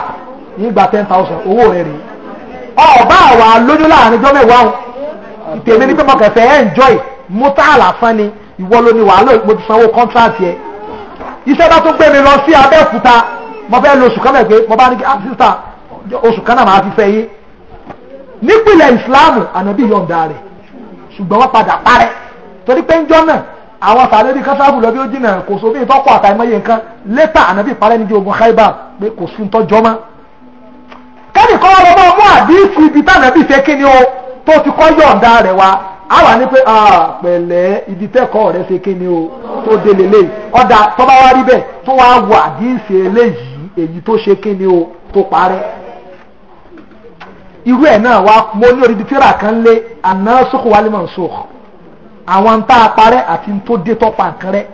nígbà ten thousand owó rẹ̀ rèé ọba àwa lóyún láàrin jọ́ mẹ́wàá o ìtèmi ní pé mo kẹfẹ́ enjoy Mutala àlàfán ni ìwọ ló ní wàhálà mo ti sanwó contract yẹ iṣẹ́ bá tó gbé mi lọ sí Abẹ́òkúta mo fẹ́ lo oṣù kan mẹ́gbẹ́ mo bá ní ah, sísá oṣù kan náà máa fi fẹ́ yé nípìnlẹ̀ ìsìláàmù ànábì yọ̀ǹda rẹ̀ ṣùgbọ́n wọ́n padà parẹ́ torí pé ń jọ́ náà àwọn sàlẹ̀ bíi kásáàbù lọ bí ó jìnnà kò sófin ìtọ́kọ̀ àtàìmọye nǹkan lẹ́tà ànábì parẹ́ nídìí ogun Khaibar pé kò sí ń tọ́jọ́ mọ́ kẹ́nì kan lọ máa mú àdínkù ibi tánàbí ṣe kí o tó ti kọ́ yọ̀ǹda rẹ̀ wa a wà ní pé pẹ̀lẹ́ ibi tẹ́kọ̀ọ́ rẹ̀ ṣe kí o tó délé léyìí ọ̀dà tó bá wá rí bẹ́ẹ̀ tó wá wọ àdínkù eléyìí èyí tó ṣe kí o tó parẹ́ irú ẹ̀ náà wá mo ní orí tíra kan lé àná sókò wálé mọ̀ sókò àwọn ń tá a parẹ́ àti ń tó dé tọ́pa nǹkan rẹ̀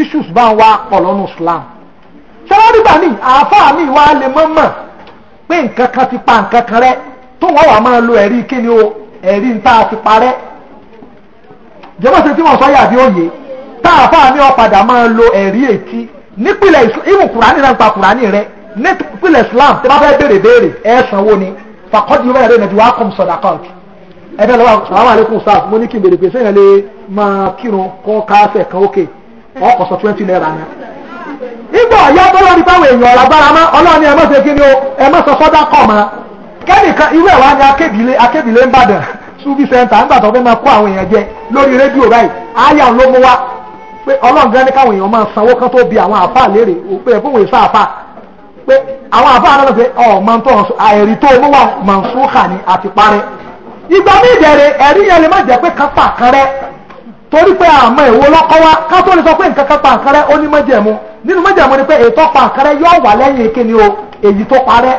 issues bá ń wá pọ̀ lọ́nu Islam ṣé wọ́n rí àáfàá mi wá lè mọ́ mọ́ pé nǹkan kan ti pa nǹkan kan rẹ tó wọ́n wà máa lo ẹ̀rí kíni o ẹ̀rí ń tá a ti parẹ́ jẹ́mọ́ ṣe tí wọ́n sọ yàbí òye tá a fáà ní ọ̀padà máa lo ẹ̀rí ètí nípìnlẹ̀ ìmù kùránì náà ń pa kùránì rẹ nípìnlẹ̀ Islam tí wọ́n fẹ́ béèrè béèrè ẹ̀ sanwó ni fàkọ́dì yóò rẹ̀ nàbí wàá kọ́m sọ̀dà kọ́ọ̀tù ẹ̀fẹ́ lọ́wọ́ àwọn àlékún sáà mo ní kí n bèrè pé sẹ́yìn lè máa kírun kọ́ káfẹ́ kan ókè ọkọ̀ sọ twenty naira náà nígbà ọ̀yá tọ́lọ́ ní fáwọn èèyàn lágbára mọ́ ni o ẹ mọ́ sọ sọ́dá kọ̀ mọ́ kẹ́nìkan irú ẹ̀ wá ní akébìlé akébìlé ń bàdàn ṣúbí sẹ́ńtà ńgbà tó fẹ́ máa kó àwọn èèyàn jẹ lórí rédíò báyìí àyà ló mú wá pé ọlọ́run gan káwọn èèyàn máa sanwó kan tó bi àwọn àfáà léèrè pé ẹ̀ fóun èso àfáà pé àwọn náà ọ̀ torí pé àmọ́ èwo lọ́kọ́ wá ká tó lè sọ pé nǹkan kan pa àkàrẹ́ ó ní májẹ̀mú nínú májẹ̀mú ni pé ètò pa àkàrẹ́ yóò wà lẹ́yìn kíni o èyí tó parẹ́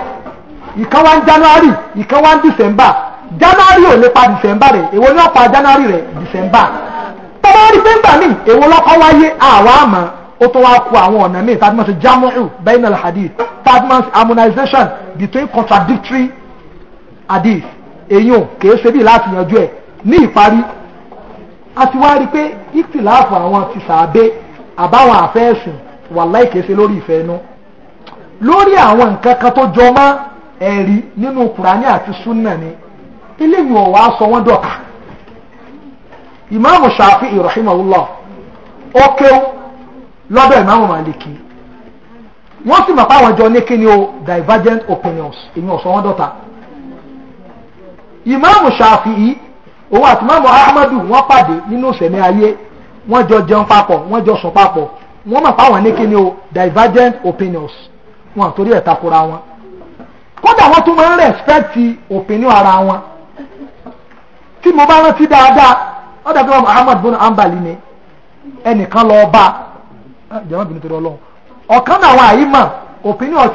ìkan wá ń january ìkan wá ń december january ò lè pa december rẹ̀ èwo ni wọ́n pa january rẹ̀ december tọ́wọ́ rí pé ńgbà míì èwo lọ́kọ́ wáyé àwa àmọ́ ó tó wá ku àwọn ọ̀nà míì tá a ti máa ṣe jamu'u bainal hadith tá a harmonization between contradictory hadith èyí ò kèé ṣe bí láti yanjú ẹ̀ ní ìparí a ti wá rí i pé ìtìláàfù àwọn ti sàábé àbáwọn àfẹ́ẹ̀sìn wà láìkèsè lórí ìfẹ́ inú lórí àwọn nǹkan kan tó jọ mọ́ ẹ̀rí nínú kùránì àti súnà ni eléyìí ò wá sọ wọ́n dọ̀ka ìmáàmù Ṣáfi'í rahimahullah ó kéwú lọ́dọ̀ ìmáàmù Màlìkì wọ́n sì mọ̀ pé àwọn jọ ní kí ni o divergent opinions èmi ò sọ wọ́n dọ̀ta ìmáàmù Ṣáfi'í òun àti mọ́mọ́ ahmadu wọ́n pàdé nínú ìṣẹ̀mí ayé wọ́n jọ jẹun papọ̀ wọ́n jọ sùn papọ̀ wọ́n mọ̀ ní kíni o divergent opinions wọn torí ẹ̀ wọn kódà wọ́n tún máa opinion ara wọn tí mo bá rántí dáadáa wọ́n dàbí wọn ambali ni ẹnìkan lọ bá ah, jẹ́wọ́n bínú torí ọlọ́run ọ̀kan náà opinion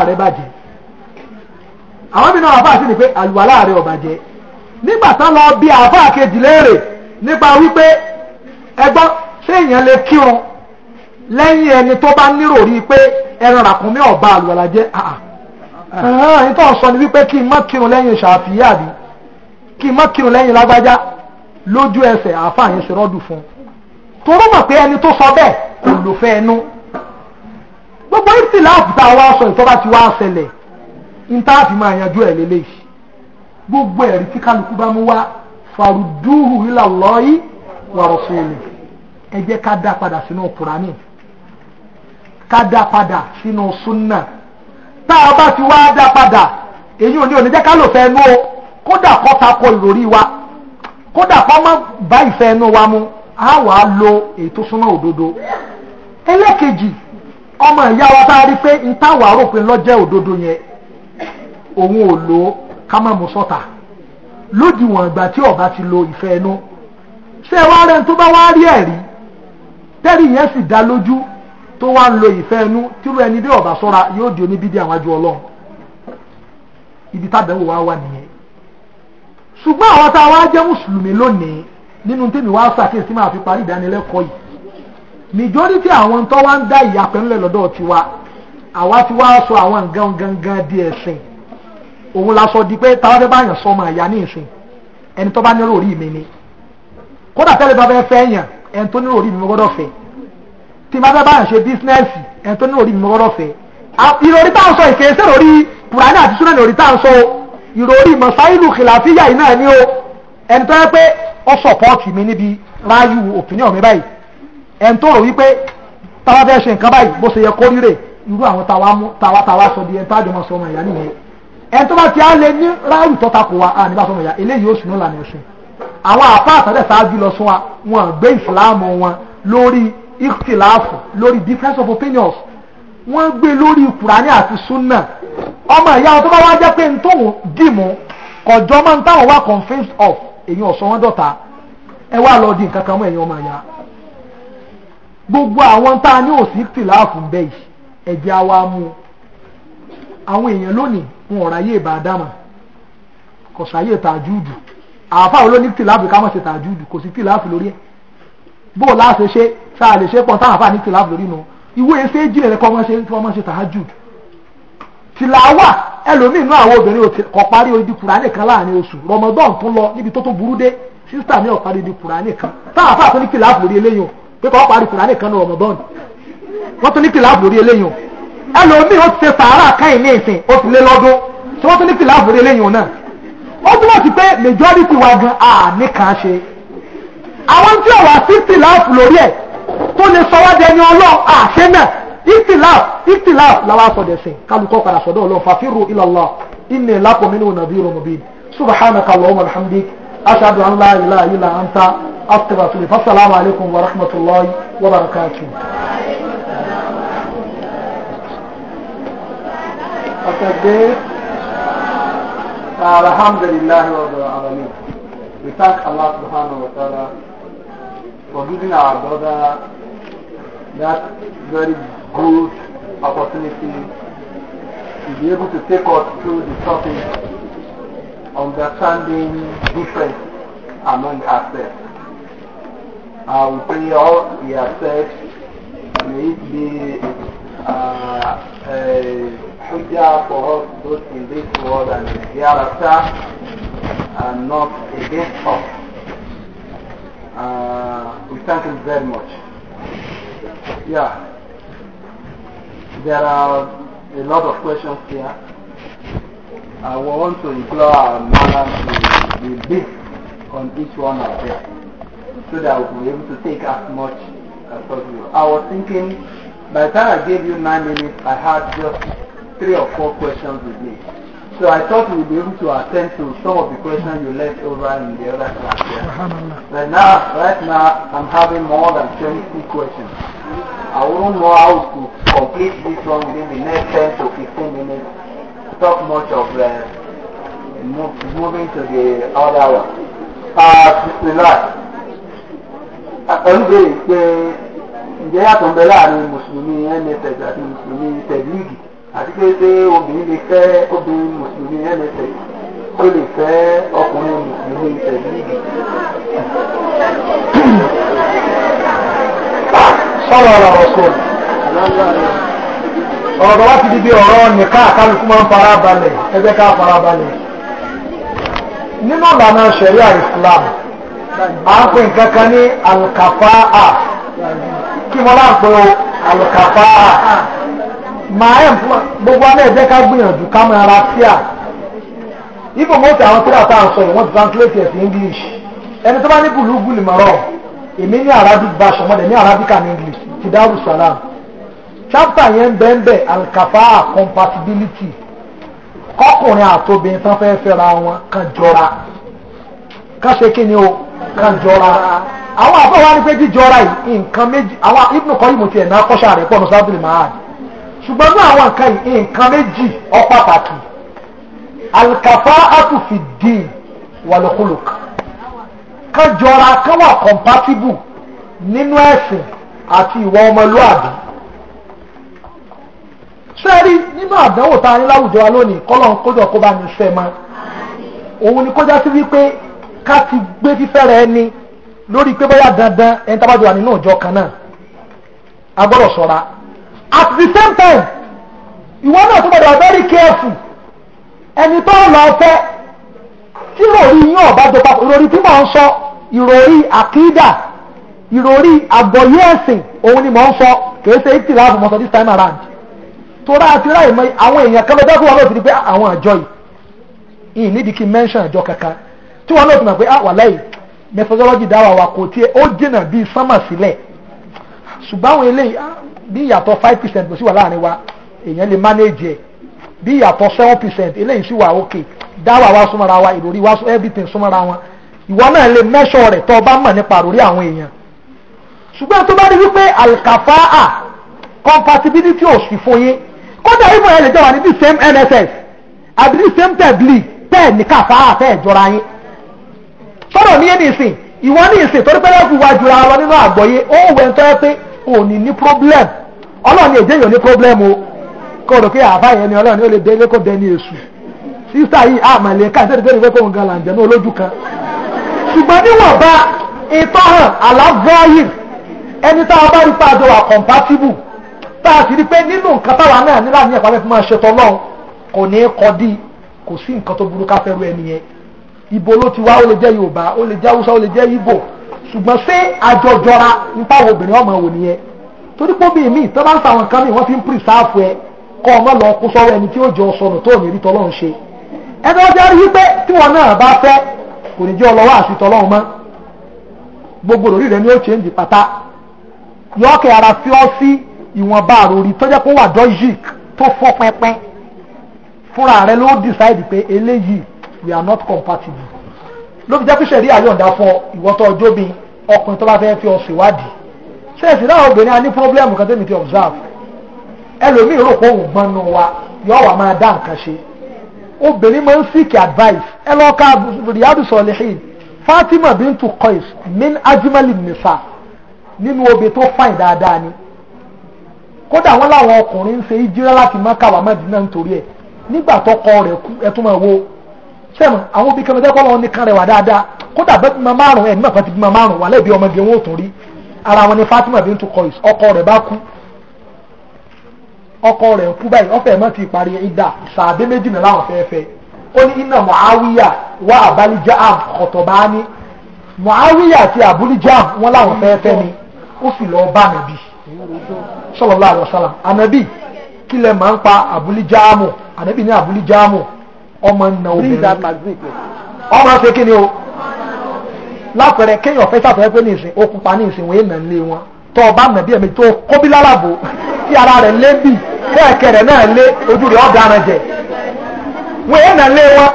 ẹni àwọn mìíràn àbá sí ni pé àlùwàlá rẹ̀ ọ̀bà jẹ́ nígbà tán lọ bí àbá kejì léèrè nípa wípé ẹgbọ́n ṣé èèyàn lè kírun lẹ́yìn ẹni tó bá nírò rí pé ẹran ràkúnmí ọ̀bà àlùwàlá jẹ́ ah, ah. ẹ̀hán tó sọ ni wípé kí n má kírun lẹ́yìn ṣàfihàn àbí kí n má kírun lẹ́yìn lágbájá lójú ẹsẹ̀ àáfàá yẹn ṣe rọ́dù fún un torọ́ mọ̀ pé ẹni tó sọ bẹ́ẹ̀ kò lò fẹ́ ẹnu gbogbo ìtìláàfù tá a wá sọ ìtọ́ba ti wá ṣẹlẹ̀ ma máa yanjú ẹ̀ lélẹ́yìí gbogbo ẹ̀rí tí kálukú bá mú wá farudúhù ilà lọ́yí wà rọ̀sùlù ẹ jẹ́ ká dá padà sínú kùránì ká dá padà sínú súnà tá a bá ti wá dá padà èyí o kódà kọ́ kọ ìròrí wa kódà kọ́ má bá ìfẹ́ ẹnu wa mu á wà lo ètò súnà òdodo ọmọ ìyá wa rí pé pé lọ́jẹ́ òun ò lo ká má mú sọ́tà lódiwọ̀n ìgbà tí ọba ti lo ìfẹ́ inú ṣé ẹ wá rẹ tó bá wá rí ẹ̀rí tẹ́rì yẹn sì dá lójú tó wá ń lo ìfẹ́ inú tírú ẹni bí ọba sọ́ra yóò di oníbídí àwọn ajú ọlọ́run ibi tábẹ̀wò wa wà nìyẹn ṣùgbọ́n àwọn tá a wá jẹ́ mùsùlùmí lónìí nínú tèmi wá ṣàkíyèsí máa fi parí ìdánilẹ́kọ̀ọ́ yìí majority àwọn tó wá ń dá ìyàpẹ́ ńlẹ̀ lọ́dọ̀ tiwa àwa ti wá sọ àwọn nǹkan gangan di ẹ̀sìn òun la sọ di pé táwọn fẹ́ báyàn sọ ọmọ ìyá ní ìsìn ẹni tó bá nírò orí mi ni kódà tẹ́lẹ̀ bá fẹ́ fẹ́ yàn ẹni tó nírò orí mi gbọ́dọ̀ fẹ́ tí bá fẹ́ báyàn ṣe bísínẹ́sì ẹni tó nírò orí mi gbọ́dọ̀ fẹ́ ìròrí tá à ń sọ ìkèésè lórí kùránì àti súnà lórí tá à ń sọ ìròrí mọ̀sáìlù kìláfíyà yìí náà o ẹni tó yẹ pé ó sọ̀pọ̀tì mi níbi ráyù òpìníọ̀ mi báyìí ẹni tó rò wípé táwa fẹ́ ṣe nǹkan báyìí bó ṣe yẹ kórìíre irú àwọn táwa sọ di ẹni tájọmọ sọ ọmọ ìyá nìyẹn ẹni tó bá ti á lé ní ráàlù tó takò wa à nígbà tó mọ̀ ya eléyìí ó sùnú lànà ẹ̀sìn àwọn àfa àtàlẹ̀ ṣáájú lọ sún wa wọn gbé ìsìláàmù wọn lórí ìkìláàfù lórí difference of opinions wọ́n gbé lórí kùránì àti súnà ọmọ ìyá tó bá wá jẹ́ pé ntòun dì mú kọjọ́ máa ń táwọn wá confessed of èyí ọ̀sán wọn dọ̀ta ẹ wá lọ di nǹkan kan mọ́ ẹ̀yin ọmọ ìyá gbogbo àwọn tá a ní òsì tìláàfù ń bẹ yìí ẹ̀jẹ̀ àwa mu àwọn èèyàn lónìí wọn ọ̀rọ̀ ayé ìbàdàmà kò sáyé tàjúùdù àáfà olóní tìláàfù ká má ṣe tàjúùdù kò sí tìláàfù lórí ẹ̀ bó o láṣẹ ṣe sáà lè ṣe pọ̀ táwọn àfà ní tìláàfù lórí nu ìwé ẹsẹ̀ ìjìnlẹ̀ rẹ̀ kọ́ wọ́n ṣe tàjúùdù tìlàwà ẹlòmíín náà àwọn obìnrin kò parí odi kùránì kan láàrin oṣù rọmọdọ́n tún lọ níbi tó tó burú dé sísítà mi ò parí odi kùránì kan táwọn àfà tún ní tìláàfù lórí eléyìí o pé kọ́ parí kùránì kan ní rọmọdọ́n wọ́n tún ní tìláàfù lórí eléyìí o ẹlòmíì ó ti ṣe sàárà káyìn ní ìsìn ó ti lé lọ́dún tí wọ́n tún ní fìlà àbúrò eléyìí náà ó túmọ̀ sí pé majority wa gan a nìkan ṣe àwọn tí ọ̀wà fifty láàfù lórí ẹ̀ tó lè sọ wájú ẹni ọlọ́ọ̀ àṣẹ náà ìtìláàfù ìtìláàfù làwọn asọ̀dẹ̀ sìn kálukọ́ padà sọ̀dọ̀ ọlọ́ọ̀ fàfírù ìlọ́lọ́ ìnì lápò nínú nàbí rọmọbí subhanaka allahumma Saturday. Alhamdulillah We thank Allah subhanahu wa ta'ala for giving our brother that very good opportunity to be able to take us through the topic understanding difference among ourselves. I will pray all the aspects may it be uh, a we there for us those in this world and hereafter and not against us. Uh, we thank you very much. Yeah. There are a lot of questions here. I want to implore our mother to be brief on each one of them so that we'll be able to take as much as possible. I was thinking by the time I gave you nine minutes, I had just three or four questions today. So I thought we'd be able to attend to some of the questions you left over in the other class. But now, right now, I'm having more than 20 questions. I wouldn't know how to complete this one within the next 10 to 15 minutes. Talk much of uh, move, moving to the other one. Uh, Olúbẹ̀rẹ̀ uh, pé ǹjẹ́ yàtọ̀ ń bẹ láàrin Mùsùlùmí NSS àti Mùsùlùmí Tẹ̀líìgì àti pé pé obìnrin lè fẹ́ obìnrin mùsùlùmí ẹlẹ́sẹ̀ tó lè fẹ́ ọkùnrin mùsùlùmí tẹ̀líìgì. sọ̀rọ̀ ọ̀rọ̀ sọ̀rọ̀ ọ̀rọ̀ tó wá ti di bí ọ̀rọ̀ nìka àkálùkù máa ń fara balẹ̀ ẹgbẹ́ ká fara balẹ̀ nínú ìlànà ṣẹ̀ríà Islam à ń pè nǹkan kan ní alukafa a kí wọ́n láǹpẹ́ o alukafa a màá ẹ̀ fún gbogbo alẹ́ ẹ̀jẹ̀ ká gbìyànjú ká máa ra tíà ibo mọ́tò àwọn tíra tá à ń sọ yìí wọ́n ti translate ẹ̀ sí English ẹni tó bá ní bùlùgùlì mọ́rọ̀ èmi ní Arabic version mọ́tò ní Arabic and English ti Darus Salam chapter yẹn bẹ́ẹ̀nbẹ́ẹ̀ alkafa compatibility kọkùnrin àtobìnrin tán fẹ́ fẹ́ra wọn kan jọra kan ṣe kí ni o kan jọra àwọn àfọwọ́ wá ní pé jíjọra yìí nǹkan méjì àwọn ibùdókọ́ yìí mo ti ẹ̀ náà kọ́ṣà rẹ̀ pọ̀ nù sábìlì máa dì ṣùgbọ́n ní àwọn nǹkan yìí nǹkan méjì ó pàtàkì alkafa atufi dín wàlúkúlùk kan jọra kan wà compatible nínú ẹ̀sìn àti ìwà ọmọlúwàbí sẹ́rí nínú àdánwò tá a ní láwùjọ wa lónìí kọ́lọ́n kójọ kó bá ní sẹ́ mọ́ òun ni kó sí wípé ká ti gbé fífẹ́rẹ̀ ẹni lórí pé bóyá dandan ẹni tábàjọ wà nínú ìjọ kan náà a gbọ́dọ̀ at the same time ìwọ náà tó gbọdọ̀ very careful ẹni tó ń lọ fẹ́ tí ròrí yín ọ̀bá jọ papọ̀ ìròrí tí mò ń sọ ìròrí àkídà ìròrí àgbọ̀yé ẹ̀sìn òun ni mò ń sọ kìí ṣe ìtìláàbù mọ́sọ this time around torí àti ráì mọ àwọn èèyàn kan lọ́jọ́ tó wà lọ́sìn ni pé ah, àwọn àjọ yìí ìyìn nídìí kí mention àjọ kankan tí wọ́n lọ́sìn mọ̀ pé àwọn àlẹ́ yìí methodology dáwà wa kò tiẹ̀ ó jìnnà bíi sánmà sílẹ̀ ṣùgbọ́n àwọn eléyìí ah, bí ìyàtọ̀ five percent kò sí wà láàrin wa èèyàn lè manage ẹ̀ bí ìyàtọ̀ seven percent eléyìí sì wà okay dáwà wa súnmọ́ra wa ìròrí wa everything súnmọ́ra wọn ìwọ náà lè measure rẹ̀ tó o bá mọ̀ nípa ìròrí àwọn èèyàn ṣùgbọ́n tó bá rí wípé alkafa a compatibility ò sì fún yín kódà ìmọ̀ ẹ̀ lè jẹ́ wà ní the same nss àbí the same tabli bẹ́ẹ̀ ní kàfa a fẹ́ẹ̀ jọra yín sọ̀rọ̀ ní ẹni ìsìn ìwọ ní ìsìn torí pé lẹ́kùn wájú ra lọ nínú àgbọ̀yé ó wẹ̀ ń tọ́ pé òní ní problem ọlọ́ọ̀ni èjẹ́ yóò ní pọ́blẹ́mù kó rò pé àbá yẹn ni ọlọ́ọ̀ni ó lè dé lẹ́kọ̀ọ́ dẹni èṣù sísá yìí àmàlẹ́ ká ìtẹ́tẹ́ tẹ́lẹ̀ fẹ́ kó ń ga làǹjẹ̀ náà lójú kan ṣùgbọ́n níwọ̀nba ìtọ́ hàn àlàvọ́yìn ẹni tá a bá rí pàdé wà compatible tá a sì rí pé nínú nǹkan táwa náà ní láàrin ẹ̀pá fẹ́ẹ́ máa ṣètò ọlọ́run kò ní í kọ́ dí kò sí nǹkan tó burú ká fẹ́ rú ẹni yẹn ibo ló ti wá ó lè jẹ́ Yorùbá ó lè jẹ́ Haúsá ó lè jẹ́ Ìgbò ṣùgbọ́n ṣé àjọjọra nípa obìnrin ọmọ wò nìyẹn torí pé bíi míì tọ́ba ń ta àwọn nǹkan míì wọ́n fi ń pírísáàfù ẹ kọ́ ọmọ lọ kó sọ́wọ́ ẹni tí ó jọ sọnù tó ní rí tọ́lọ́run ṣe ẹni wọ́n ti rí wípé tí wọn náà bá fẹ́ kò ní jẹ́ ọlọ́wọ́ àti tọ́lọ́run mọ́ gbogbo lórí rẹ ni ó ṣe ń di pátá yọ́ọ̀kẹ́ ara fi ọ́ sí ìwọ̀nba àròrí tọ́jẹ́ kó wà dọ́jìk tó fọ́ pẹ́pẹ́ fúnra rẹ ló decide pé eléyìí we are not compatible ló fi jẹ́ pé sẹ̀rí àyọ̀ǹda fún ìwọ́tọ̀ ọjọ́ bíi ọkùnrin tó bá fẹ́ fi ọ ṣèwádìí sẹ́ẹ̀sì láwọn obìnrin a ní pọ́blẹ́mù kan tẹ́mi ti observe ẹlòmíì rò pé òun gbọ́n nù wa yọ wà máa dá nǹkan ṣe obìnrin máa seek advice ẹ lọ ka Riyadu Fatima bintu Qais min ajimali nisa nínú obì tó fàìn dáadáa ni kódà wọn làwọn ọkùnrin ń ṣe ìjírá láti nítorí nígbà kú ẹ wo sẹ́mu àwọn obì kọ́ lọ́wọ́ wà ma márùn-ún ẹ̀ nígbà bí ma márùn-ún wà ọmọge wọn ò ara wọn ni Fatima bintu Qais ọkọ rẹ̀ bá kú ọkọ rẹ̀ kú báyìí ọfẹ mọ ti parí ìdá sàbẹ méjìlá làwọn fẹẹ fẹ ó ní iná Muawiya wà abalijam kọtọbaani Muawiya àti abulijam wọn làwọn fẹẹ fẹ ni ó sì lọ bá nàbí sallallahu alaihi wasallam ànàbí kílẹ̀ máa ń pa abulijamu ànàbí ní abulijamu ọmọ nà obìnrin ọmọ ṣe kí ni o lápẹẹrẹ kéèyàn fẹ́ sàfẹ́ pé ní ìsìn okùn pa ní ìsìn wọn èèyàn lé wọn tọ́ ọba mọ̀ bí ẹ̀mí tó kóbí lálàbò tí ara rẹ̀ lé bì bẹ́ẹ̀kẹ́ rẹ̀ náà lé ojú rẹ̀ ọ̀daràn jẹ wọn èèyàn lé wọn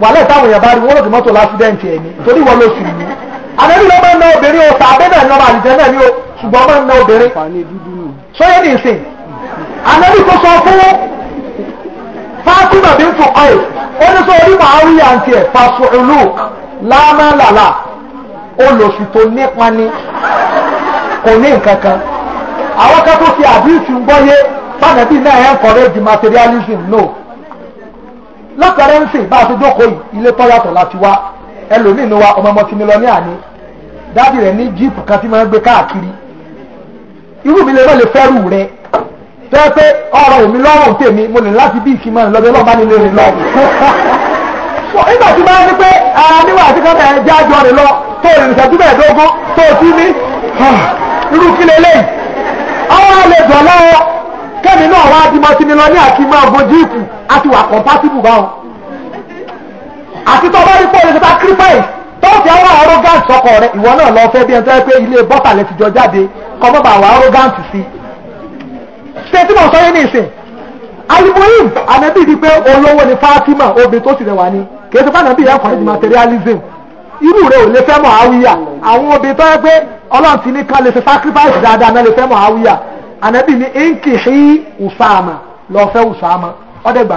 wàhálà táwọn èèyàn bá rí wọn lòdì mọ́tò lásìdẹ́ǹtì ẹ̀mí torí wọn ló sùn yìí àdébí ló ń ná obìnrin o sàbẹ́ náà lọ́ba àlùjẹ́ náà ni o ṣùgbọ́n máa ń ná obìnrin sóyè ní ìsìn àdébí tó sọ fún Fatima bí ń fọkọ ẹ̀ ó ní sọ orí màá rí àǹtí ẹ̀ fàṣọ ìlú lámàlàlà olóṣù tó nípa ni kò ní nǹkan kan àwọn kan tó fi àdíìtì ń gbọ́yé bánàbí náà ẹ̀ ń encourage materialism no lọ́pẹ̀rẹ́ǹsì bá a ti jókòó yìí ilé tọ́yàtọ̀ láti wá ẹlòmíín wa ọmọ ọmọ tìmílọ́ní àní dádì rẹ̀ ní jíìpù kan tí máa ń gbé káàkiri irú mi lè má lè fẹ́rù rẹ̀ fẹ́ pé ọ̀rọ̀ òmi lọ́rùn tèmi mo lè láti bí ìkímọ̀ lọ́dọ̀ ọlọ́ọ̀bá nílé rẹ̀ lọ́wọ́ nígbà tí wọ́n ní pé ara níwà tí kan ẹ̀ jẹ́ àjọ rẹ̀ lọ tó rìn ìṣẹ́jú mẹ́ẹ̀ẹ́dógún tó tú ní irú kí lélẹ̀ ọwọ́ lè dọ̀ lọ́wọ́ kẹ́mi náà wá di mọ́tìmí lọ ní àti máa bojú ìkù àti wà compatible báwọn àti tọ́ bá rí pé olùsọ́ta kírípẹ́ì tó fi àwọn arrogant sọkọ rẹ ìwọ náà lọ fẹ́ bí ẹni tó yẹ pé ilé bọ́tà lẹ ti jọ jáde kọ́ mọ́ bá wà arrogant sí ṣe tí mo sọ yé ní ìsìn alimuhim ànábì di pé olówó ni Fatima obìnrin tó sì rẹwà ni kèsì fún ànábì encourage materialism irú rẹ̀ ò lè fẹ́ mọ̀ àwíyà àwọn obìnrin tó yẹ pé ọlọ́run ti ní ká lè fi sacrifice dáadáa náà lè fẹ́ mọ̀ àwíyà ànábì ní nkìhí ùsàmà lọ́ọ́ fẹ́ ùsàmà ọ̀dẹ̀ gbà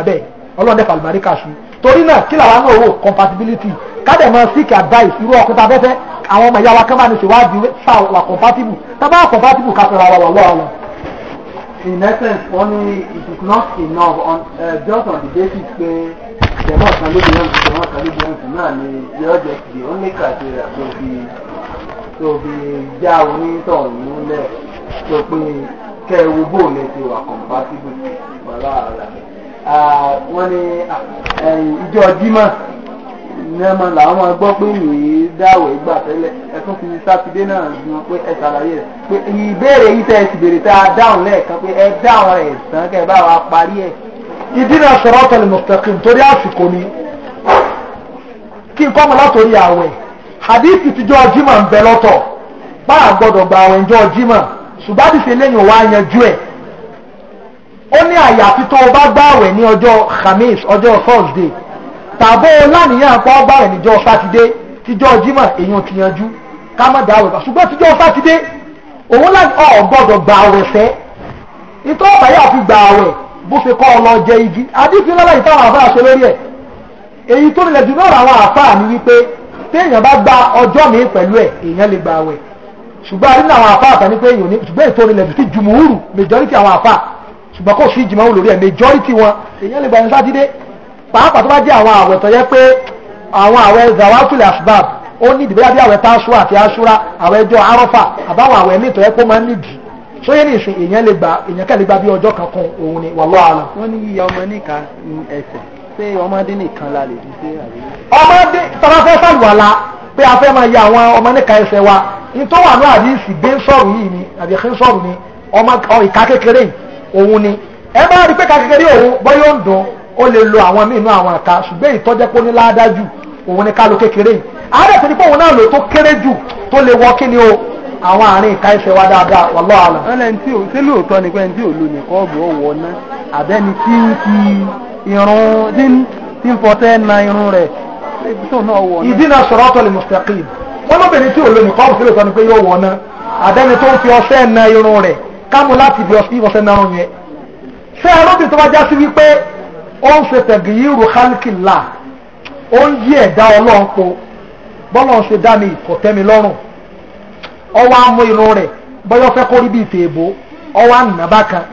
ọlọ́run dẹ̀ fàlùbáríkà sùn torí náà kí làwọn náà wò compatibility kádẹ̀ mọ seek advice irú ọkùnrin tá a àwọn ọmọ ìyá wa kan bá ní ṣèwádìí fà wà compatible tá wà compatible ká fẹ́ra wa wà lọ́wọ́ in essence only it is not enough on, uh, just on the basis pé. Uh, jẹ̀mọ́ kan lóde yọ̀ǹtì jẹ̀mọ́ kan lóde yọ̀ǹtì náà ni yọ̀ọ́ jẹ́ kìdì ó ní kàṣe rẹ̀ tó fi tó fi já onítọ̀hún múlẹ̀ tó pé kẹ́ ẹ wo bóun lè ti wà compatible pẹ̀lú ààrẹ. wọ́n ní ìjọ dímọ̀ nẹ́ẹ̀mọ làwọn máa gbọ́ pé yìí dáwọ̀ ìgbà tẹ́lẹ̀ ẹ̀tún fi sátidé náà gbọ́n pé ẹ ṣàlàyé rẹ̀ pé ìbéèrè yìí tẹ́ ẹ sì béèrè tá a dáhùn lẹ́ẹ̀kan pé ẹ dáhùn rẹ̀ tán kẹ́ ẹ bá wa parí ẹ̀ ìdínà siratal mustaqim torí àsìkò ni kí n kọ́mọ látòrí àwẹ̀ hadithi ti jọ́ jimá ń bẹ lọ́tọ̀ bá a gbọ́dọ̀ gba àwẹ̀ jọ́ jimá ṣùgbọ́n àdìsí lẹ́yìn wa yanjú ẹ̀ ó ní àyàfi tó o bá gba àwẹ̀ ní ọjọ́ khamis ọjọ́ thursday tàbó lánìyàn pa ọgbà rẹ̀ níjọ́ sátidé tíjọ́ jimá èèyàn ti yanjú ká má dá àwẹ̀ ṣùgbọ́n tíjọ́ sátidé òun láti ọ̀ gbọ́dọ̀ gba àwẹ̀ fẹ́ ìtọ́ ọ̀bàyà fi gba àwẹ̀ bó ṣe kọ́ ọ lọ jẹ igi àdífi lọ́la ìtàwọn àfáà ṣe lórí ẹ̀ èyí tó nílẹ̀ jù náà àwọn àfáà ní wípé téèyàn bá gba ọjọ́ mi pẹ̀lú ẹ̀ èèyàn lè gba àwẹ̀ ṣùgbọ́n àdínà àwọn àfáà tàní pé èèyàn ní ṣùgbọ́n ètò nílẹ̀ jù sí jùmùúrù majority àwọn àfáà ṣùgbọ́n kò sí ìjìmọ̀ lórí ẹ̀ majority wọn èèyàn lè gba ẹni sátidé pàápàá tó bá jẹ́ àwọn àwẹ̀ tó yẹ pé àwọn àwẹ̀ zawatulẹ̀ asbab ó ní ìdìbò yàtí àwẹ̀ táṣúà àti aṣúra àwẹ̀ ẹjọ́ arọ́fà àbáwọn àwẹ̀ mí tó yẹ kó máa ń nídìí sóyè ní ìsìn èèyàn lè gba èèyàn kẹ́lẹ́ gba bí ọjọ́ kan kan òun ni wàhálà àlà. wọ́n ní yíya ọmọ níka ẹsẹ̀ pé ọmọdé nìkan la lè fi ṣe àríwá. ọmọdé tọ́lá fẹ́ sàlùwàlà pé a fẹ́ máa ya àwọn ọmọ níka ẹsẹ̀ wa ní tó wà ní àdìsí gbé sọ̀rọ̀ yìí ni àbí kí sọ̀rọ̀ ni ọmọ ìka kékeré òun ni ẹ bá rí pé ká kékeré òun bọ́yọ̀ ń dùn ó lè lo àwọn míì nú àwọn àka ṣùgbọ́n ìtọ́jẹ́pọ̀ ní ládájú òun ni ká lo kékeré ni pé òun náà lò tó kéré jù tó ni o àwọn àárín ìka ẹsẹ̀ wa dáadáa wallahu alam. ẹlẹ́ni tí ò ṣé lóòótọ́ ni pé ẹni tí ò lo nìkọ́ọ̀bù ọ̀wọ́ ná àbẹ́ni tí ń fi irun tí ń fọtẹ́ na irun rẹ̀ tóun náà wọ̀ ná. ìdínà siratal mustaqim wọn lóbìnrin tí ò lo nìkọ́ọ̀bù sí lóòótọ́ ni pé yóò wọ̀ ná àbẹ́ni tó ń fi ọṣẹ na irun rẹ̀ kámú láti ibi ọṣẹ na irun yẹn. ṣé arábìnrin tó dá mi kò lọ́rùn ọwọ́ amú irun rẹ̀ bọ́yọ́ fẹ́ kó rí bí ìfẹ́ èbó ọwọ́ àná bá kan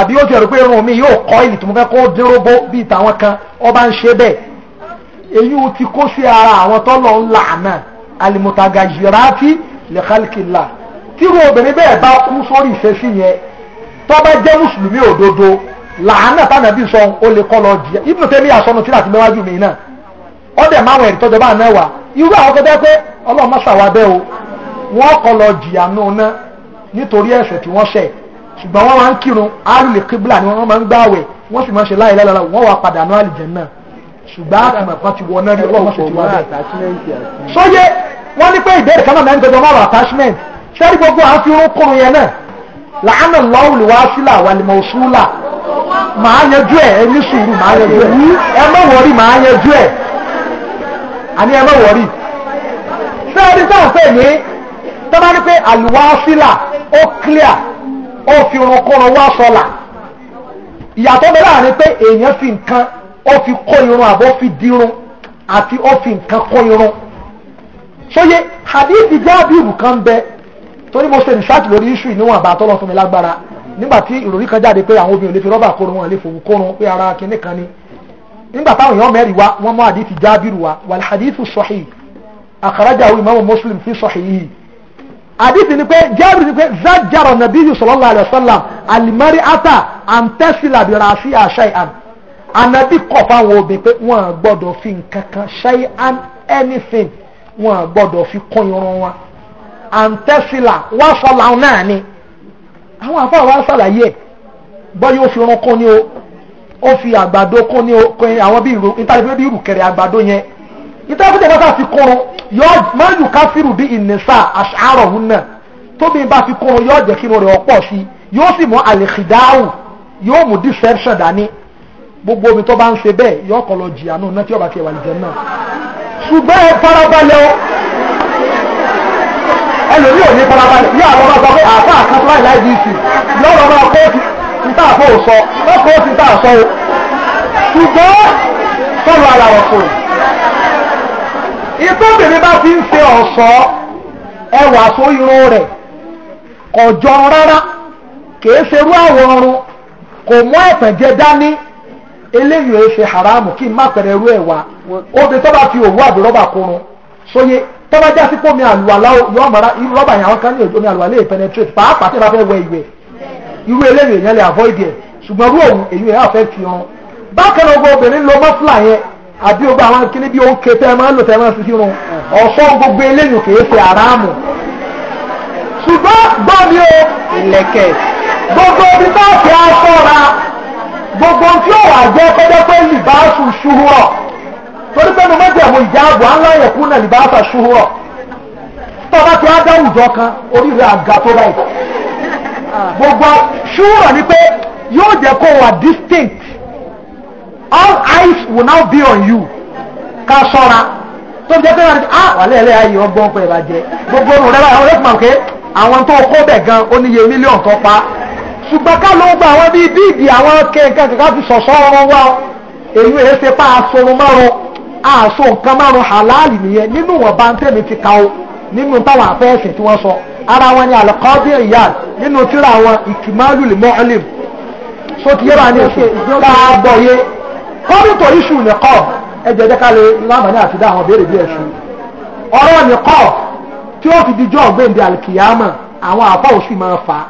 àbí ó jẹ̀rù pé irun mi yóò kọ́ ìlì tó mo fẹ́ kó dínróbó bí ìtàwọn kan ọba ń ṣe bẹ́ẹ̀ èyí ó ti kó sí ara àwọn tọ́lọ̀ ńlá àná alimutaga yìráàtì lẹ́kàlìkìlà tírú obìnrin bẹ́ẹ̀ bá kú sórí ìṣesí yẹn tó bá jẹ́ mùsùlùmí òdodo làánà tánàbí sọ ó lè kọ́ lọ jìyà ibùdó tẹ́lẹ̀ àsọnu tí láti mẹ́wájú mi náà ọ̀dẹ̀ máwọn ẹ̀rí tọ́jọba náà wà irú àwọn kọ́tẹ́ pé ọlọ́run má ṣàwádẹ́ o wọ́n kọ́ lọ jìyà náà ná nítorí ẹ̀ṣẹ̀ tí wọ́n ṣẹ̀ ṣùgbọ́n wọ́n máa ń kírun àrùlé kíbla ni wọ́n máa ń gbààwẹ̀ wọ́n sì máa ń ṣe láyé lálẹ́ wọ́n wà padà náà àlùjánnà ṣùgbọ́n àtìmọ̀ kan ti wọ náà rí ọlọ́run sì ti wá bẹ́ẹ̀. sóyè wọ́n ní pé ìbéèrè kan náà mẹ́rin mọ́rọ̀ attachment sẹ́rí gbogbo à ń fi irun kùn yẹn náà làánà lọ́wùlì wá sílà wàlìmọ̀ òṣùlà màá yanjú ẹ̀ ẹ ní sùúrù màá yanjú ẹ̀ ẹ má wọrí màá yanjú ẹ̀ àní ẹ má wọrí sẹ́rí sáà fẹ́ ní tó bá ní pé àlùwásílà ó clear ó fi irunkúrun wá sọlà ìyàtọ̀ bẹ́ẹ̀ láàrin pé èèyàn fi nǹkan ó fi kó irun àbó fi dirun àti ó fi nǹkan kó irun sóye hadithi jábìrù kan bẹ torí mo ṣe research lórí issue níwọ̀n àbá tọ́lọ́ fún mi lágbára nígbà tí ìròyìn kan jáde pé àwọn obìnrin lè fi rọ́bà kórun wọn lè fòun kórun pé ara kinní kan ni nígbà táwọn èèyàn mẹ́rin wa wọ́n mú hadithi jábìrù wa wàlhadithi sahih akhrajahu imam muslim fi sahihihi àdìsí ni pé jẹ́rìí ni pé zájàrọ̀ nàbí sallallahu alaihi wasallam àlìmọ́rí ata àǹtẹ́sílà bìrà sí àṣà ìhàn ànàbí kọ̀ fáwọn obìnrin pé wọ́n gbọ́dọ̀ fi nǹkan kan ṣáì and anything wọ́n gbọ́dọ̀ fi kún irun wọn àǹtẹ́sílà wọ́n sọ làwọn náà ni àwọn àfọwọ́ wa ṣàlàyé ẹ̀ bọ́yá ó fi irun kún ni o ó fi àgbàdo kún ni o àwọn bí irú ìtàlẹ́fẹ́ bí irú kẹrẹ àgbàdo yẹn ìtẹ́kùtẹ̀ bá fi kọrọ máa yù ká fìrù bí ìnìsà àṣàrọ̀ hun náà tóbi bá fi kọrọ yóò jẹ́ kí rẹ̀ ọ̀pọ̀ sí yóò sì mú àlèkìdáhù yóò mú deception dání gbogbo omi tó bá ń ṣe bẹ́ẹ̀ yóò kọ́ lọ jìyà náà tí ọba ti wà lìjẹ́ náà ṣùgbọ́n ẹ farabalẹ̀ o ẹlòmí ò ní farabalẹ̀ yóò àwọn ọba sọ pé àfa àkàtúrà ìláìdí ìsìn yóò rọ ọba kóòtù níta àfọ òsọ lọ́kọ̀ọ́ ti níta àsọ o ṣùgbọ́n sọ̀rọ̀ ara wọ̀ fún un ìtọ́bìnrin bá fi ń se ọ̀ṣọ́ ẹwà tó irun rẹ̀ ọ̀jọ́ rárá kìí ṣerú àwọn ọrùn kò mú ẹ̀tànjẹ dání eléyìí ò ṣe haramu kí n má pẹ̀rẹ̀ irú ẹ̀ wá obìnrin tó bá fi òwú àbí rọ́bà kúrun sóye tó bá jásí pọ̀ mi àlùwàlá yọ̀ọ́ mọ̀ra rọ́bà yẹn àwọn kan ní òjò mi àlùwàlá yẹn penetrate pàápàá tí wọ́n fẹ́ wẹ ìwẹ̀ irú eléyìí èèyàn lè avoid ẹ̀ ṣùgbọ́n irú òun èyí ẹ̀ á fẹ́ àbí ogbó àwọn kíní bí oúnjẹ tẹ́ máa ń lò tẹ́ máa fi sírun ọ̀ṣọ́ gbogbo eléyìí kìí ṣe àràmù ṣùgbọ́n gbọ́ mi o ìlẹ̀kẹ̀ gbogbo ibi tó fi aṣọra gbogbo tí ó wà jẹ́ pẹ́ẹ́pẹ́ libaṣu ṣuhurọ̀ torí pé mo mẹ́jẹ̀mú ìjáàbù aláyẹ̀ kú náà libaṣa ṣuhurọ̀ tọ́ba ti á dáwùjọ kan oríire àga tó báyìí gbogbo ṣuhurọ̀ ni pé yóò jẹ́ kó wà distinct all eyes will now be on you ká sọ́ra tó jẹ́ pé wọ́n ti ah wàlẹ́ ẹ̀lẹ́ ayé ọgbọ́n pẹ̀ bàjẹ́ gbogbo ọ̀run rẹ̀ báyìí àwọn ẹ̀fọn àwòké àwọn tó kó bẹ̀ gan ó níye mílíọ̀nù tó pa ṣùgbọ́n ká ló ń gba àwọn bíi bíìdì àwọn kẹ̀kẹ́ kẹ̀kẹ́ fi sọ̀sọ́ ọrọ̀ wá èyí èyí ṣe pa asorun márùn aṣọ nǹkan márùn halali nìyẹn nínú wọn bá ń tẹ̀mí ti ka o nínú táwọn afẹ́ẹ̀sìn tí wọ́n sọ ara wọn ni alakọ́bí ìyá nínú tíra àwọn ìkìmálù lè mọ́ ọ́lẹ́mù sótìyẹ́ bá ní ìsìn káàbọ̀ yé kọ́rìtọ̀ iṣu nìkọ́ ẹjẹ̀ jẹ́ ká lè láǹfààní àti dá àwọn béèrè bí ẹ̀ṣù ọ̀rọ̀ nìkọ́ tí ó fi dijọ́ ọ̀gbẹ́ǹde alkiyama àwọn àfọ́ òsì máa fà á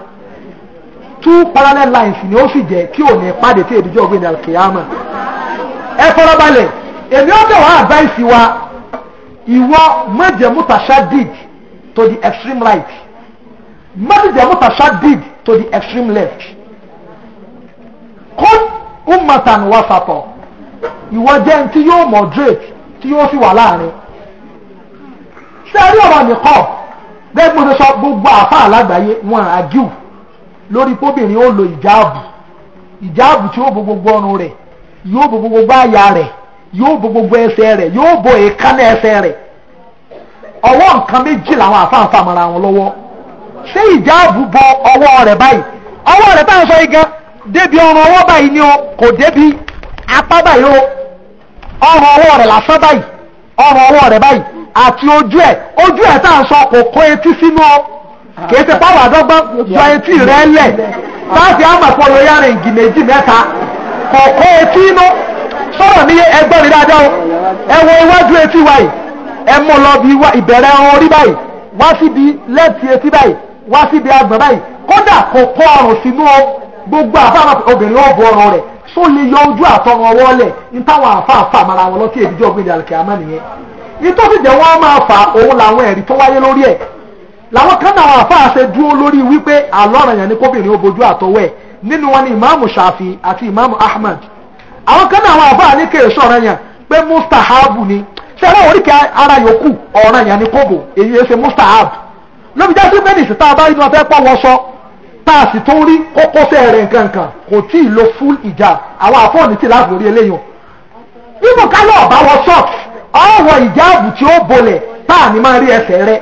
two parallel lines ni ó sì jẹ́ tí ò ní pàdé tí èdijọ́ ọ̀gbẹ́ǹde alkiyama ẹ fọlọ́balẹ̀ èmi ó tẹ̀wọ́ advice wa ìwọ mẹ́jẹ̀ mutashadid to the extreme right mẹ́jẹ̀ mutashadid to the extreme left kún ummatan wasatọ̀ ìwọ jẹ́ tí yóò moderate tí yóò sì wà láàrin ṣé ẹ rí ọ̀rọ̀ nìkan gẹ́gbẹ́ mo ṣe sọ gbogbo àfa àlágbáyé wọn àgíù lórí póbìnrin ó lo ìjáàbù ìjáàbù tí yóò bo gbogbo ọrùn rẹ̀ yóò bo gbogbo àyà rẹ̀ yóò bo gbogbo ẹsẹ̀ rẹ̀ yóò bo èékánná ẹsẹ̀ rẹ̀ ọwọ́ nǹkan méjì làwọn àfáàfáà mara wọn lọ́wọ́ ṣé ìjáàbù bo ọwọ́ rẹ̀ báyìí ọwọ́ rẹ̀ báyìí sọ igan débi ọrùn ọwọ́ báyìí ni o kò débi apá báyìí o ọrùn ọwọ́ rẹ̀ lásán báyìí ọrùn ọwọ́ rẹ̀ báyìí àti ojú ẹ̀ ojú ẹ̀ tá à ń sọ kò kó etí sínú ọ kì í ṣe pàwọ́ àdọ́gbọ́n jọ etí rẹ̀ lẹ̀ láti àmọ̀pọ̀ lóyà rẹ̀ ìgì méjì mẹ́ta kò kó etí inú sọ̀rọ̀ ní ẹgbọ́n mi dáadáa o ẹ wo iwájú etí wa yìí ẹ mú lọ bí ìbẹ̀rẹ̀ orí báyìí wá síbi lẹ́ẹ̀tì etí báyìí wá síbi agbọ̀n báyìí kódà kò kó ọrùn sínú gbogbo àbáwọn obìnrin ó bu ọrùn rẹ̀ tó lè yọ ojú àtọ̀rọ̀ wọlé ní táwọn àfáàfáà mara wọn lọ sí èdíjọ́ gbé ìdàlùkẹ́ àmọ́ nìyẹn ìtọ́sí jẹ́ wọ́n máa fà òun làwọn e. tó wáyé lórí ẹ̀ làwọn kan náà àfáà dúró lórí wípé ni kóbìnrin ó bojú àtọwọ́ ẹ̀ nínú wọn ni ìmáàmù ṣàfi àti ìmáàmù ahmad àwọn ní pé mustahabu ni ara yòókù ni kóbò èyí lóbi jásí pé nìsí tá a bá inú ọfẹ́ sọ páàsì tó rí kókósẹ̀ rẹ̀ nkankan kò tí ì lo full ìjà àwọn àfọ̀nì tí láàbò rí eléyàn. nínú kálọ̀ ọ̀bá wọ sọ́ọ̀kì ọ̀wọ̀ ìjáàbù tí ó bolẹ̀ páàní máa rí ẹsẹ̀ rẹ̀.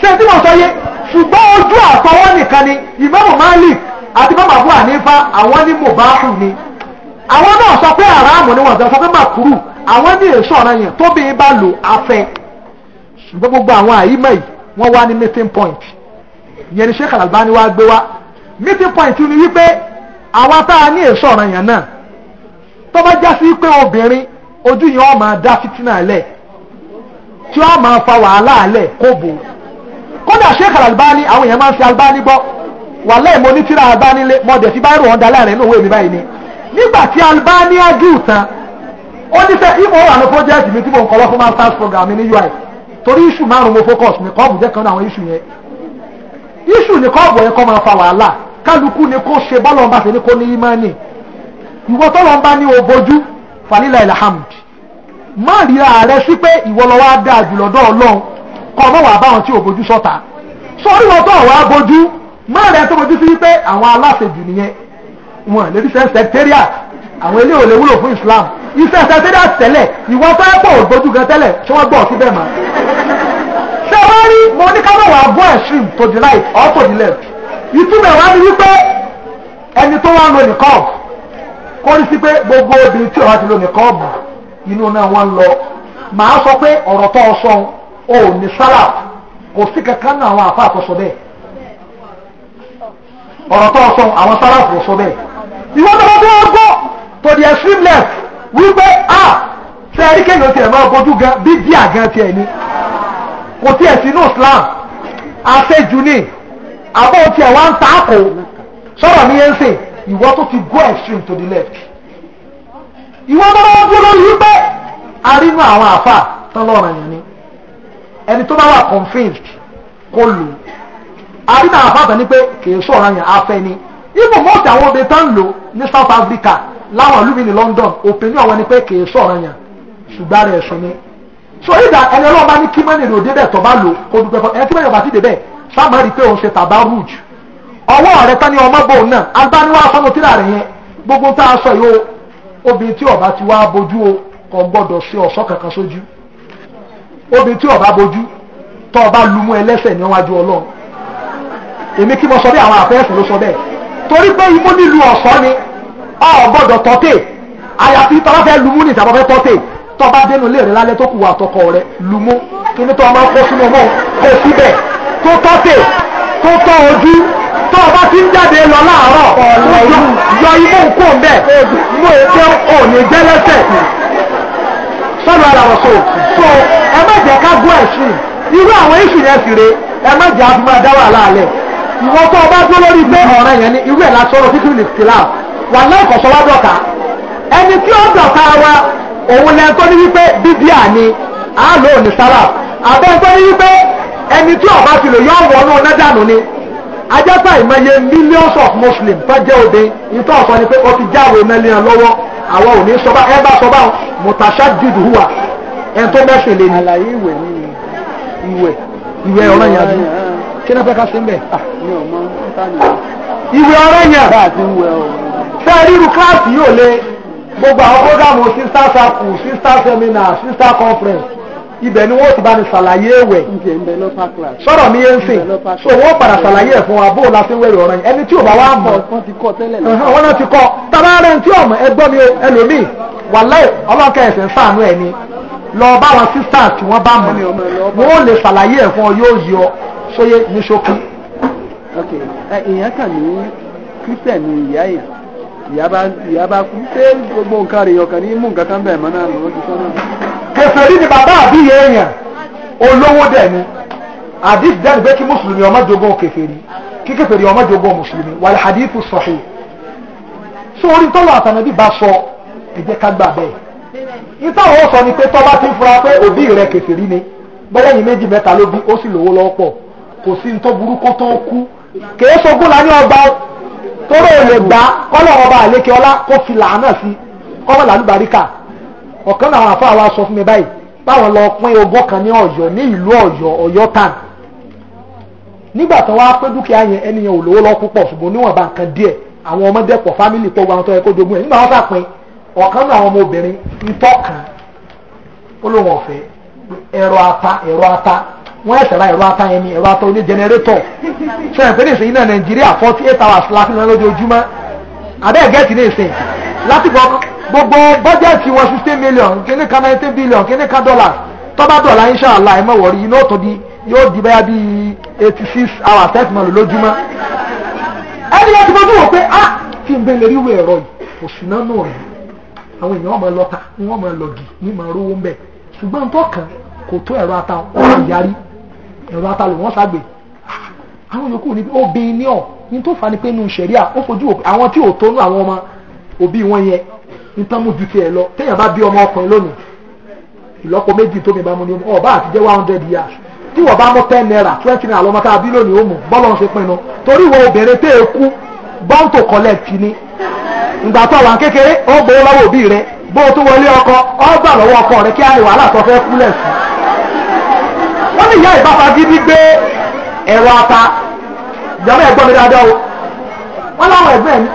ṣé tí mo sọ yé ṣùgbọ́n ojú àtọwọ́ nìkan ni ìmáàmù Malik àti bàbá àbúrò ànífà àwọn ní mòbáàkù ni. àwọn náà sọ pé àràmù ni wọ́n sọ pé màkúrù àwọn ní èso ọ̀ràn yẹn tóbi bá lò afẹ́. ṣùgbọ́n gbogbo àwọn àyímọ̀ yìí wọ́n wá ní meeting point ìyẹn ni Sheikh Al-Albani wá gbé wá meeting point ni wípé àwa tá a ní èso ọ̀ràn yẹn náà tó bá já sí pé obìnrin ojú yẹn ó máa dá fitinà lẹ̀ tí ó máa fa wàhálà lẹ̀ kó bò kódà Sheikh Al-Albani àwọn èèyàn máa ń fi Albani gbọ́ wàlẹ́ mo ní tíra Albani lé mo dẹ̀ fi báyìí rò wọ́n da láàrin inú òwe mi báyìí ni nígbà tí Albani ájú tán ó ní sẹ́ ìmọ̀ wà ní project mi tí mo ń kọ́ lọ́fún masters program mi ní UI torí issue márùn-ún mo focus mi kọ́ ọ̀bùjẹ́ kan náà àwọn issue yẹn iṣu ní kọ́ ọ̀bọ̀ yẹn kọ́ máa fa wàhálà kálukú ni kó ṣe bọ́lọ̀ ọba sí ni kó ní ìmánì ìwọ tọ́lọ̀ ń bá ní òbojú falila ilhamd má ríra rẹ sí pé ìwọ lọ wá dáa jùlọ dọ́ ọlọ́run kọ́ ọmọ wàá báwọn tí òbojú sọ́ta sọ́rí wọn tó àwọn abojú má rẹ tó bojú sí wípé àwọn aláṣejù nìyẹn wọn lè rí sẹ́ńtẹ́ríà àwọn ilé ò lè wúlò fún Islam iṣẹ́ sẹ́ńtẹ́ríà tẹ́lẹ̀ ìwọ fẹ́ pọ̀ òbojú gan tẹ́lẹ̀ ṣé wọ́n gbọ́ ọ síbẹ̀ mọ́ ṣé wọ́n rí mo ní ká mọ̀wá bọ́ extreme to the right or to the left ìtumọ̀ wá ní wípé ẹni tó wá lónìí kọ́ọ̀bù kó rí sí pé gbogbo obìnrin tí ọ̀rọ̀ ti lónìí kọ́ọ̀bù inú náà wọ́n lọ màá sọ pé ọ̀rọ̀ tó ọ sọ ò ní sálà kò sí kankan náà àwọn àfa àtọ̀sọ bẹ́ẹ̀ ọ̀rọ̀ tó sọ àwọn sáráàfù sọ bẹ́ẹ̀ ìwọ́n tó bá tó wọ́n gbọ́ to the extreme left wípé ah ṣe é rí kéèyàn tiẹ̀ máa bójú gan bí díà gan tiẹ̀ ni kò tí ẹ̀ sínú Islam àṣejù ni àbọ̀ tí ẹ̀ wá ń tààkò sọ̀rọ̀ mi yẹn ń sìn ìwọ tó ti go extreme to the left ìwọ tó bá wọ́n dúró lórí wípé arínú àwọn àfà tán lọ́rọ̀ yẹn ni ẹni tó bá wà convinced kó lò arínú àwọn àfà tán ni pé kì í sọ̀rọ̀ yẹn afẹ́ ni even most àwọn obìnrin tán lò ní South Africa láwọn ìlú mi ní London òpin ní ọ̀wọ́ ni pé kì í sọ̀rọ̀ yẹn ṣùgbọ́n rẹ̀ sọ ni so ìdá ẹni ọlọ́run bá ní kí mọ́nì ló débẹ̀ tó bá lò kó dùgbẹ́ fún ẹni tí mọ́nì ọba ti débẹ̀ sáà máa rí i pé òun ṣe tàbá rúùjù ọwọ́ rẹ tán ni ọmọ bò náà agbániwá sọnù tíra rẹ yẹn gbogbo tá a sọ yìí o obìnrin tí ọba ti wá bojú o kò gbọdọ̀ ṣe ọ̀ṣọ́ kankan sójú obìnrin tí ọba bojú tọ́ ọba lumú ẹlẹ́sẹ̀ níwájú ọlọ́run èmi kí mo sọ bẹ́ẹ̀ àwọn àfẹ́sẹ̀ ló sọ bẹ́ẹ̀ torí pé imú nílùú ọ̀ṣọ́ ni ọ̀ gbọdọ̀ tọ́tẹ̀ àyàfi tọ́lá fẹ́ lumú ní ìtàbọ̀ fẹ́ tọ́tẹ̀ tó bá dénú lè rẹ lálẹ́ tó kù wà àtọkọ rẹ lùmọ́ kíní tó máa ń kó sínú mọ́ kó síbẹ̀ tó tọ́tè tó tọ́ ojú tó bá ti ń jáde lọ láàárọ̀ yọ imú kó ń bẹ̀ mú èké òní jẹ́lẹ́sẹ̀ sọ́nà ara wọ̀ so so ẹ má jẹ́ ká gbọ́ ẹ̀sìn irú àwọn ẹ̀sìn yẹn sì re ẹ má jẹ́ àfi máa dá wàhálà alẹ́ ìwọ tó o bá dúró lórí pé ọ̀ràn yẹn ni irú ẹ̀ la sọ̀rọ̀ títí ní ìsìlá wà lẹ́kọ̀ọ́ sọ wá dọ̀ka ẹni tí ó dọ̀ka wa òun lẹ́nu tó ní wípé bíbíà ni a lò ní sálà àbẹ́ tó ní wípé ẹni tí ọba ti lò yọ wọnú nẹ́dànù ni ajẹ́pà ìmọye millions of muslims tó jẹ́ òde ìtọ́ ọ̀sán ni pé ó ti jáwé mẹ́lẹ́yàn lọ́wọ́ àwọn ò ní sọba ẹ bá sọba mùtàṣá dìdù hùwà ẹ tó mẹ́sìn lé ní. àlàyé ìwé ni ìwé ìwé ọ̀rọ̀ yẹn àbí kí ló fẹ́ ká sí ń bẹ̀. ìwé ọ̀rọ̀ yẹn fẹ́ẹ́ ah, ríru kíláàsì yóò lé gbogbo àwọn programu sister circle sister seminar sister conference ibẹ̀ ni wọ́n ti bá ní ṣàlàyé ẹ̀wẹ̀ sọ̀rọ̀ mi yé ń sìn so wọ́n padà ṣàlàyé ẹ̀ fún wa bó o la ṣe ń wẹ̀rẹ̀ ọ̀rọ̀ yẹn ẹni tí ò bá wá mọ̀ wọ́n náà ti kọ́ tàbá rẹ̀ tí ọ̀mọ̀ ẹgbọ́n mi ẹlòmíì wàláì ọlọ́kẹ́ ẹ̀sẹ̀ ń sàánú ẹ̀ ni lọ bá wọn sísá tí wọ́n bá mọ̀ wọ́n lè ṣàlàyé ẹ̀ fún ọ yóò yọ sóyè ní ṣókí. èèyàn kàn ní kírísítẹ̀ ní ìyá èèyàn ìyá bá kú pé gbogbo nǹkan rèé ọkàn ní mú nǹkan kan bẹ̀ mọ́ náà lọ́wọ́ ti sọ́nà. kèfèrí ni bàbá àbíyẹ èèyàn olówó dẹ̀ ni àdìs dẹ́nu pé kí mùsùlùmí ọmọ jogún kèfèrí kí kèfèrí ọmọ jogún mùsùlùmí wal hadithu sahih so orí tọ́lọ̀ àtànàbí bá sọ ẹ̀jẹ̀ ká gbà bẹ́ẹ̀ ìtàn àwọn sọ ni pé tọ́ba ti ń fura pé òbí rẹ̀ kèfèrí ni bẹ́ẹ̀ yìí méjì mẹ́ta ló bí ó sì lówó lọ́pọ̀ kò sí ní tó burúkú tó kú kèé sogún la ní ọgbà tóró ò gbaa gbá kọ́lọ̀ ọba àlékè ọlá kó fi làánà sí làlúbaríkà ọ̀kan náà afọ sọ fún mi báyìí báwọn lọ pín ogún kan ní ọ̀yọ́ ní ìlú ọ̀yọ́ ọ̀yọ́ tán nígbà tó wá pé dúkìá yẹn ẹnìyàn ò lówó lọ púpọ̀ ṣùgbọ́n níwọ̀nba nǹkan díẹ̀ àwọn ọmọdé pọ̀ fámìlì pọ̀ wọn tó dogun ẹ̀ nígbà wọn ọ̀kan ata wọ́n ẹ̀sẹ̀ ra ẹ̀rọ ata yẹn ni ẹ̀rọ ata oní jẹnẹrétọ̀ ṣe ẹ̀pẹ́ ní ìsìn náà nàìjíríà forty eight hours la fi lọ lójoojúmọ́ abẹ́ gẹ́ẹ̀tì ní ìsìn láti gbọ́ gbogbo bọ́jẹ̀tì wọn sixteen million kíní kan nineteen billion kíní kan dollars tọ́ba dọ̀là inṣàlá ẹ̀ mọ̀wọ́rí iná tó di yóò di bẹ́yà bíi eighty six hours tẹ́sí mọ́ lójoojúmọ́ ẹni láti mọ́ tó wọ̀ pé ah kí n bẹ́ẹ̀ lè rí ìwé ẹ̀rọ yìí kò sí náà náà rẹ̀ àwọn èèyàn máa lọ́ta wọ́n máa lọ́gì ní máa rówó ń bẹ̀ ṣùgbọ́n tó kàn kò tó ẹ̀rọ ata ọ̀rọ̀ yarí ẹ̀rọ atalò wọ́n ságbè àwọn yòókù ní obìnrin ní ọ̀ ní tó fa ní pé nu ó fojú àwọn tí ò tónú àwọn ọmọ òbí wọn yẹn ní tán mú ju lọ téèyàn bá bí ọmọ ọkùnrin lónìí ìlọ́po méjì bá ní ọba àtijọ́ one hundred years tí wọ́n bá mú ten naira twenty naira lọ́mọ bí lónìí ó mú bọ́lọ̀ ṣe pinnu torí ìwọ obìnrin tẹ́ ẹ kú collect ni ìgbà tó wà kékeré ó gbowó lọ́wọ́ òbí rẹ bó o tún wọlé ọkọ ọ gbà lọ́wọ́ ọkọ rẹ kí á lè wọ́n ní ìyá ìbáfa gidi gbé ẹ̀rọ ata ìjọba ẹ̀gbọ́n mi dáadáa o wọ́n láwọn ẹ̀gbẹ́ mi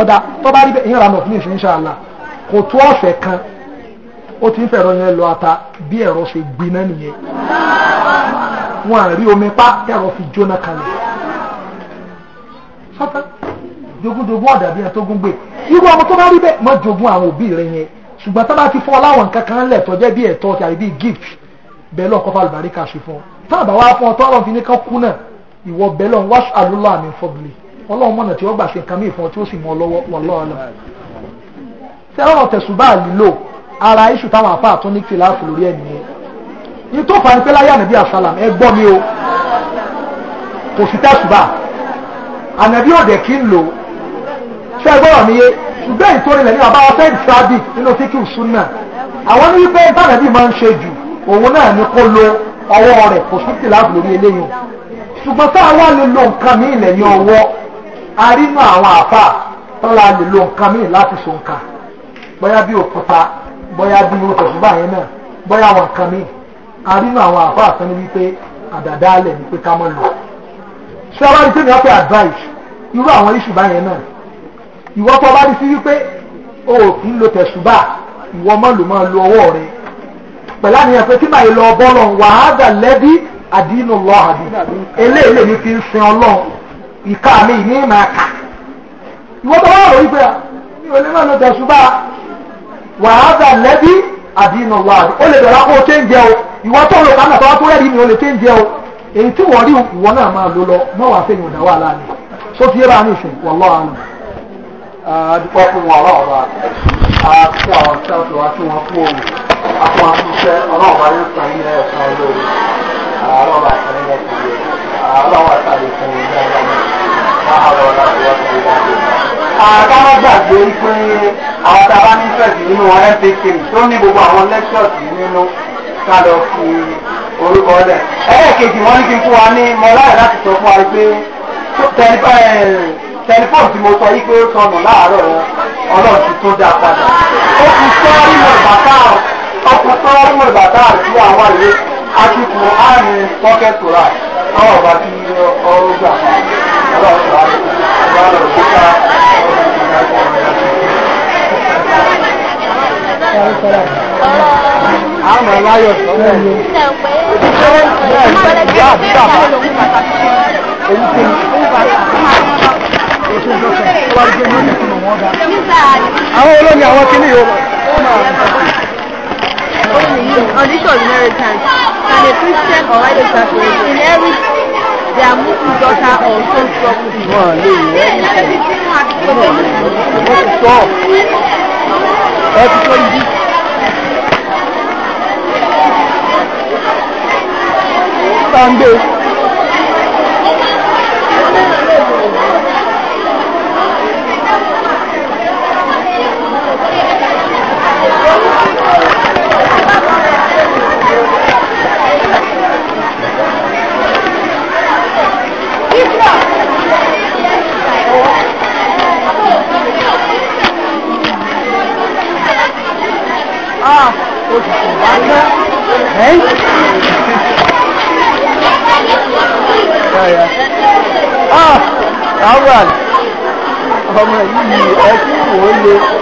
ọ̀dà tó bá rí bẹ́ẹ̀ ìyẹn ràn ọ̀fìn ìṣẹ́ ìṣàlá kò tó ọ̀sẹ̀ kan ó ti ń fẹ̀rọ yẹn lọ ata bí ẹ̀rọ ṣe gbiná nìyẹn wọn à rí omi pa ẹ̀rọ fi jóná kalẹ̀ sọ́tà jogunjogun ọ̀dà bí ẹni tó gún gbé irú ọmọ tó bá rí bẹ́ẹ̀ mọ́ jogun àwọn òbí rẹ yẹn ṣùgbọ́n tó bá ti fọ́ láwọn nǹkan kan lẹ̀ tọ́jẹ́ bí ẹ̀tọ́ àti àbí gift bẹ́ẹ̀lọ́ kọ́fà àlùbáríkà ṣe fún ọ tá a bá wá fún ọ tó ọlọ́run fi ní kán kú náà ìwọ bẹ́ẹ̀lọ́ wáṣọ àlùlọ́ àmì fọ́bìlì ọlọ́run mọ̀nà tí ó gbà ṣe nǹkan míì fún ọ tí ó sì mú ọ lọ́wọ́ wọlọ́ọ̀lọ́ tẹ́lọ́rọ̀ tẹ̀sùbá lílò ara iṣu táwọn àfáà tún ní kìláàfù lórí ẹ̀mí yẹn ní tó fà ń láyé ànàbí àsálàm ẹ gbọ́ mi o kò sí tẹ̀sùbá ànàbí àwọn ní wípé tànàbí máa ń ṣe jù òun náà ni kó lo ọwọ́ rẹ̀ kò sókè lórí eléyìí ṣùgbọ́n tá a wá lè lo nǹkan ilẹ̀ lẹ́yìn ọwọ́ a rí inú àwọn àfà tọ́lá lè lo nǹkan míì láti so nǹkan bóyá bí òkúta bóyá bí òtẹ̀sùbà yẹn náà bóyá wọn a rí inú àwọn àfà wípé àdàdà alẹ̀ ká mọ́ lò ṣé advice irú àwọn iṣu náà pẹ̀lú àníyàn pé kí màá lọ bọ́lọ̀ wàhálà lẹ́bí àdínú lọ àbí eléèlé mi fi ń sin ọlọ́run ìka mi ní ìmọ̀ àkà ìwọ́n tó wà lórí pé mi ò lè má lọ tẹ̀sùbá wàhálà lẹ́bí àdínú lọ àbí ó lè bẹ̀rẹ̀ kó o ṣe ń jẹ o ìwọ́n tó lò kánà tọ́wọ́ tó rẹ́ẹ̀dì mi ò lè ṣe ń jẹ o èyí tí wọ́n rí ìwọ náà máa lò lọ mọ́ wàá fẹ́ yọ̀ǹda wà àkó àwọn sẹ́ẹ̀tì wá tí wọ́n kú òun àkó wọn kú iṣẹ́ ọlọ́run bá yóò san ilé ẹ̀sán lórí àárọ̀ bá san ilé ẹ̀sán lórí àárọ̀ wà sàlẹ̀ fún mi ní ọjọ́ mi láàárọ̀ láti wá sí ilé ẹ̀sán lórí. àtàwọn gbàgbé pé àwọn tá a bá nífẹ̀ẹ́ sí nínú mpk tó ní gbogbo àwọn lẹ́kṣọ̀sì nínú ká lọ fi orúkọ lẹ̀. ẹlẹ́ẹ̀kejì wọ́n ní kí n fún wa ní mọ́láyà láti sọ fún wa pé tẹlifóònù tí mo sọ yí pé ó sọnù láàárọ̀ ọlọ́run ti tún dá padà ó ti sọ́ọ́rí mọ̀ bàtà ó ti sọ́ọ́rí mọ̀ bàtà àti àwọn ìwé akíkù àrùn pọ́kẹ́tù rà ọ̀rọ̀ bá ti ọrọ̀ gbà fún ọlọ́run tó wà lọ́wọ́ ọlọ́run tó ká ọlọ́run tó ká ọlọ́run tó ká àmà láyọ̀ sọ́wọ́ ni. Bẹ́ẹ̀ ni bàbá èyí tí àwọn olómi àwọn kìíní yóò Sunday. 啊，我完了，哎，对呀，啊，老板，我们以爱心为友。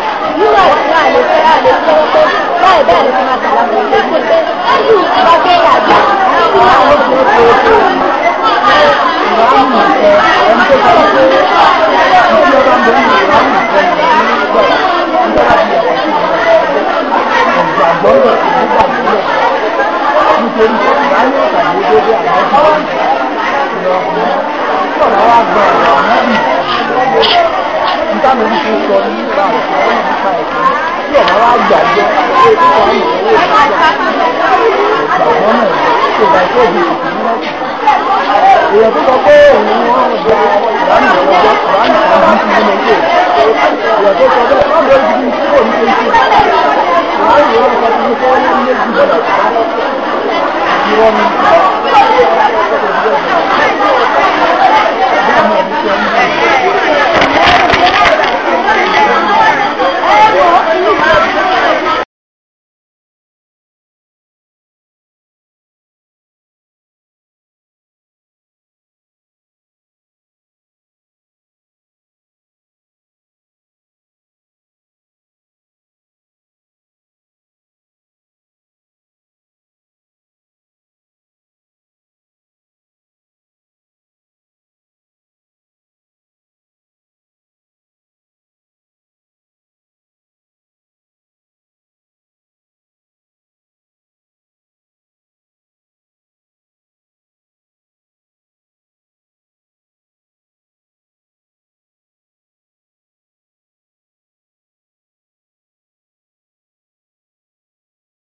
nínú àwọn ìlú àlejò àlejò lọ́wọ́ pé báyìí bẹ́ẹ̀ ló fi máa tàbá fún ilé ìgbé pé ẹ̀jú ìjọba gbé àgbà nínú àlejò òkèèrè. ìwà àmọ̀ ẹ̀ ẹni tó sọ pé ìdí ọba ń bẹ ní ìwà àmọ̀ ẹ̀ ní ìgbà ìjọba ti yàtọ̀ sí ìgbà gbọ́dọ̀ nígbà gbọ́dọ̀ nítorí ìwádìí ọ̀tàlú dédé àwọn ọmọ ìlú ọ̀hún sọ̀rọ̀ wá gbọ́ ọ̀rọ̀ ọ̀hún ìtànà ní kí n sọ nípa àwọn nípa ẹ̀kọ́ tí ọ̀nà wa gbàgbọ́ pé kí wọ́n lè wọ́n lè gbà gbàgbọ́ náà tó bá tó di ìdí èèyàn tó sọ pé òun ni wọ́n ń gba ìdáhùn ìrọ̀lọ́ jẹ́ ìdáhùn ìrọ̀lọ́ ti nínú ilé èèyàn tó sọ bẹ́ẹ̀ wọ́n lè di ìdí kúrò ní kéńtì ìdáhùn ìrọ̀lọ́ ti ní kọ́ ní méjì lọ́dọ̀ o homem. Thank you.